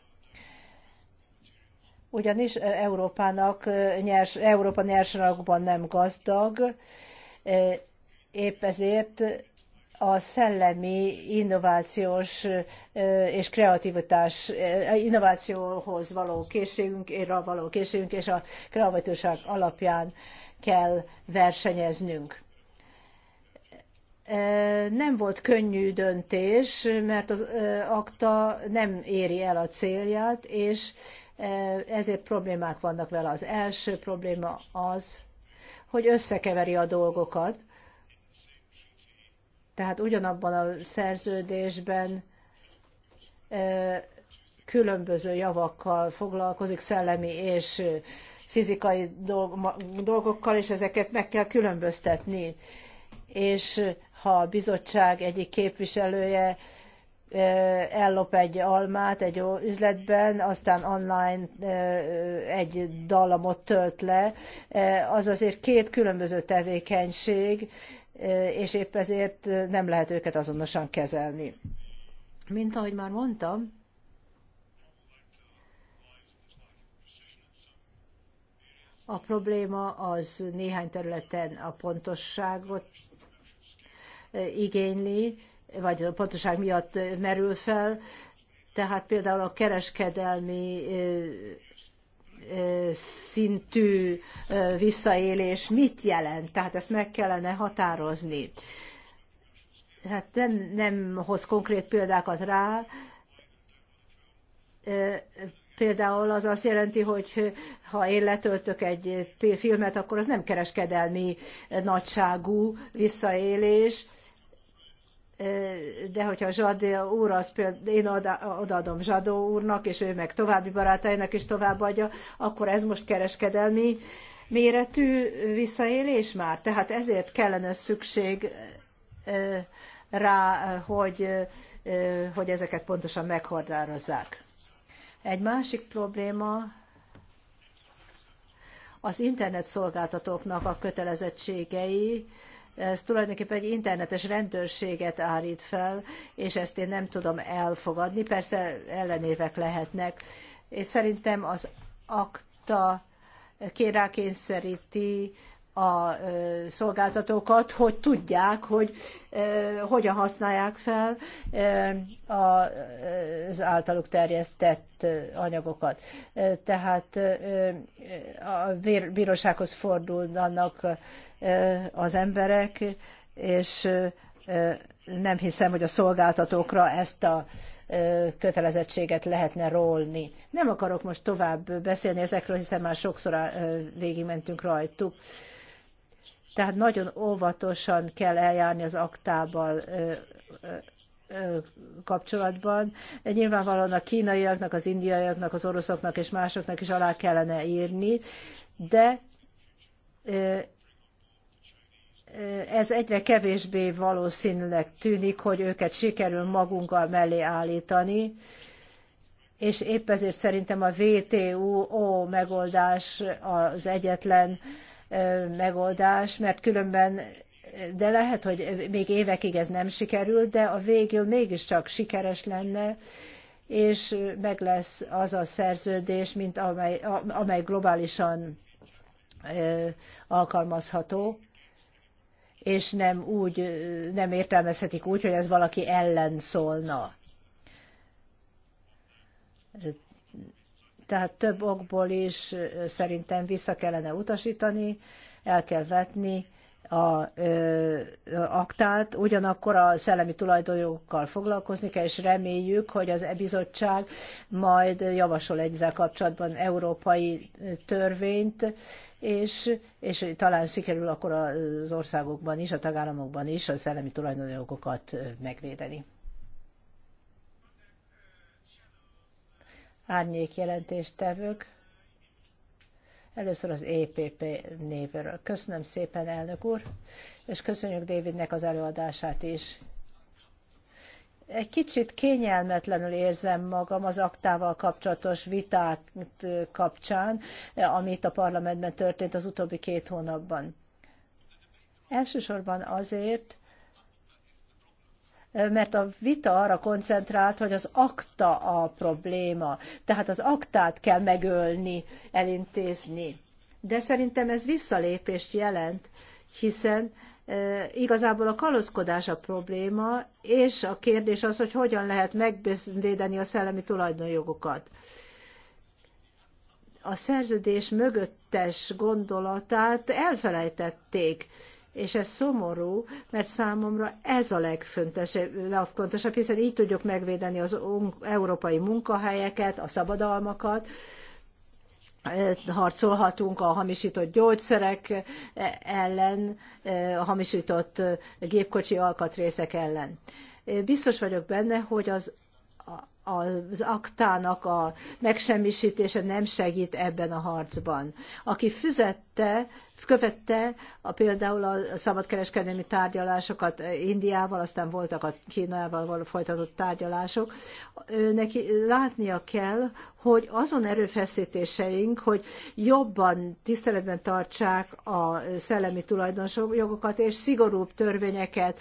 Ugyanis Európának nyers, Európa nyersanyagban nem gazdag, épp ezért a szellemi innovációs és kreativitás, innovációhoz való készségünk, érre való készségünk és a kreativitás alapján kell versenyeznünk. Nem volt könnyű döntés, mert az akta nem éri el a célját, és ezért problémák vannak vele. Az első probléma az, hogy összekeveri a dolgokat, tehát ugyanabban a szerződésben különböző javakkal foglalkozik, szellemi és fizikai dolgokkal, és ezeket meg kell különböztetni. És ha a bizottság egyik képviselője ellop egy almát egy üzletben, aztán online egy dallamot tölt le, az azért két különböző tevékenység, Eh, és épp ezért eh, nem lehet őket azonosan kezelni. Mint ahogy már mondtam, a probléma az néhány területen a pontosságot eh, igényli, vagy a pontosság miatt merül fel, tehát például a kereskedelmi szintű visszaélés mit jelent, tehát ezt meg kellene határozni. Hát nem, nem hoz konkrét példákat rá, például az azt jelenti, hogy ha én letöltök egy filmet, akkor az nem kereskedelmi nagyságú visszaélés, de hogyha Zsadé úr, az például én odaadom Zsadó úrnak, és ő meg további barátainak is továbbadja, akkor ez most kereskedelmi méretű visszaélés már. Tehát ezért kellene szükség rá, hogy, hogy ezeket pontosan meghordározzák. Egy másik probléma az internet szolgáltatóknak a kötelezettségei, ez tulajdonképpen egy internetes rendőrséget állít fel, és ezt én nem tudom elfogadni. Persze ellenévek lehetnek. És szerintem az akta kérákényszeríti a szolgáltatókat, hogy tudják, hogy hogyan használják fel az általuk terjesztett anyagokat. Tehát a bírósághoz fordulnak az emberek, és nem hiszem, hogy a szolgáltatókra ezt a kötelezettséget lehetne rólni. Nem akarok most tovább beszélni ezekről, hiszen már sokszor végigmentünk rajtuk. Tehát nagyon óvatosan kell eljárni az aktával kapcsolatban. Nyilvánvalóan a kínaiaknak, az indiaiaknak, az oroszoknak és másoknak is alá kellene írni, de ez egyre kevésbé valószínűleg tűnik, hogy őket sikerül magunkkal mellé állítani, és épp ezért szerintem a WTO megoldás az egyetlen megoldás, mert különben de lehet, hogy még évekig ez nem sikerül, de a végül mégiscsak sikeres lenne, és meg lesz az a szerződés, mint amely, amely globálisan alkalmazható, és nem úgy, nem értelmezhetik úgy, hogy ez valaki ellen szólna. Tehát több okból is szerintem vissza kellene utasítani, el kell vetni a ö, aktát, ugyanakkor a szellemi tulajdonjogokkal foglalkozni kell, és reméljük, hogy az e-bizottság majd javasol ezzel kapcsolatban európai törvényt, és, és talán sikerül akkor az országokban is, a tagállamokban is a szellemi tulajdonjogokat megvédeni. árnyék tevők Először az EPP névről. Köszönöm szépen, elnök úr, és köszönjük Davidnek az előadását is. Egy kicsit kényelmetlenül érzem magam az aktával kapcsolatos viták kapcsán, amit a parlamentben történt az utóbbi két hónapban. Elsősorban azért, mert a vita arra koncentrált, hogy az akta a probléma, tehát az aktát kell megölni, elintézni. De szerintem ez visszalépést jelent, hiszen e, igazából a kalózkodás a probléma, és a kérdés az, hogy hogyan lehet megvédeni a szellemi tulajdonjogokat. A szerződés mögöttes gondolatát elfelejtették és ez szomorú, mert számomra ez a legfontosabb, hiszen így tudjuk megvédeni az európai munkahelyeket, a szabadalmakat, harcolhatunk a hamisított gyógyszerek ellen, a hamisított gépkocsi alkatrészek ellen. Biztos vagyok benne, hogy az az aktának a megsemmisítése nem segít ebben a harcban. Aki füzette, követte a, például a szabadkereskedelmi tárgyalásokat Indiával, aztán voltak a Kínával való folytatott tárgyalások, neki látnia kell, hogy azon erőfeszítéseink, hogy jobban tiszteletben tartsák a szellemi tulajdonjogokat, és szigorúbb törvényeket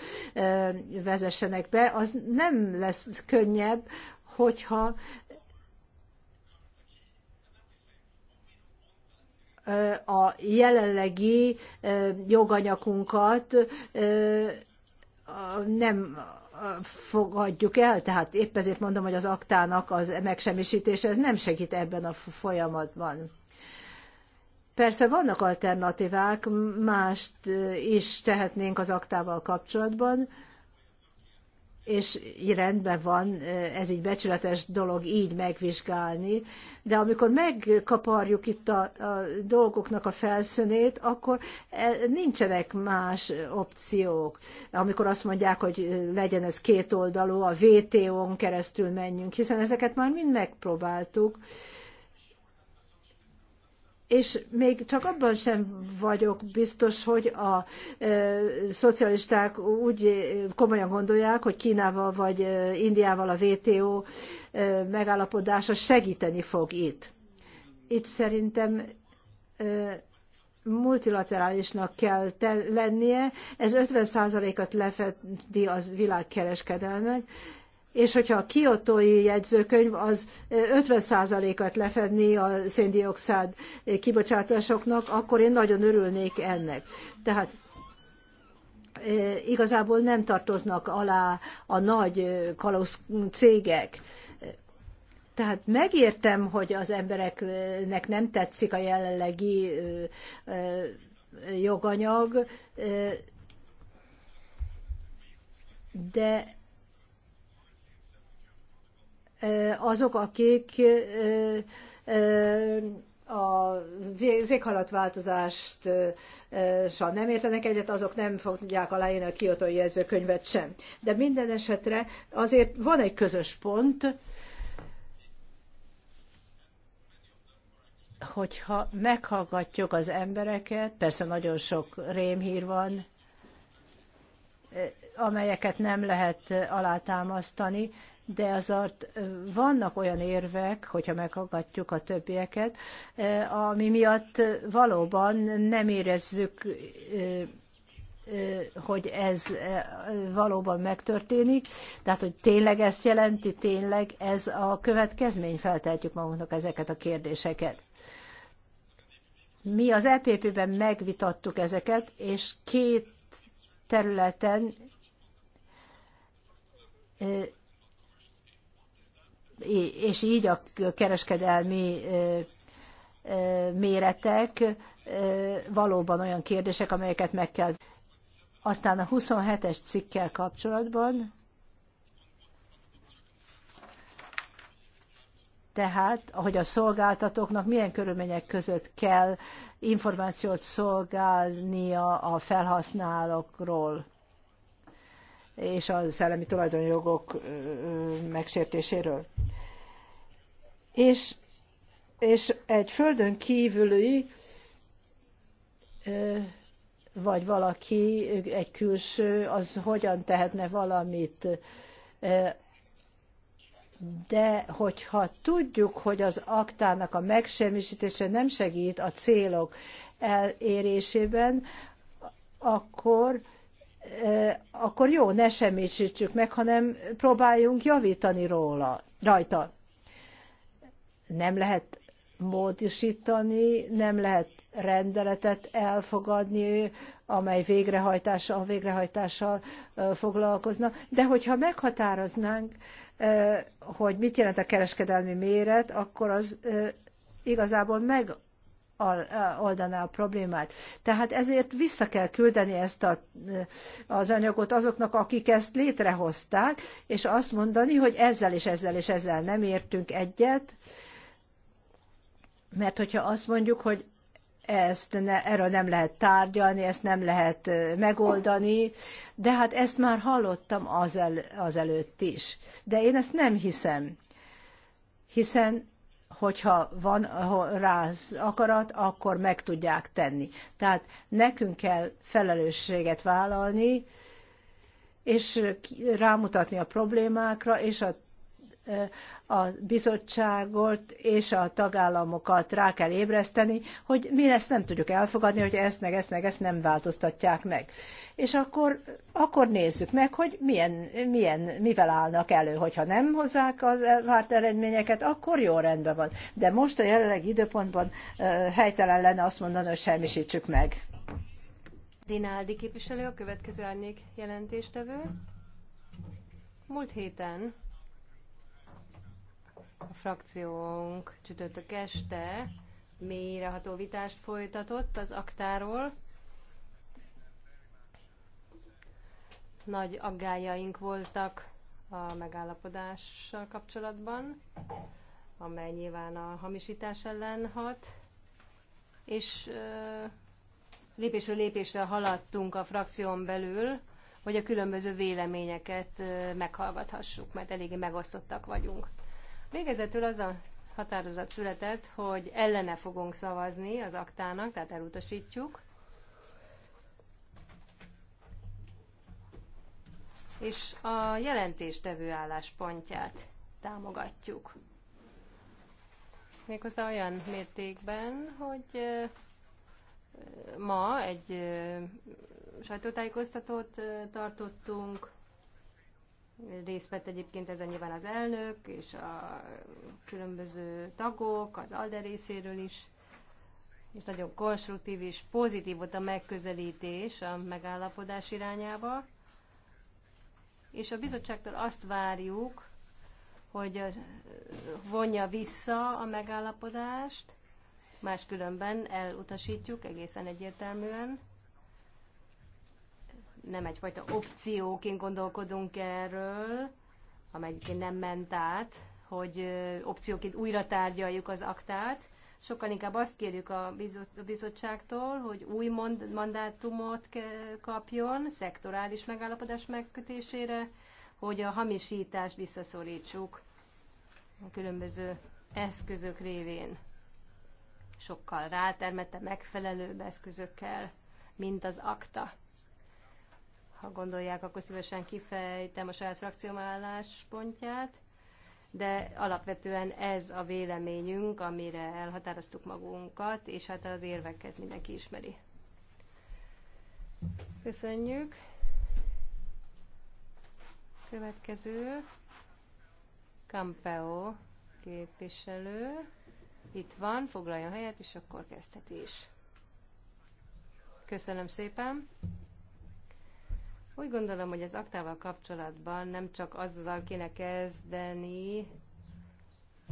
vezessenek be, az nem lesz könnyebb, hogyha a jelenlegi joganyagunkat nem fogadjuk el, tehát épp ezért mondom, hogy az aktának az megsemmisítése ez nem segít ebben a folyamatban. Persze vannak alternatívák, mást is tehetnénk az aktával kapcsolatban, és rendben van, ez így becsületes dolog így megvizsgálni, de amikor megkaparjuk itt a, a dolgoknak a felszönét, akkor e, nincsenek más opciók. Amikor azt mondják, hogy legyen ez kétoldalú, a VTO-n keresztül menjünk, hiszen ezeket már mind megpróbáltuk, és még csak abban sem vagyok biztos, hogy a e, szocialisták úgy komolyan gondolják, hogy Kínával vagy Indiával a WTO e, megállapodása segíteni fog itt. Itt szerintem e, multilaterálisnak kell te, lennie, ez 50%-at lefedi az világkereskedelmet, és hogyha a kiotói jegyzőkönyv az 50%-at eh, lefedni a széndiokszád kibocsátásoknak, akkor én nagyon örülnék ennek. Tehát eh, igazából nem tartoznak alá a nagy eh, kalosz cégek. Tehát megértem, hogy az embereknek nem tetszik a jelenlegi joganyag, de azok, akik az változást ha nem értenek egyet, azok nem fogják aláírni a kiotói jegyzőkönyvet sem. De minden esetre azért van egy közös pont, hogyha meghallgatjuk az embereket, persze nagyon sok rémhír van, amelyeket nem lehet alátámasztani, de azért vannak olyan érvek, hogyha meghallgatjuk a többieket, ami miatt valóban nem érezzük, hogy ez valóban megtörténik, tehát hogy tényleg ezt jelenti, tényleg ez a következmény, feltehetjük magunknak ezeket a kérdéseket. Mi az EPP-ben megvitattuk ezeket, és két területen és így a kereskedelmi méretek valóban olyan kérdések, amelyeket meg kell. Aztán a 27-es cikkkel kapcsolatban, tehát, hogy a szolgáltatóknak milyen körülmények között kell információt szolgálnia a felhasználókról és a szellemi tulajdonjogok megsértéséről. És, és egy földön kívüli vagy valaki, egy külső, az hogyan tehetne valamit. De hogyha tudjuk, hogy az aktának a megsemmisítése nem segít a célok elérésében, akkor Eh, akkor jó, ne semmisítsük meg, hanem próbáljunk javítani róla, rajta. Nem lehet módosítani, nem lehet rendeletet elfogadni, amely végrehajtással, végrehajtással foglalkozna. De hogyha meghatároznánk, hogy mit jelent a kereskedelmi méret, akkor az igazából meg oldaná a problémát. Tehát ezért vissza kell küldeni ezt a, az anyagot azoknak, akik ezt létrehozták, és azt mondani, hogy ezzel és ezzel és ezzel nem értünk egyet, mert hogyha azt mondjuk, hogy ezt ne, erről nem lehet tárgyalni, ezt nem lehet megoldani, de hát ezt már hallottam az, el, az előtt is. De én ezt nem hiszem, hiszen hogyha van rá az akarat, akkor meg tudják tenni. Tehát nekünk kell felelősséget vállalni, és rámutatni a problémákra, és a a bizottságot és a tagállamokat rá kell ébreszteni, hogy mi ezt nem tudjuk elfogadni, hogy ezt meg ezt meg ezt nem változtatják meg. És akkor, akkor nézzük meg, hogy milyen, milyen, mivel állnak elő, hogyha nem hozzák az várt eredményeket, akkor jó rendben van. De most a jelenlegi időpontban helytelen lenne azt mondani, hogy semmisítsük meg. Rinaldi képviselő, a következő árnyék jelentéstevő. Múlt héten a frakciónk csütörtök este mélyreható vitást folytatott az aktáról. Nagy aggájaink voltak a megállapodással kapcsolatban, amely nyilván a hamisítás ellen hat, és lépésről lépésre haladtunk a frakción belül, hogy a különböző véleményeket meghallgathassuk, mert eléggé megosztottak vagyunk. Végezetül az a határozat született, hogy ellene fogunk szavazni az aktának, tehát elutasítjuk. És a jelentéstevő álláspontját támogatjuk. Méghozzá olyan mértékben, hogy ma egy sajtótájékoztatót tartottunk, Részt vett egyébként ezen nyilván az elnök és a különböző tagok, az ALDE részéről is, és nagyon konstruktív és pozitív volt a megközelítés a megállapodás irányába. És a bizottságtól azt várjuk, hogy vonja vissza a megállapodást, máskülönben elutasítjuk egészen egyértelműen, nem egyfajta opcióként gondolkodunk erről, amely nem ment át, hogy opcióként újra tárgyaljuk az aktát. Sokkal inkább azt kérjük a bizottságtól, hogy új mandátumot kapjon szektorális megállapodás megkötésére, hogy a hamisítást visszaszorítsuk a különböző eszközök révén. Sokkal rátermette megfelelőbb eszközökkel, mint az akta ha gondolják, akkor szívesen kifejtem a saját frakcióm álláspontját, de alapvetően ez a véleményünk, amire elhatároztuk magunkat, és hát az érveket mindenki ismeri. Köszönjük. Következő. Campeo képviselő. Itt van, foglaljon helyet, és akkor kezdheti is. Köszönöm szépen. Úgy gondolom, hogy az aktával kapcsolatban nem csak azzal kéne kezdeni,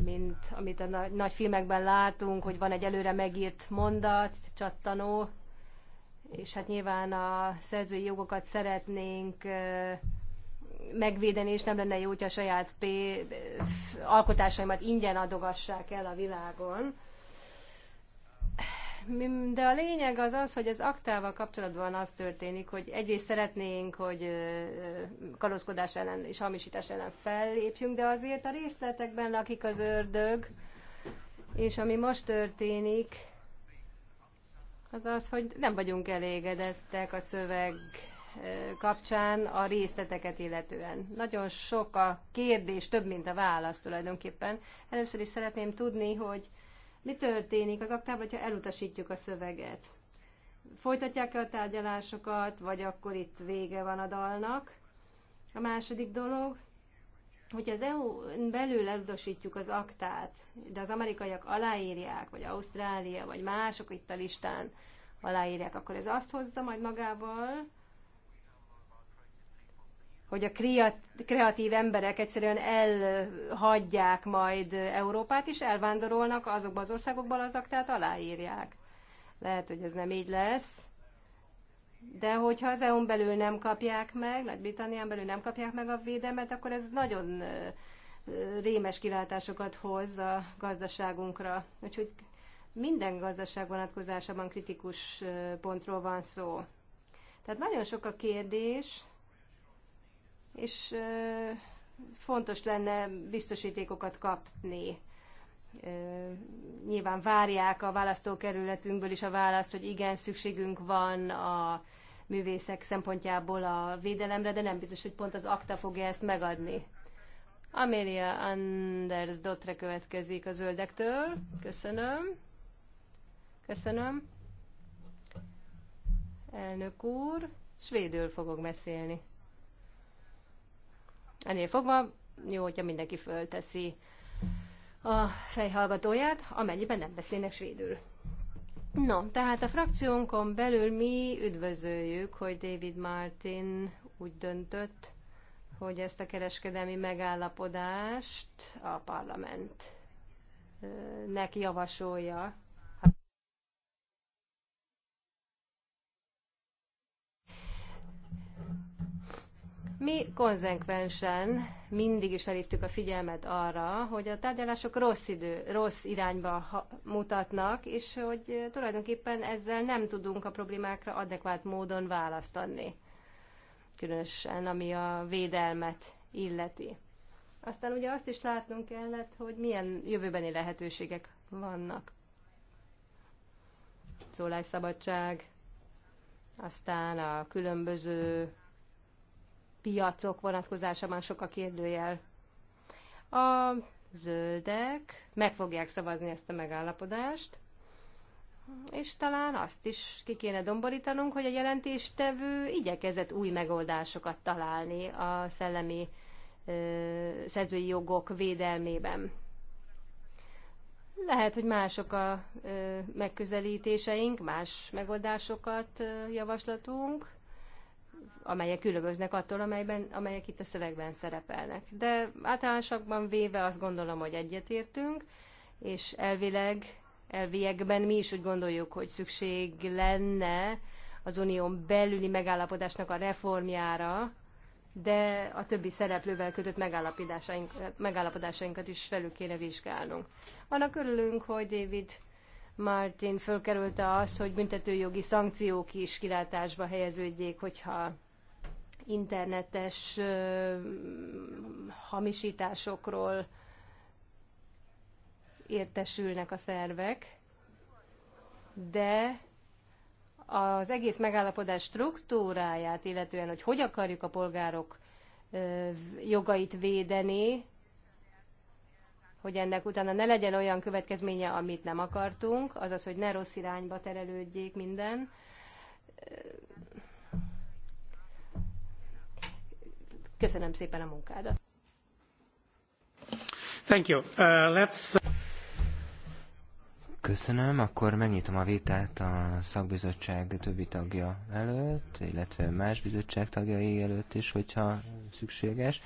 mint amit a nagy, nagy filmekben látunk, hogy van egy előre megírt mondat, csattanó, és hát nyilván a szerzői jogokat szeretnénk megvédeni, és nem lenne jó, hogyha a saját P alkotásaimat ingyen adogassák el a világon. De a lényeg az az, hogy az aktával kapcsolatban az történik, hogy egyrészt szeretnénk, hogy kalózkodás ellen és hamisítás ellen fellépjünk, de azért a részletekben lakik az ördög, és ami most történik, az az, hogy nem vagyunk elégedettek a szöveg kapcsán a részleteket illetően. Nagyon sok a kérdés, több, mint a válasz tulajdonképpen. Először is szeretném tudni, hogy mi történik az aktában, ha elutasítjuk a szöveget? Folytatják-e a tárgyalásokat, vagy akkor itt vége van a dalnak? A második dolog, hogyha az eu belül elutasítjuk az aktát, de az amerikaiak aláírják, vagy Ausztrália, vagy mások itt a listán aláírják, akkor ez azt hozza majd magával, hogy a kreatív emberek egyszerűen elhagyják majd Európát, és elvándorolnak azokba az országokba, az aktát aláírják. Lehet, hogy ez nem így lesz, de hogyha az EU-n belül nem kapják meg, Nagy-Britannián belül nem kapják meg a védelmet, akkor ez nagyon rémes kilátásokat hoz a gazdaságunkra. Úgyhogy minden gazdaság vonatkozásában kritikus pontról van szó. Tehát nagyon sok a kérdés, és fontos lenne biztosítékokat kapni. Nyilván várják a választókerületünkből is a választ, hogy igen, szükségünk van a művészek szempontjából a védelemre, de nem biztos, hogy pont az akta fogja ezt megadni. Amelia Anders Dotre következik a zöldektől. Köszönöm. Köszönöm. Elnök úr, svédül fogok beszélni. Ennél fogva jó, hogyha mindenki fölteszi a fejhallgatóját, amennyiben nem beszélnek svédül. No, tehát a frakciónkon belül mi üdvözöljük, hogy David Martin úgy döntött, hogy ezt a kereskedelmi megállapodást a parlament neki javasolja Mi konzekvensen mindig is felhívtuk a figyelmet arra, hogy a tárgyalások rossz idő, rossz irányba mutatnak, és hogy tulajdonképpen ezzel nem tudunk a problémákra adekvát módon választ adni. Különösen ami a védelmet illeti. Aztán ugye azt is látnunk kellett, hogy milyen jövőbeni lehetőségek vannak. Szólásszabadság, aztán a különböző piacok vonatkozásában sok a kérdőjel. A zöldek meg fogják szavazni ezt a megállapodást, és talán azt is ki kéne domborítanunk, hogy a jelentéstevő igyekezett új megoldásokat találni a szellemi ö, szerzői jogok védelmében. Lehet, hogy mások a ö, megközelítéseink, más megoldásokat ö, javaslatunk, amelyek különböznek attól, amelyben, amelyek itt a szövegben szerepelnek. De általánosakban véve azt gondolom, hogy egyetértünk, és elvileg, elviekben mi is úgy gondoljuk, hogy szükség lenne az unión belüli megállapodásnak a reformjára, de a többi szereplővel kötött megállapodásaink, megállapodásainkat is felül kéne vizsgálnunk. Annak örülünk, hogy David Martin fölkerülte azt, hogy büntetőjogi szankciók is kilátásba helyeződjék, hogyha internetes hamisításokról értesülnek a szervek, de az egész megállapodás struktúráját, illetően, hogy hogy akarjuk a polgárok jogait védeni, hogy ennek utána ne legyen olyan következménye, amit nem akartunk, azaz, hogy ne rossz irányba terelődjék minden. Köszönöm szépen a munkádat. Thank you. Uh, let's... Uh, Köszönöm, akkor megnyitom a vitát a szakbizottság többi tagja előtt, illetve más bizottság tagjai előtt is, hogyha szükséges.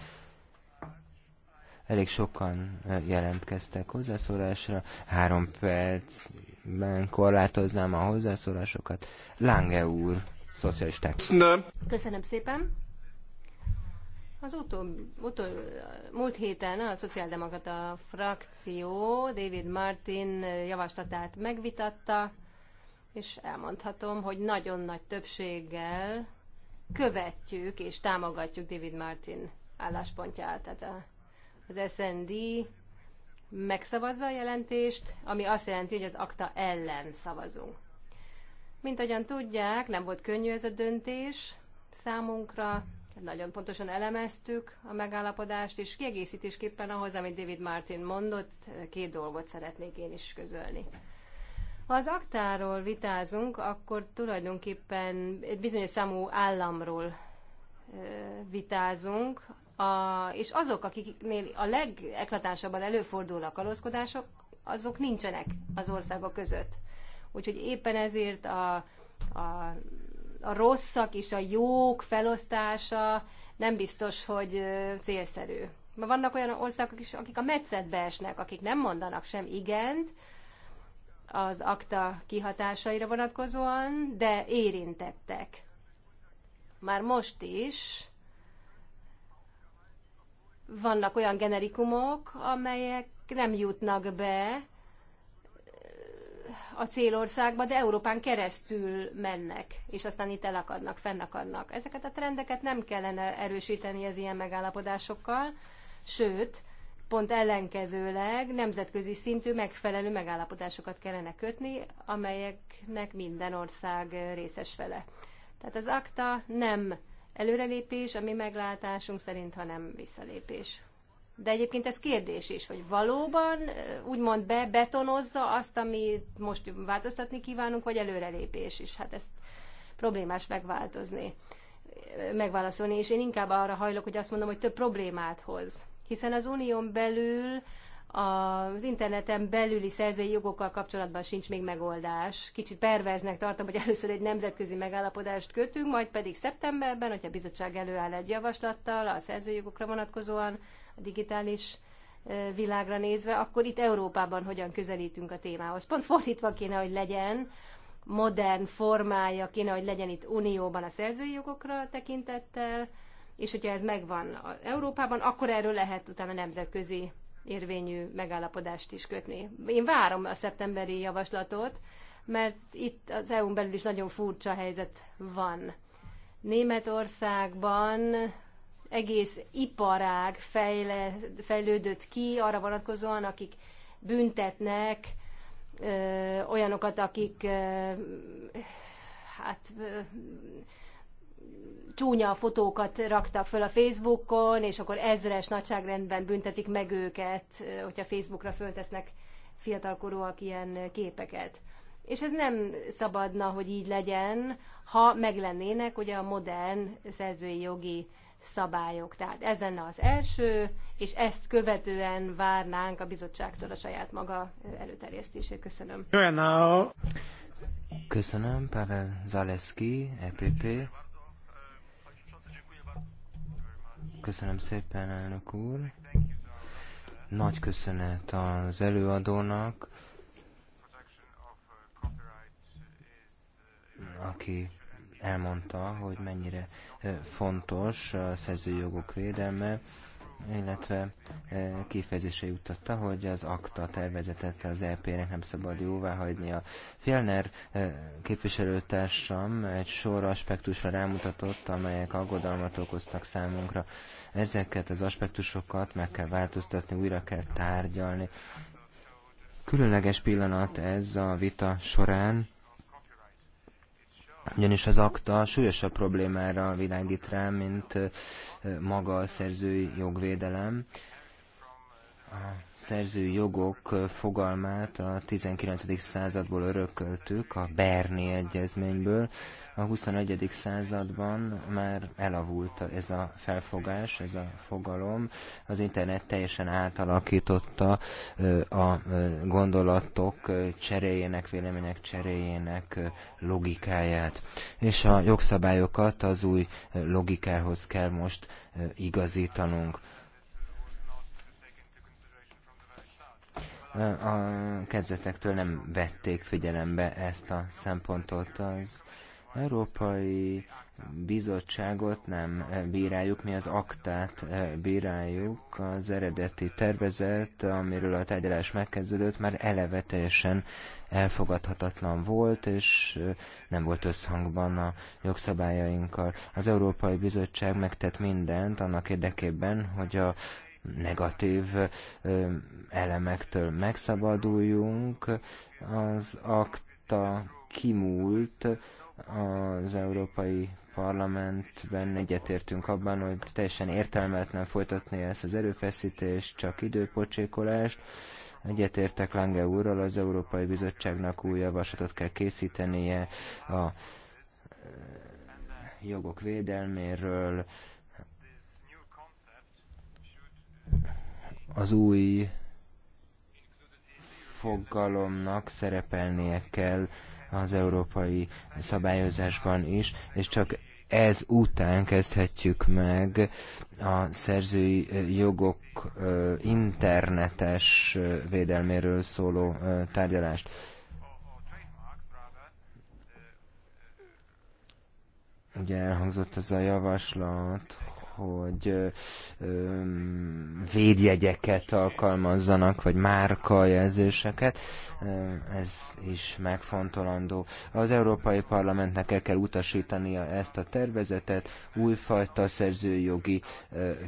Elég sokan uh, jelentkeztek hozzászólásra, három percben korlátoznám a hozzászólásokat. Lange úr, szocialisták. Köszönöm szépen. Az utóbb, utóbb, múlt héten a szociáldemokrata frakció David Martin javaslatát megvitatta, és elmondhatom, hogy nagyon nagy többséggel követjük és támogatjuk David Martin álláspontját. Tehát a, az SND megszavazza a jelentést, ami azt jelenti, hogy az akta ellen szavazunk. Mint ahogyan tudják, nem volt könnyű ez a döntés számunkra, nagyon pontosan elemeztük a megállapodást, és kiegészítésképpen ahhoz, amit David Martin mondott, két dolgot szeretnék én is közölni. Ha az aktáról vitázunk, akkor tulajdonképpen egy bizonyos számú államról vitázunk, a, és azok, akiknél a legeklatánsabban előfordulnak kalózkodások, azok nincsenek az országok között. Úgyhogy éppen ezért a, a a rosszak és a jók felosztása nem biztos, hogy célszerű. Ma vannak olyan országok is, akik a metszetbe esnek, akik nem mondanak sem igent az akta kihatásaira vonatkozóan, de érintettek. Már most is vannak olyan generikumok, amelyek nem jutnak be a célországba, de Európán keresztül mennek, és aztán itt elakadnak, fennakadnak. Ezeket a trendeket nem kellene erősíteni az ilyen megállapodásokkal, sőt, pont ellenkezőleg nemzetközi szintű megfelelő megállapodásokat kellene kötni, amelyeknek minden ország részes fele. Tehát az akta nem előrelépés, ami meglátásunk szerint, hanem visszalépés de egyébként ez kérdés is, hogy valóban úgymond be, betonozza azt, amit most változtatni kívánunk, vagy előrelépés is. Hát ezt problémás megváltozni, megválaszolni, és én inkább arra hajlok, hogy azt mondom, hogy több problémát hoz. Hiszen az unión belül az interneten belüli szerzői jogokkal kapcsolatban sincs még megoldás. Kicsit perveznek tartom, hogy először egy nemzetközi megállapodást kötünk, majd pedig szeptemberben, hogyha a bizottság előáll egy javaslattal a szerzői jogokra vonatkozóan, digitális világra nézve, akkor itt Európában hogyan közelítünk a témához. Pont fordítva kéne, hogy legyen, modern formája kéne, hogy legyen itt Unióban a szerzői jogokra tekintettel, és hogyha ez megvan Európában, akkor erről lehet utána nemzetközi érvényű megállapodást is kötni. Én várom a szeptemberi javaslatot, mert itt az EU-n belül is nagyon furcsa helyzet van. Németországban egész iparág fejle, fejlődött ki arra vonatkozóan, akik büntetnek ö, olyanokat, akik ö, hát ö, csúnya fotókat raktak föl a Facebookon, és akkor ezres nagyságrendben büntetik meg őket, hogyha Facebookra föltesznek fiatalkorúak ilyen képeket. És ez nem szabadna, hogy így legyen, ha meglennének ugye a modern szerzői jogi szabályok. Tehát ez lenne az első, és ezt követően várnánk a bizottságtól a saját maga előterjesztését. Köszönöm. Köszönöm, Pavel Zaleski, EPP. Köszönöm szépen, elnök úr. Nagy köszönet az előadónak, aki elmondta, hogy mennyire fontos a szerzőjogok védelme, illetve kifejezése juttatta, hogy az akta tervezetet az EP-nek nem szabad jóvá A Fjellner képviselőtársam egy sor aspektusra rámutatott, amelyek aggodalmat okoztak számunkra. Ezeket az aspektusokat meg kell változtatni, újra kell tárgyalni. Különleges pillanat ez a vita során, ugyanis az akta súlyosabb problémára világít rá, mint maga a szerzői jogvédelem a szerző jogok fogalmát a 19. századból örököltük, a Berni egyezményből. A 21. században már elavult ez a felfogás, ez a fogalom. Az internet teljesen átalakította a gondolatok cseréjének, vélemények cseréjének logikáját. És a jogszabályokat az új logikához kell most igazítanunk a kezdetektől nem vették figyelembe ezt a szempontot. Az Európai Bizottságot nem bíráljuk, mi az aktát bíráljuk. Az eredeti tervezet, amiről a tárgyalás megkezdődött, már eleve teljesen elfogadhatatlan volt, és nem volt összhangban a jogszabályainkkal. Az Európai Bizottság megtett mindent annak érdekében, hogy a negatív elemektől megszabaduljunk. Az akta kimúlt az Európai Parlamentben egyetértünk abban, hogy teljesen értelmetlen folytatni ezt az erőfeszítést, csak időpocsékolást. Egyetértek Lange úrral, az Európai Bizottságnak új javaslatot kell készítenie a jogok védelméről, az új fogalomnak szerepelnie kell az európai szabályozásban is, és csak ez után kezdhetjük meg a szerzői jogok internetes védelméről szóló tárgyalást. Ugye elhangzott ez a javaslat, hogy védjegyeket alkalmazzanak, vagy márkajelzéseket. Ez is megfontolandó. Az Európai Parlamentnek el kell utasítania ezt a tervezetet, újfajta szerzőjogi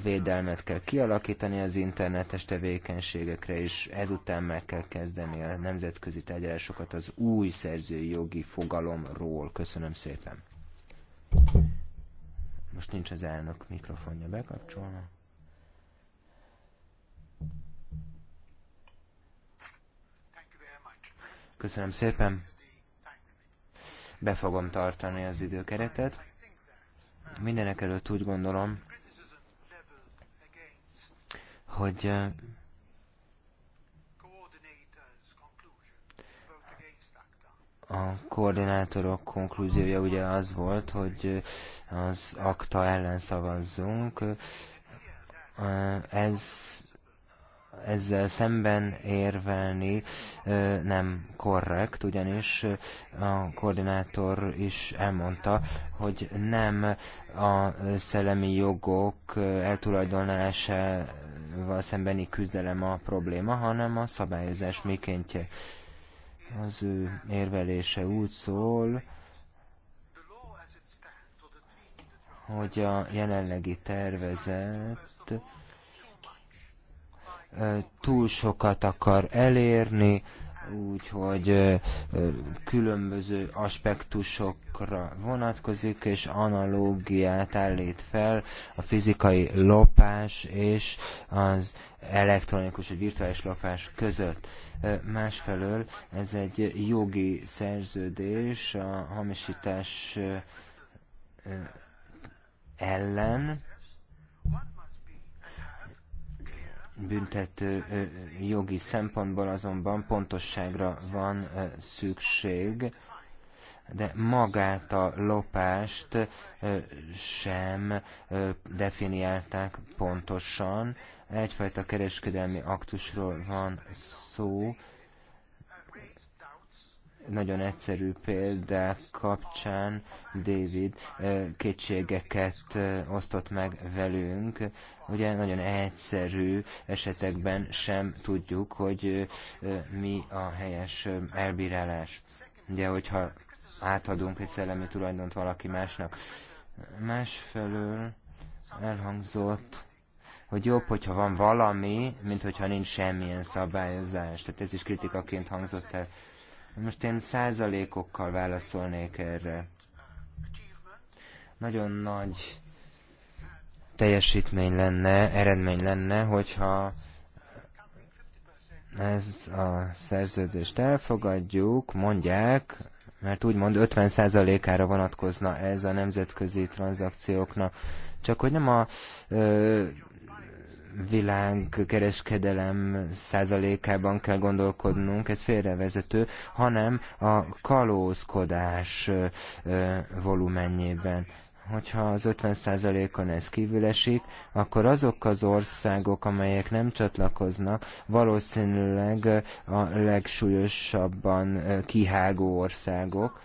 védelmet kell kialakítani az internetes tevékenységekre, és ezután meg kell kezdeni a nemzetközi tárgyalásokat az új szerzőjogi fogalomról. Köszönöm szépen! Most nincs az elnök mikrofonja bekapcsolva. Köszönöm szépen. Be fogom tartani az időkeretet. Mindenek előtt úgy gondolom, hogy a koordinátorok konklúziója ugye az volt, hogy az akta ellen szavazzunk. Ez, ezzel szemben érvelni nem korrekt, ugyanis a koordinátor is elmondta, hogy nem a szellemi jogok eltulajdonlásával szembeni küzdelem a probléma, hanem a szabályozás mikéntje. Az ő érvelése úgy szól, hogy a jelenlegi tervezet túl sokat akar elérni, úgyhogy különböző aspektusokra vonatkozik, és analógiát állít fel a fizikai lopás és az elektronikus vagy virtuális lopás között. Másfelől ez egy jogi szerződés a hamisítás ellen, büntető jogi szempontból azonban pontosságra van szükség, de magát a lopást sem definiálták pontosan. Egyfajta kereskedelmi aktusról van szó, nagyon egyszerű példák kapcsán David kétségeket osztott meg velünk. Ugye nagyon egyszerű esetekben sem tudjuk, hogy mi a helyes elbírálás. Ugye, hogyha átadunk egy szellemi tulajdont valaki másnak. Másfelől elhangzott, hogy jobb, hogyha van valami, mint hogyha nincs semmilyen szabályozás. Tehát ez is kritikaként hangzott el. Most én százalékokkal válaszolnék erre. Nagyon nagy teljesítmény lenne, eredmény lenne, hogyha ez a szerződést elfogadjuk, mondják, mert úgymond 50%-ára vonatkozna ez a nemzetközi tranzakcióknak. Csak hogy nem a ö, világkereskedelem százalékában kell gondolkodnunk, ez félrevezető, hanem a kalózkodás volumenjében hogyha az 50 százalékon ez kívül esik, akkor azok az országok, amelyek nem csatlakoznak, valószínűleg a legsúlyosabban kihágó országok,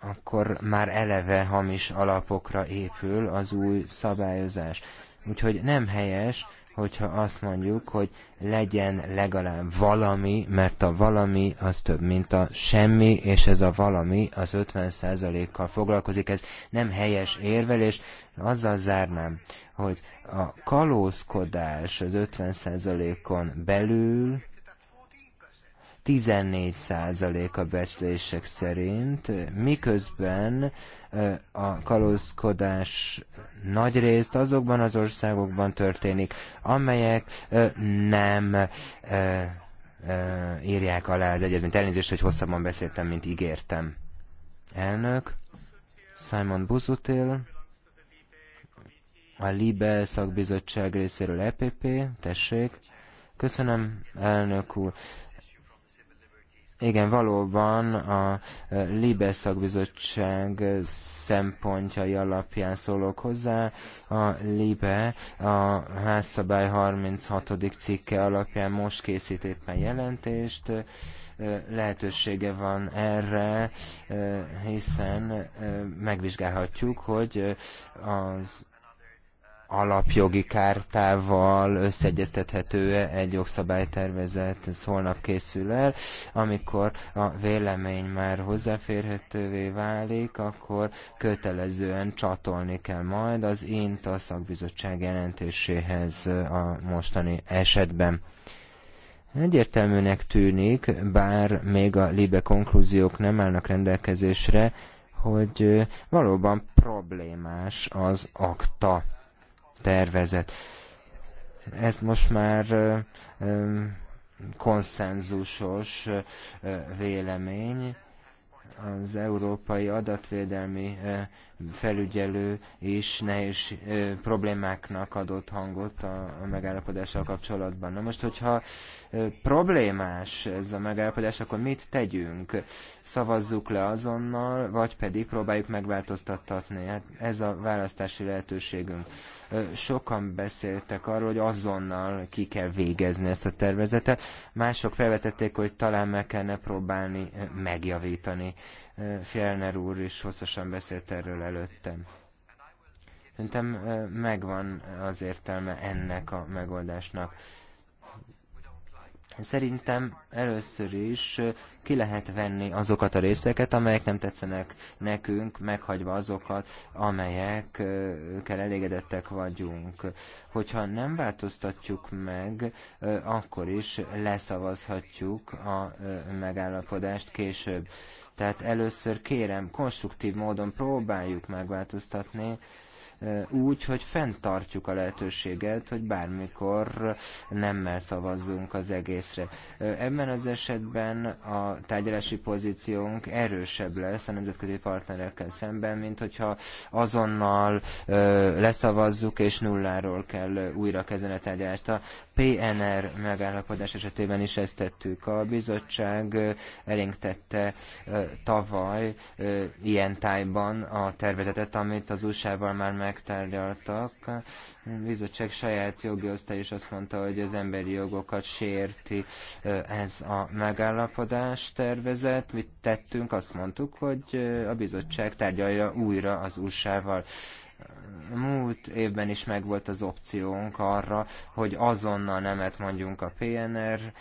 akkor már eleve hamis alapokra épül az új szabályozás. Úgyhogy nem helyes, hogyha azt mondjuk, hogy legyen legalább valami, mert a valami az több, mint a semmi, és ez a valami az 50%-kal foglalkozik. Ez nem helyes érvelés, azzal zárnám, hogy a kalózkodás az 50%-on belül 14% a becslések szerint, miközben a kalózkodás nagy részt azokban az országokban történik, amelyek nem írják alá az egyezményt. Elnézést, hogy hosszabban beszéltem, mint ígértem. Elnök, Simon Buzutil, a Libe szakbizottság részéről EPP, tessék. Köszönöm, elnök úr. Igen, valóban a Libe szakbizottság szempontjai alapján szólok hozzá. A Libe a házszabály 36. cikke alapján most készít éppen jelentést lehetősége van erre, hiszen megvizsgálhatjuk, hogy az alapjogi kártával összeegyeztethető -e egy jogszabálytervezet, ez holnap készül el. Amikor a vélemény már hozzáférhetővé válik, akkor kötelezően csatolni kell majd az INTA szakbizottság jelentéséhez a mostani esetben. Egyértelműnek tűnik, bár még a libe konklúziók nem állnak rendelkezésre, hogy valóban problémás az akta tervezet. Ez most már konszenzusos vélemény az Európai Adatvédelmi felügyelő is nehéz problémáknak adott hangot a, a megállapodással kapcsolatban. Na most, hogyha problémás ez a megállapodás, akkor mit tegyünk? Szavazzuk le azonnal, vagy pedig próbáljuk megváltoztattatni? Hát ez a választási lehetőségünk. Sokan beszéltek arról, hogy azonnal ki kell végezni ezt a tervezetet. Mások felvetették, hogy talán meg kellene próbálni megjavítani Fjellner úr is hosszasan beszélt erről előttem. Szerintem megvan az értelme ennek a megoldásnak. Szerintem először is ki lehet venni azokat a részeket, amelyek nem tetszenek nekünk, meghagyva azokat, amelyekkel elégedettek vagyunk. Hogyha nem változtatjuk meg, akkor is leszavazhatjuk a megállapodást később. Tehát először kérem, konstruktív módon próbáljuk megváltoztatni, úgy, hogy fenntartjuk a lehetőséget, hogy bármikor nemmel szavazzunk az egészre. Ebben az esetben a tárgyalási pozíciónk erősebb lesz a nemzetközi partnerekkel szemben, mint hogyha azonnal leszavazzuk és nulláról kell újra kezdeni a tárgyalást. A PNR megállapodás esetében is ezt tettük. A bizottság elénk tette tavaly ilyen tájban a tervezetet, amit az USA-val már megtárgyaltak. A bizottság saját jogi osztály is azt mondta, hogy az emberi jogokat sérti ez a megállapodás tervezet. Mit tettünk? Azt mondtuk, hogy a bizottság tárgyalja újra az USA-val múlt évben is megvolt az opciónk arra, hogy azonnal nemet mondjunk a PNR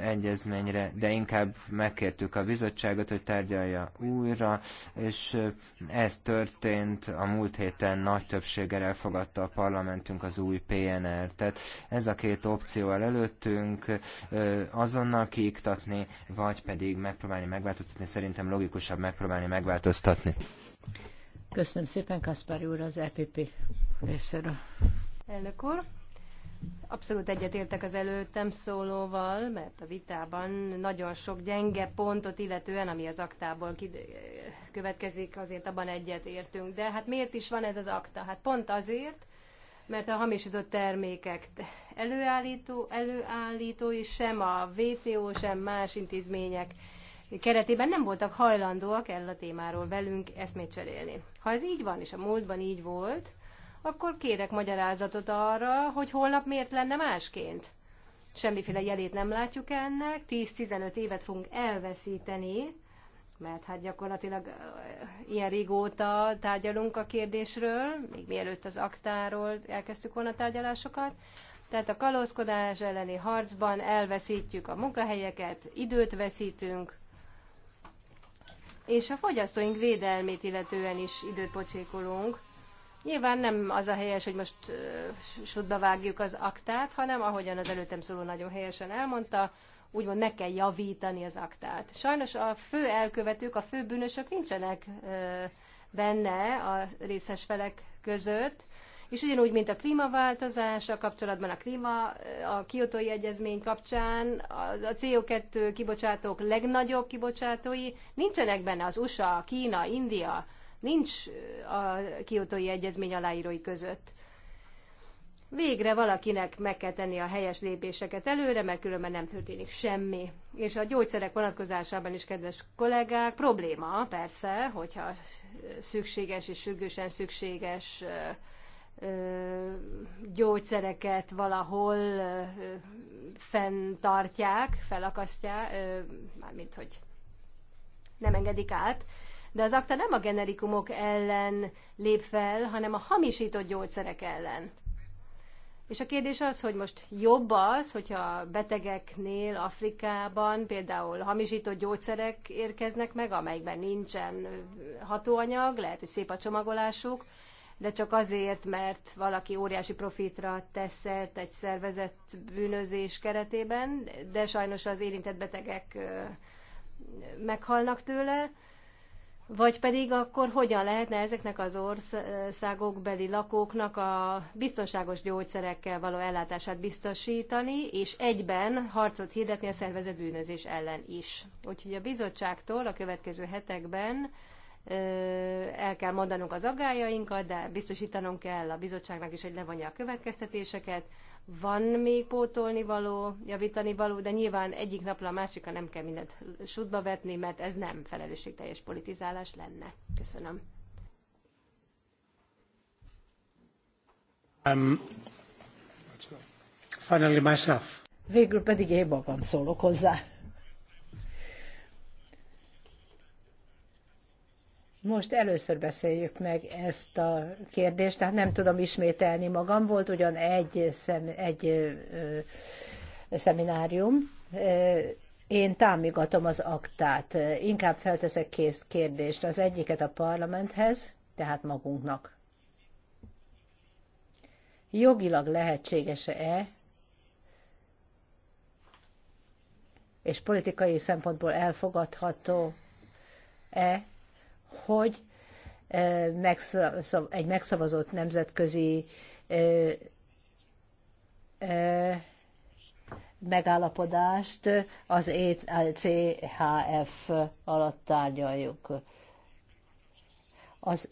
egyezményre, de inkább megkértük a bizottságot, hogy tárgyalja újra, és ez történt, a múlt héten nagy többséggel elfogadta a parlamentünk az új PNR. Tehát ez a két opció el előttünk, azonnal kiiktatni, vagy pedig megpróbálni megváltoztatni, szerintem logikusabb megpróbálni megváltoztatni. Köszönöm szépen, Kaspari úr, az EPP részéről. Elnök úr, abszolút egyetértek az előttem szólóval, mert a vitában nagyon sok gyenge pontot illetően, ami az aktából következik, azért abban egyetértünk. De hát miért is van ez az akta? Hát pont azért, mert a hamisított termékek előállító, előállítói sem a WTO, sem más intézmények keretében nem voltak hajlandóak erről a témáról velünk eszmét cserélni. Ha ez így van, és a múltban így volt, akkor kérek magyarázatot arra, hogy holnap miért lenne másként. Semmiféle jelét nem látjuk ennek, 10-15 évet fogunk elveszíteni, mert hát gyakorlatilag ilyen régóta tárgyalunk a kérdésről, még mielőtt az aktáról elkezdtük volna tárgyalásokat. Tehát a kalózkodás elleni harcban elveszítjük a munkahelyeket, időt veszítünk, és a fogyasztóink védelmét illetően is időt pocsékolunk. Nyilván nem az a helyes, hogy most uh, vágjuk az aktát, hanem ahogyan az előttem szóló nagyon helyesen elmondta, úgymond meg kell javítani az aktát. Sajnos a fő elkövetők, a fő bűnösök nincsenek uh, benne a részes felek között, és ugyanúgy, mint a klímaváltozás, a kapcsolatban, a klíma, a kiotói egyezmény kapcsán, a CO2 kibocsátók legnagyobb kibocsátói nincsenek benne az USA, Kína, India, nincs a kiotói egyezmény aláírói között végre valakinek meg kell tenni a helyes lépéseket előre, mert különben nem történik semmi. És a gyógyszerek vonatkozásában is, kedves kollégák, probléma persze, hogyha szükséges és sürgősen szükséges gyógyszereket valahol fenntartják, felakasztják, mármint hogy nem engedik át, de az akta nem a generikumok ellen lép fel, hanem a hamisított gyógyszerek ellen. És a kérdés az, hogy most jobb az, hogyha betegeknél Afrikában például hamisított gyógyszerek érkeznek meg, amelyben nincsen hatóanyag, lehet, hogy szép a csomagolásuk, de csak azért, mert valaki óriási profitra teszelt egy szervezett bűnözés keretében, de sajnos az érintett betegek meghalnak tőle, vagy pedig akkor hogyan lehetne ezeknek az országok beli lakóknak a biztonságos gyógyszerekkel való ellátását biztosítani, és egyben harcot hirdetni a szervezett bűnözés ellen is. Úgyhogy a bizottságtól a következő hetekben el kell mondanunk az aggájainkat, de biztosítanunk kell a bizottságnak is, hogy levonja a következtetéseket. Van még pótolni való, javítani való, de nyilván egyik napra a másikra nem kell mindent sudba vetni, mert ez nem felelősségteljes politizálás lenne. Köszönöm. Um, finally myself. Végül pedig én magam szólok hozzá. Most először beszéljük meg ezt a kérdést, tehát nem tudom ismételni magam. Volt ugyan egy, szem, egy ö, ö, szeminárium. Én támogatom az aktát. Inkább felteszek kész kérdést. Az egyiket a parlamenthez, tehát magunknak. Jogilag lehetséges-e és politikai szempontból elfogadható-e hogy egy megszavazott nemzetközi megállapodást az ECHF alatt tárgyaljuk. Az,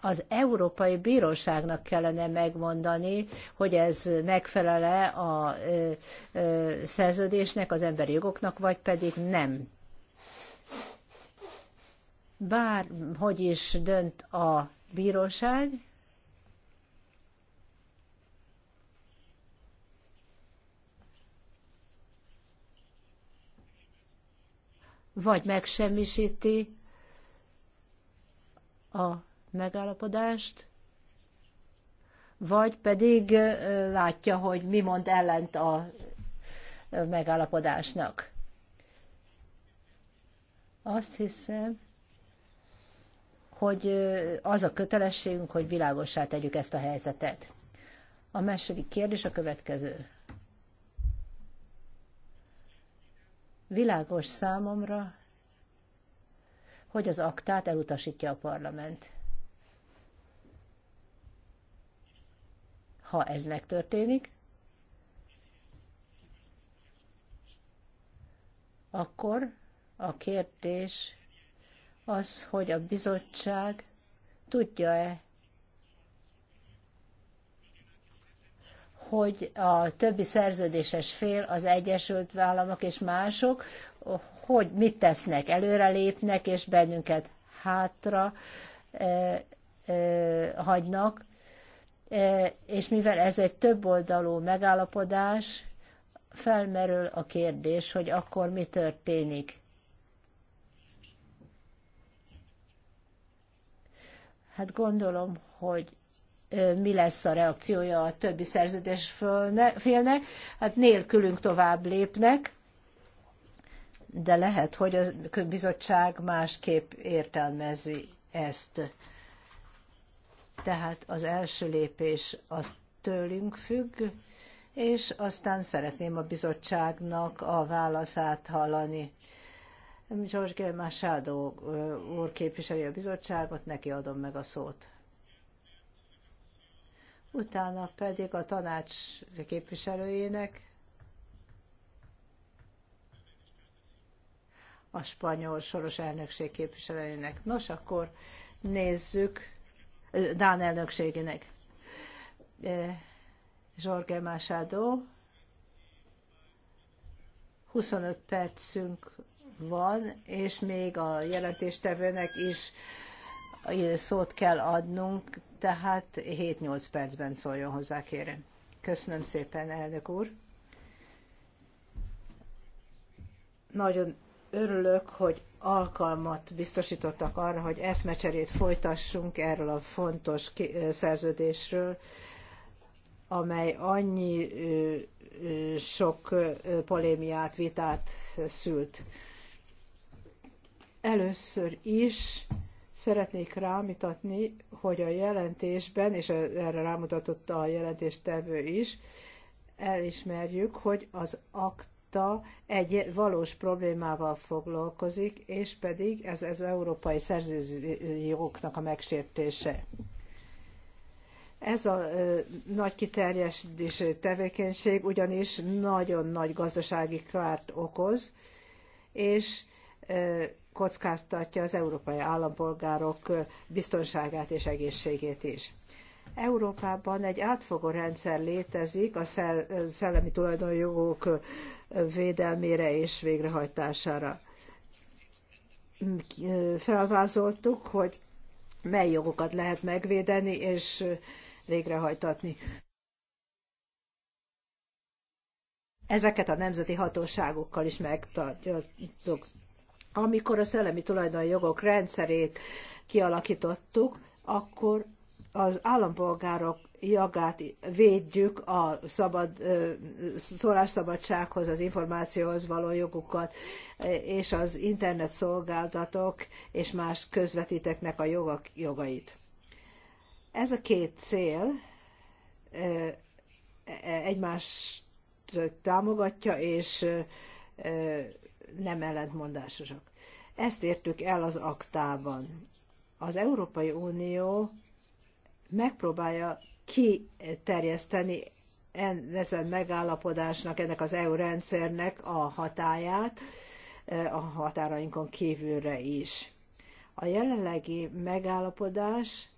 az Európai Bíróságnak kellene megmondani, hogy ez megfelele a ö, ö, szerződésnek, az emberi jogoknak, vagy pedig nem bár hogy is dönt a bíróság, vagy megsemmisíti a megállapodást, vagy pedig látja, hogy mi mond ellent a megállapodásnak. Azt hiszem, hogy az a kötelességünk, hogy világossá tegyük ezt a helyzetet. A második kérdés a következő. Világos számomra, hogy az aktát elutasítja a parlament. Ha ez megtörténik, akkor a kérdés az, hogy a bizottság tudja-e, hogy a többi szerződéses fél, az Egyesült Államok és mások, hogy mit tesznek, előre lépnek és bennünket hátra e, e, hagynak. E, és mivel ez egy többoldalú megállapodás, felmerül a kérdés, hogy akkor mi történik Hát gondolom, hogy mi lesz a reakciója a többi szerződés félnek. Hát nélkülünk tovább lépnek, de lehet, hogy a bizottság másképp értelmezi ezt. Tehát az első lépés az tőlünk függ, és aztán szeretném a bizottságnak a válaszát hallani. George Machado úr képviseli a bizottságot, neki adom meg a szót. Utána pedig a tanács képviselőjének, a spanyol soros elnökség képviselőjének. Nos, akkor nézzük Dán elnökségének. Jorge Machado, 25 percünk van, és még a jelentéstevőnek is szót kell adnunk, tehát 7-8 percben szóljon hozzá, kérem. Köszönöm szépen, elnök úr. Nagyon örülök, hogy alkalmat biztosítottak arra, hogy eszmecserét folytassunk erről a fontos szerződésről, amely annyi sok polémiát, vitát szült. Először is szeretnék rámutatni, hogy a jelentésben, és erre rámutatott a jelentéstevő is, elismerjük, hogy az akta egy valós problémával foglalkozik, és pedig ez az európai szerzői jogoknak a megsértése. Ez a ö, nagy kiterjedésű tevékenység ugyanis nagyon nagy gazdasági kárt okoz, és ö, kockáztatja az európai állampolgárok biztonságát és egészségét is. Európában egy átfogó rendszer létezik a szellemi tulajdonjogok védelmére és végrehajtására. Felvázoltuk, hogy mely jogokat lehet megvédeni és végrehajtatni. Ezeket a nemzeti hatóságokkal is megtartjuk. Amikor a szellemi tulajdonjogok rendszerét kialakítottuk, akkor az állampolgárok jogát védjük a szabad, szólásszabadsághoz, az információhoz való jogukat, és az internet szolgáltatók és más közvetíteknek a jogok, jogait. Ez a két cél e, egymást támogatja és nem ellentmondásosak. Ezt értük el az aktában. Az Európai Unió megpróbálja kiterjeszteni ezen megállapodásnak, ennek az EU rendszernek a hatáját e, a határainkon kívülre is. A jelenlegi megállapodás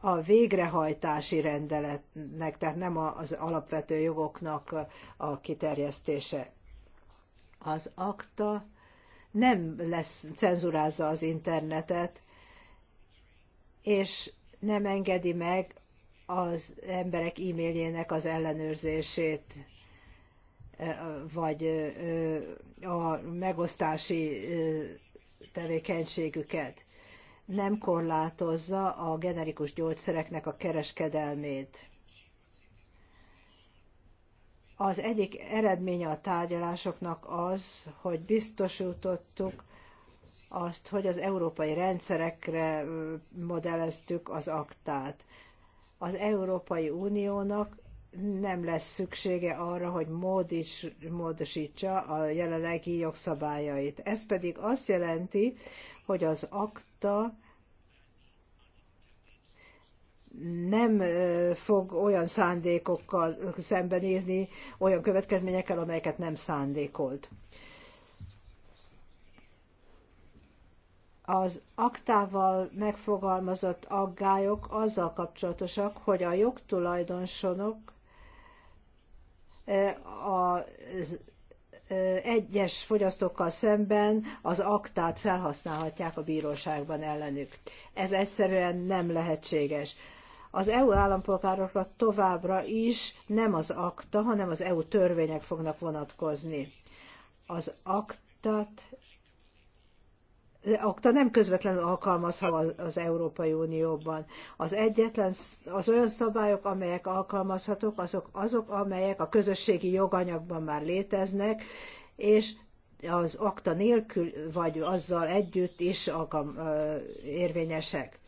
a végrehajtási rendeletnek, tehát nem az alapvető jogoknak a kiterjesztése. Az akta nem lesz, cenzurázza az internetet, és nem engedi meg az emberek e-mailjének az ellenőrzését, vagy a megosztási tevékenységüket. Nem korlátozza a generikus gyógyszereknek a kereskedelmét. Az egyik eredménye a tárgyalásoknak az, hogy biztosítottuk azt, hogy az európai rendszerekre modelleztük az aktát. Az Európai Uniónak nem lesz szüksége arra, hogy módis, módosítsa a jelenlegi jogszabályait. Ez pedig azt jelenti, hogy az akta nem fog olyan szándékokkal szembenézni, olyan következményekkel, amelyeket nem szándékolt. Az aktával megfogalmazott aggályok azzal kapcsolatosak, hogy a jogtulajdonosok az egyes fogyasztókkal szemben az aktát felhasználhatják a bíróságban ellenük. Ez egyszerűen nem lehetséges. Az EU állampolgárokra továbbra is nem az akta, hanem az EU törvények fognak vonatkozni. Az aktát akta nem közvetlenül alkalmazható az Európai Unióban. Az egyetlen, az olyan szabályok, amelyek alkalmazhatók, azok azok, amelyek a közösségi joganyagban már léteznek, és az akta nélkül, vagy azzal együtt is alkalm, érvényesek.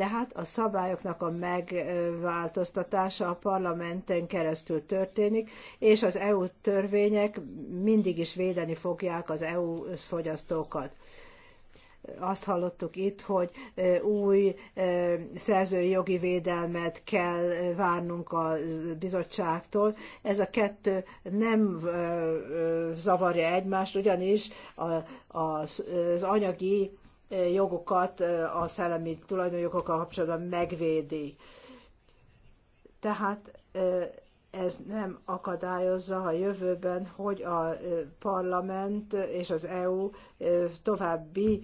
Tehát a szabályoknak a megváltoztatása a parlamenten keresztül történik, és az EU törvények mindig is védeni fogják az EU fogyasztókat. Azt hallottuk itt, hogy új szerzői jogi védelmet kell várnunk a bizottságtól. Ez a kettő nem zavarja egymást, ugyanis az anyagi jogokat, a szellemi tulajdonjogokkal kapcsolatban megvédi. Tehát ez nem akadályozza a jövőben, hogy a parlament és az EU további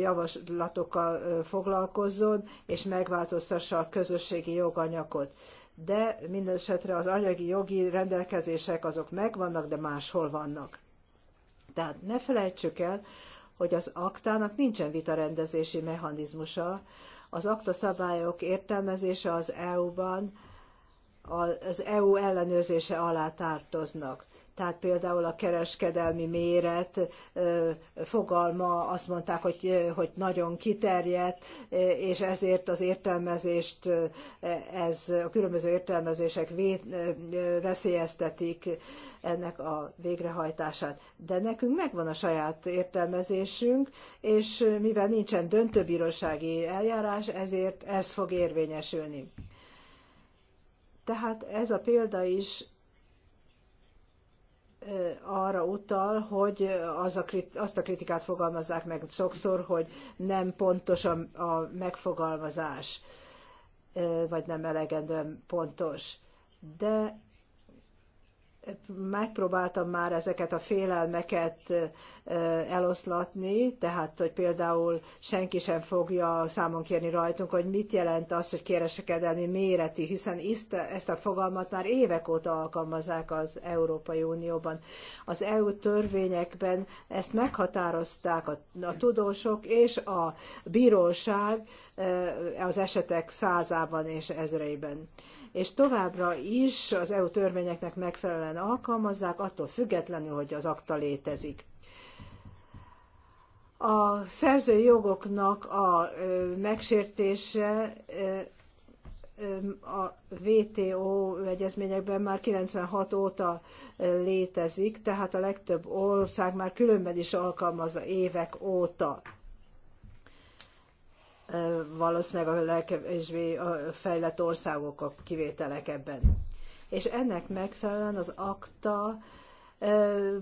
javaslatokkal foglalkozzon, és megváltoztassa a közösségi joganyagot. De mindesetre az anyagi jogi rendelkezések azok megvannak, de máshol vannak. Tehát ne felejtsük el, hogy az aktának nincsen vitarendezési mechanizmusa. Az akta szabályok értelmezése az EU-ban az EU ellenőrzése alá tartoznak tehát például a kereskedelmi méret fogalma azt mondták, hogy, hogy nagyon kiterjedt, és ezért az értelmezést, ez a különböző értelmezések veszélyeztetik ennek a végrehajtását. De nekünk megvan a saját értelmezésünk, és mivel nincsen döntőbírósági eljárás, ezért ez fog érvényesülni. Tehát ez a példa is arra utal, hogy az a, azt a kritikát fogalmazzák meg sokszor, hogy nem pontos a, a megfogalmazás, vagy nem elegendően pontos. De megpróbáltam már ezeket a félelmeket eloszlatni, tehát hogy például senki sem fogja számon kérni rajtunk, hogy mit jelent az, hogy kereskedelmi méretű, hiszen ezt a fogalmat már évek óta alkalmazzák az Európai Unióban. Az EU törvényekben ezt meghatározták a, a tudósok és a bíróság az esetek százában és ezreiben és továbbra is az EU törvényeknek megfelelően alkalmazzák, attól függetlenül, hogy az akta létezik. A szerzői jogoknak a megsértése a WTO egyezményekben már 96 óta létezik, tehát a legtöbb ország már különben is alkalmazza évek óta valószínűleg a legkevésbé fejlett országok a kivételek ebben. És ennek megfelelően az akta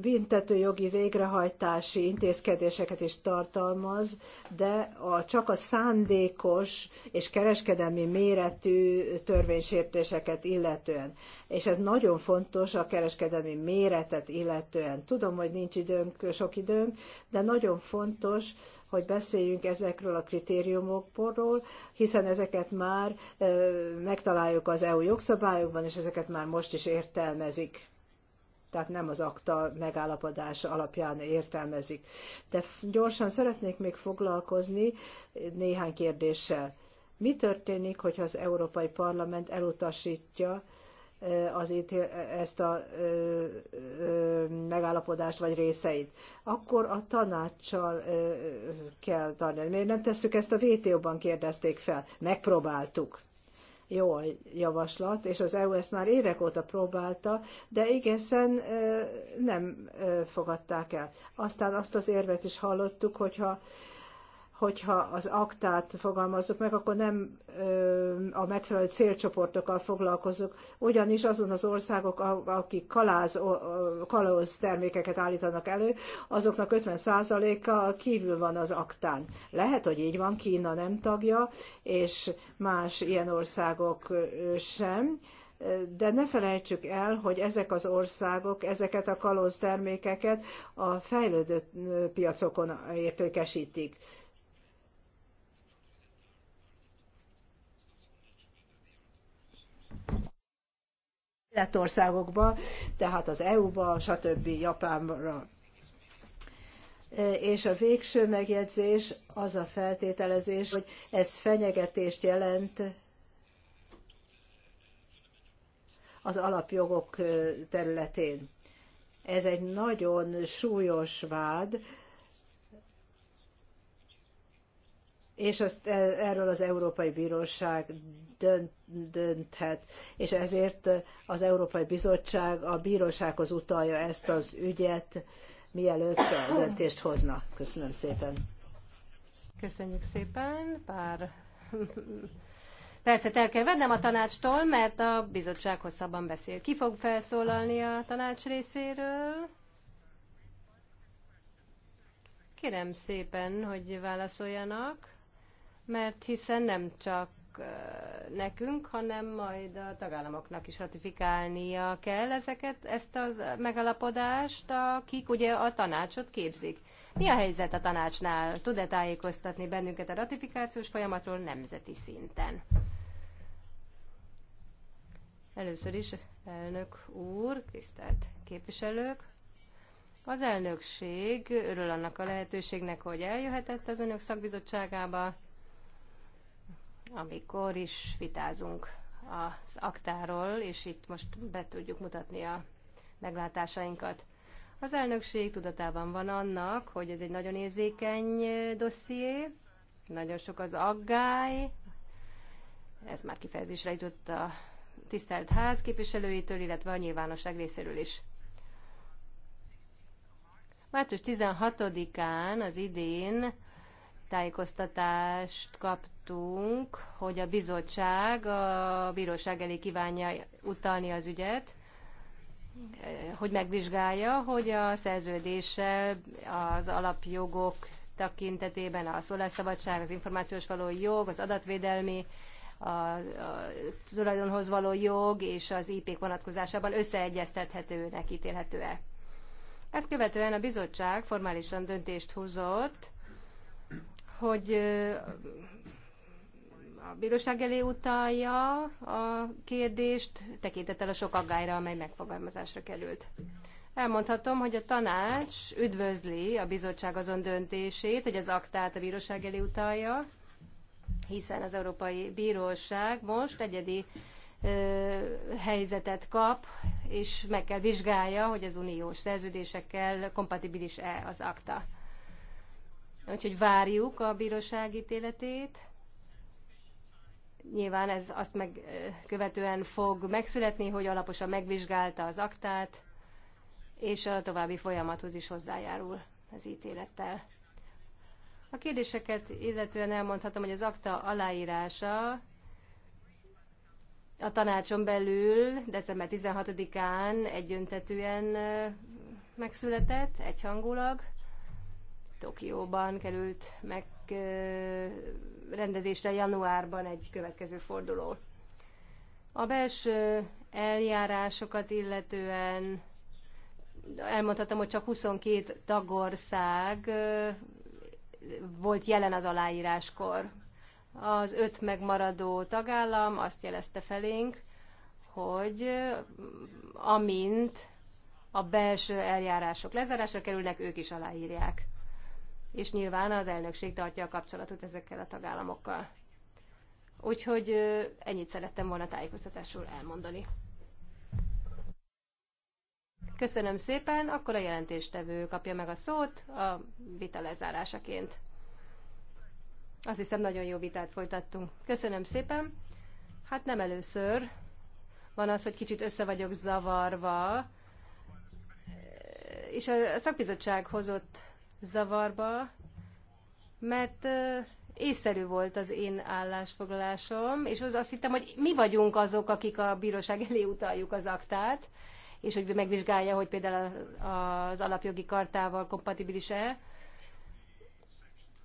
büntetőjogi végrehajtási intézkedéseket is tartalmaz, de a, csak a szándékos és kereskedelmi méretű törvénysértéseket illetően. És ez nagyon fontos a kereskedelmi méretet illetően. Tudom, hogy nincs időnk, sok időnk, de nagyon fontos, hogy beszéljünk ezekről a kritériumokról, hiszen ezeket már megtaláljuk az EU jogszabályokban, és ezeket már most is értelmezik tehát nem az akta megállapodás alapján értelmezik. De gyorsan szeretnék még foglalkozni néhány kérdéssel. Mi történik, hogyha az Európai Parlament elutasítja az ítél, ezt a ö, ö, megállapodást vagy részeit, akkor a tanácssal ö, kell tartani. Miért nem tesszük ezt a VTO-ban kérdezték fel? Megpróbáltuk. Jó a javaslat, és az EU ezt már évek óta próbálta, de igazán nem fogadták el. Aztán azt az érvet is hallottuk, hogyha ö, hogyha az aktát fogalmazzuk meg, akkor nem a megfelelő célcsoportokkal foglalkozunk, ugyanis azon az országok, akik kaláz, kalóz termékeket állítanak elő, azoknak 50%-a kívül van az aktán. Lehet, hogy így van, Kína nem tagja, és más ilyen országok sem, de ne felejtsük el, hogy ezek az országok ezeket a kalóz termékeket a fejlődő piacokon értékesítik. életországokba, tehát az EU-ba, stb. Japánra. E, és a végső megjegyzés az a feltételezés, hogy ez fenyegetést jelent az alapjogok e, területén. Ez egy nagyon súlyos vád, és azt, e, erről az Európai Bíróság dönt, dönthet, és ezért az Európai Bizottság a bírósághoz utalja ezt az ügyet, mielőtt a döntést hozna. Köszönöm szépen. Köszönjük szépen. Pár percet el kell vennem a tanácstól, mert a bizottság hosszabban beszél. Ki fog felszólalni a tanács részéről? Kérem szépen, hogy válaszoljanak mert hiszen nem csak nekünk, hanem majd a tagállamoknak is ratifikálnia kell ezeket, ezt az megalapodást, akik ugye a tanácsot képzik. Mi a helyzet a tanácsnál? Tud-e tájékoztatni bennünket a ratifikációs folyamatról nemzeti szinten? Először is, elnök úr, tisztelt képviselők, az elnökség örül annak a lehetőségnek, hogy eljöhetett az önök szakbizottságába, amikor is vitázunk az aktáról, és itt most be tudjuk mutatni a meglátásainkat. Az elnökség tudatában van annak, hogy ez egy nagyon érzékeny dosszié, nagyon sok az aggály, ez már kifejezésre jutott a tisztelt ház képviselőitől, illetve a nyilvánosság részéről is. Március 16-án az idén tájékoztatást kaptunk, hogy a bizottság a bíróság elé kívánja utalni az ügyet, hogy megvizsgálja, hogy a szerződése az alapjogok tekintetében a szólásszabadság, az információs való jog, az adatvédelmi, a, a tulajdonhoz való jog és az IP vonatkozásában összeegyeztethetőnek ítélhető-e. Ezt követően a bizottság formálisan döntést hozott hogy a bíróság elé utalja a kérdést, tekintettel a sok aggályra, amely megfogalmazásra került. Elmondhatom, hogy a tanács üdvözli a bizottság azon döntését, hogy az aktát a bíróság elé utalja, hiszen az Európai Bíróság most egyedi ö, helyzetet kap, és meg kell vizsgálja, hogy az uniós szerződésekkel kompatibilis-e az akta. Úgyhogy várjuk a bíróság ítéletét. Nyilván ez azt meg követően fog megszületni, hogy alaposan megvizsgálta az aktát, és a további folyamathoz is hozzájárul az ítélettel. A kérdéseket illetően elmondhatom, hogy az akta aláírása a tanácson belül december 16-án egyöntetően megszületett, egyhangulag, Tokióban került meg rendezésre januárban egy következő forduló. A belső eljárásokat illetően elmondhatom, hogy csak 22 tagország volt jelen az aláíráskor. Az öt megmaradó tagállam azt jelezte felénk, hogy amint a belső eljárások lezárásra kerülnek, ők is aláírják és nyilván az elnökség tartja a kapcsolatot ezekkel a tagállamokkal. Úgyhogy ennyit szerettem volna tájékoztatásról elmondani. Köszönöm szépen, akkor a jelentéstevő kapja meg a szót a vita lezárásaként. Azt hiszem, nagyon jó vitát folytattunk. Köszönöm szépen. Hát nem először van az, hogy kicsit össze vagyok zavarva, és a szakbizottság hozott zavarba, mert észszerű volt az én állásfoglalásom, és az azt hittem, hogy mi vagyunk azok, akik a bíróság elé utaljuk az aktát, és hogy megvizsgálja, hogy például az alapjogi kartával kompatibilis-e.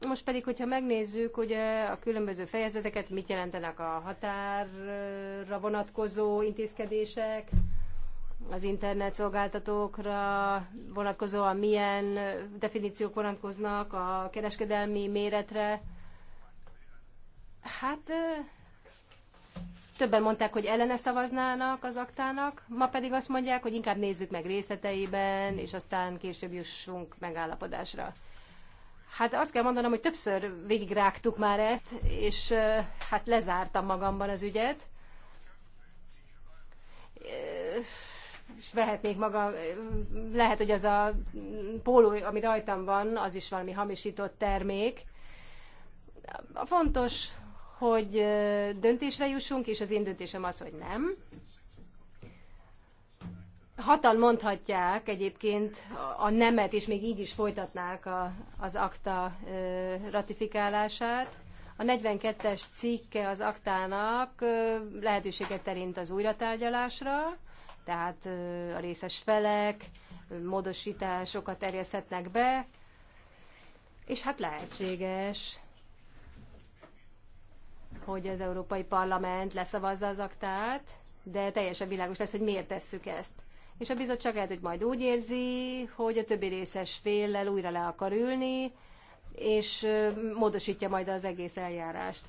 Most pedig, hogyha megnézzük ugye, a különböző fejezeteket, mit jelentenek a határra vonatkozó intézkedések, az internet szolgáltatókra vonatkozóan milyen definíciók vonatkoznak a kereskedelmi méretre. Hát többen mondták, hogy ellene szavaznának az aktának, ma pedig azt mondják, hogy inkább nézzük meg részleteiben, és aztán később jussunk megállapodásra. Hát azt kell mondanom, hogy többször végigrágtuk már ezt, és hát lezártam magamban az ügyet és vehetnék maga, lehet, hogy az a póló, ami rajtam van, az is valami hamisított termék. Fontos, hogy döntésre jussunk, és az én döntésem az, hogy nem. Hatal mondhatják egyébként a nemet, és még így is folytatnák a, az akta ratifikálását. A 42-es cikke az aktának lehetőséget terint az újratárgyalásra, tehát a részes felek módosításokat terjeszthetnek be, és hát lehetséges, hogy az Európai Parlament leszavazza az aktát, de teljesen világos lesz, hogy miért tesszük ezt. És a bizottság lehet, hogy majd úgy érzi, hogy a többi részes féllel újra le akar ülni, és módosítja majd az egész eljárást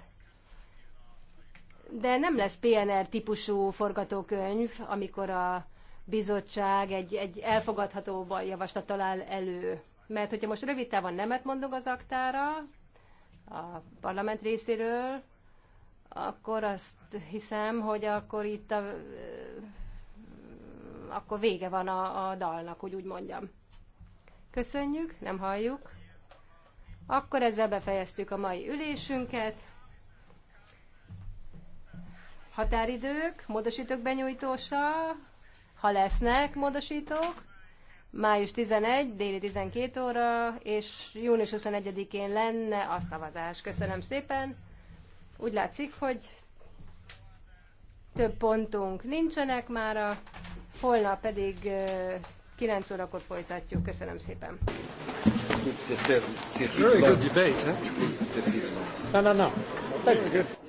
de nem lesz PNR-típusú forgatókönyv, amikor a bizottság egy, egy elfogadható javaslat talál elő. Mert hogyha most rövid távon nemet mondok az aktára, a parlament részéről, akkor azt hiszem, hogy akkor itt a, akkor vége van a, a dalnak, hogy úgy mondjam. Köszönjük, nem halljuk. Akkor ezzel befejeztük a mai ülésünket. Határidők, módosítók benyújtósa, ha lesznek módosítók, május 11, déli 12 óra, és június 21-én lenne a szavazás. Köszönöm szépen. Úgy látszik, hogy több pontunk nincsenek már, holnap pedig 9 órakor folytatjuk. Köszönöm szépen. Very good debate, huh? No, no, no. Thank you.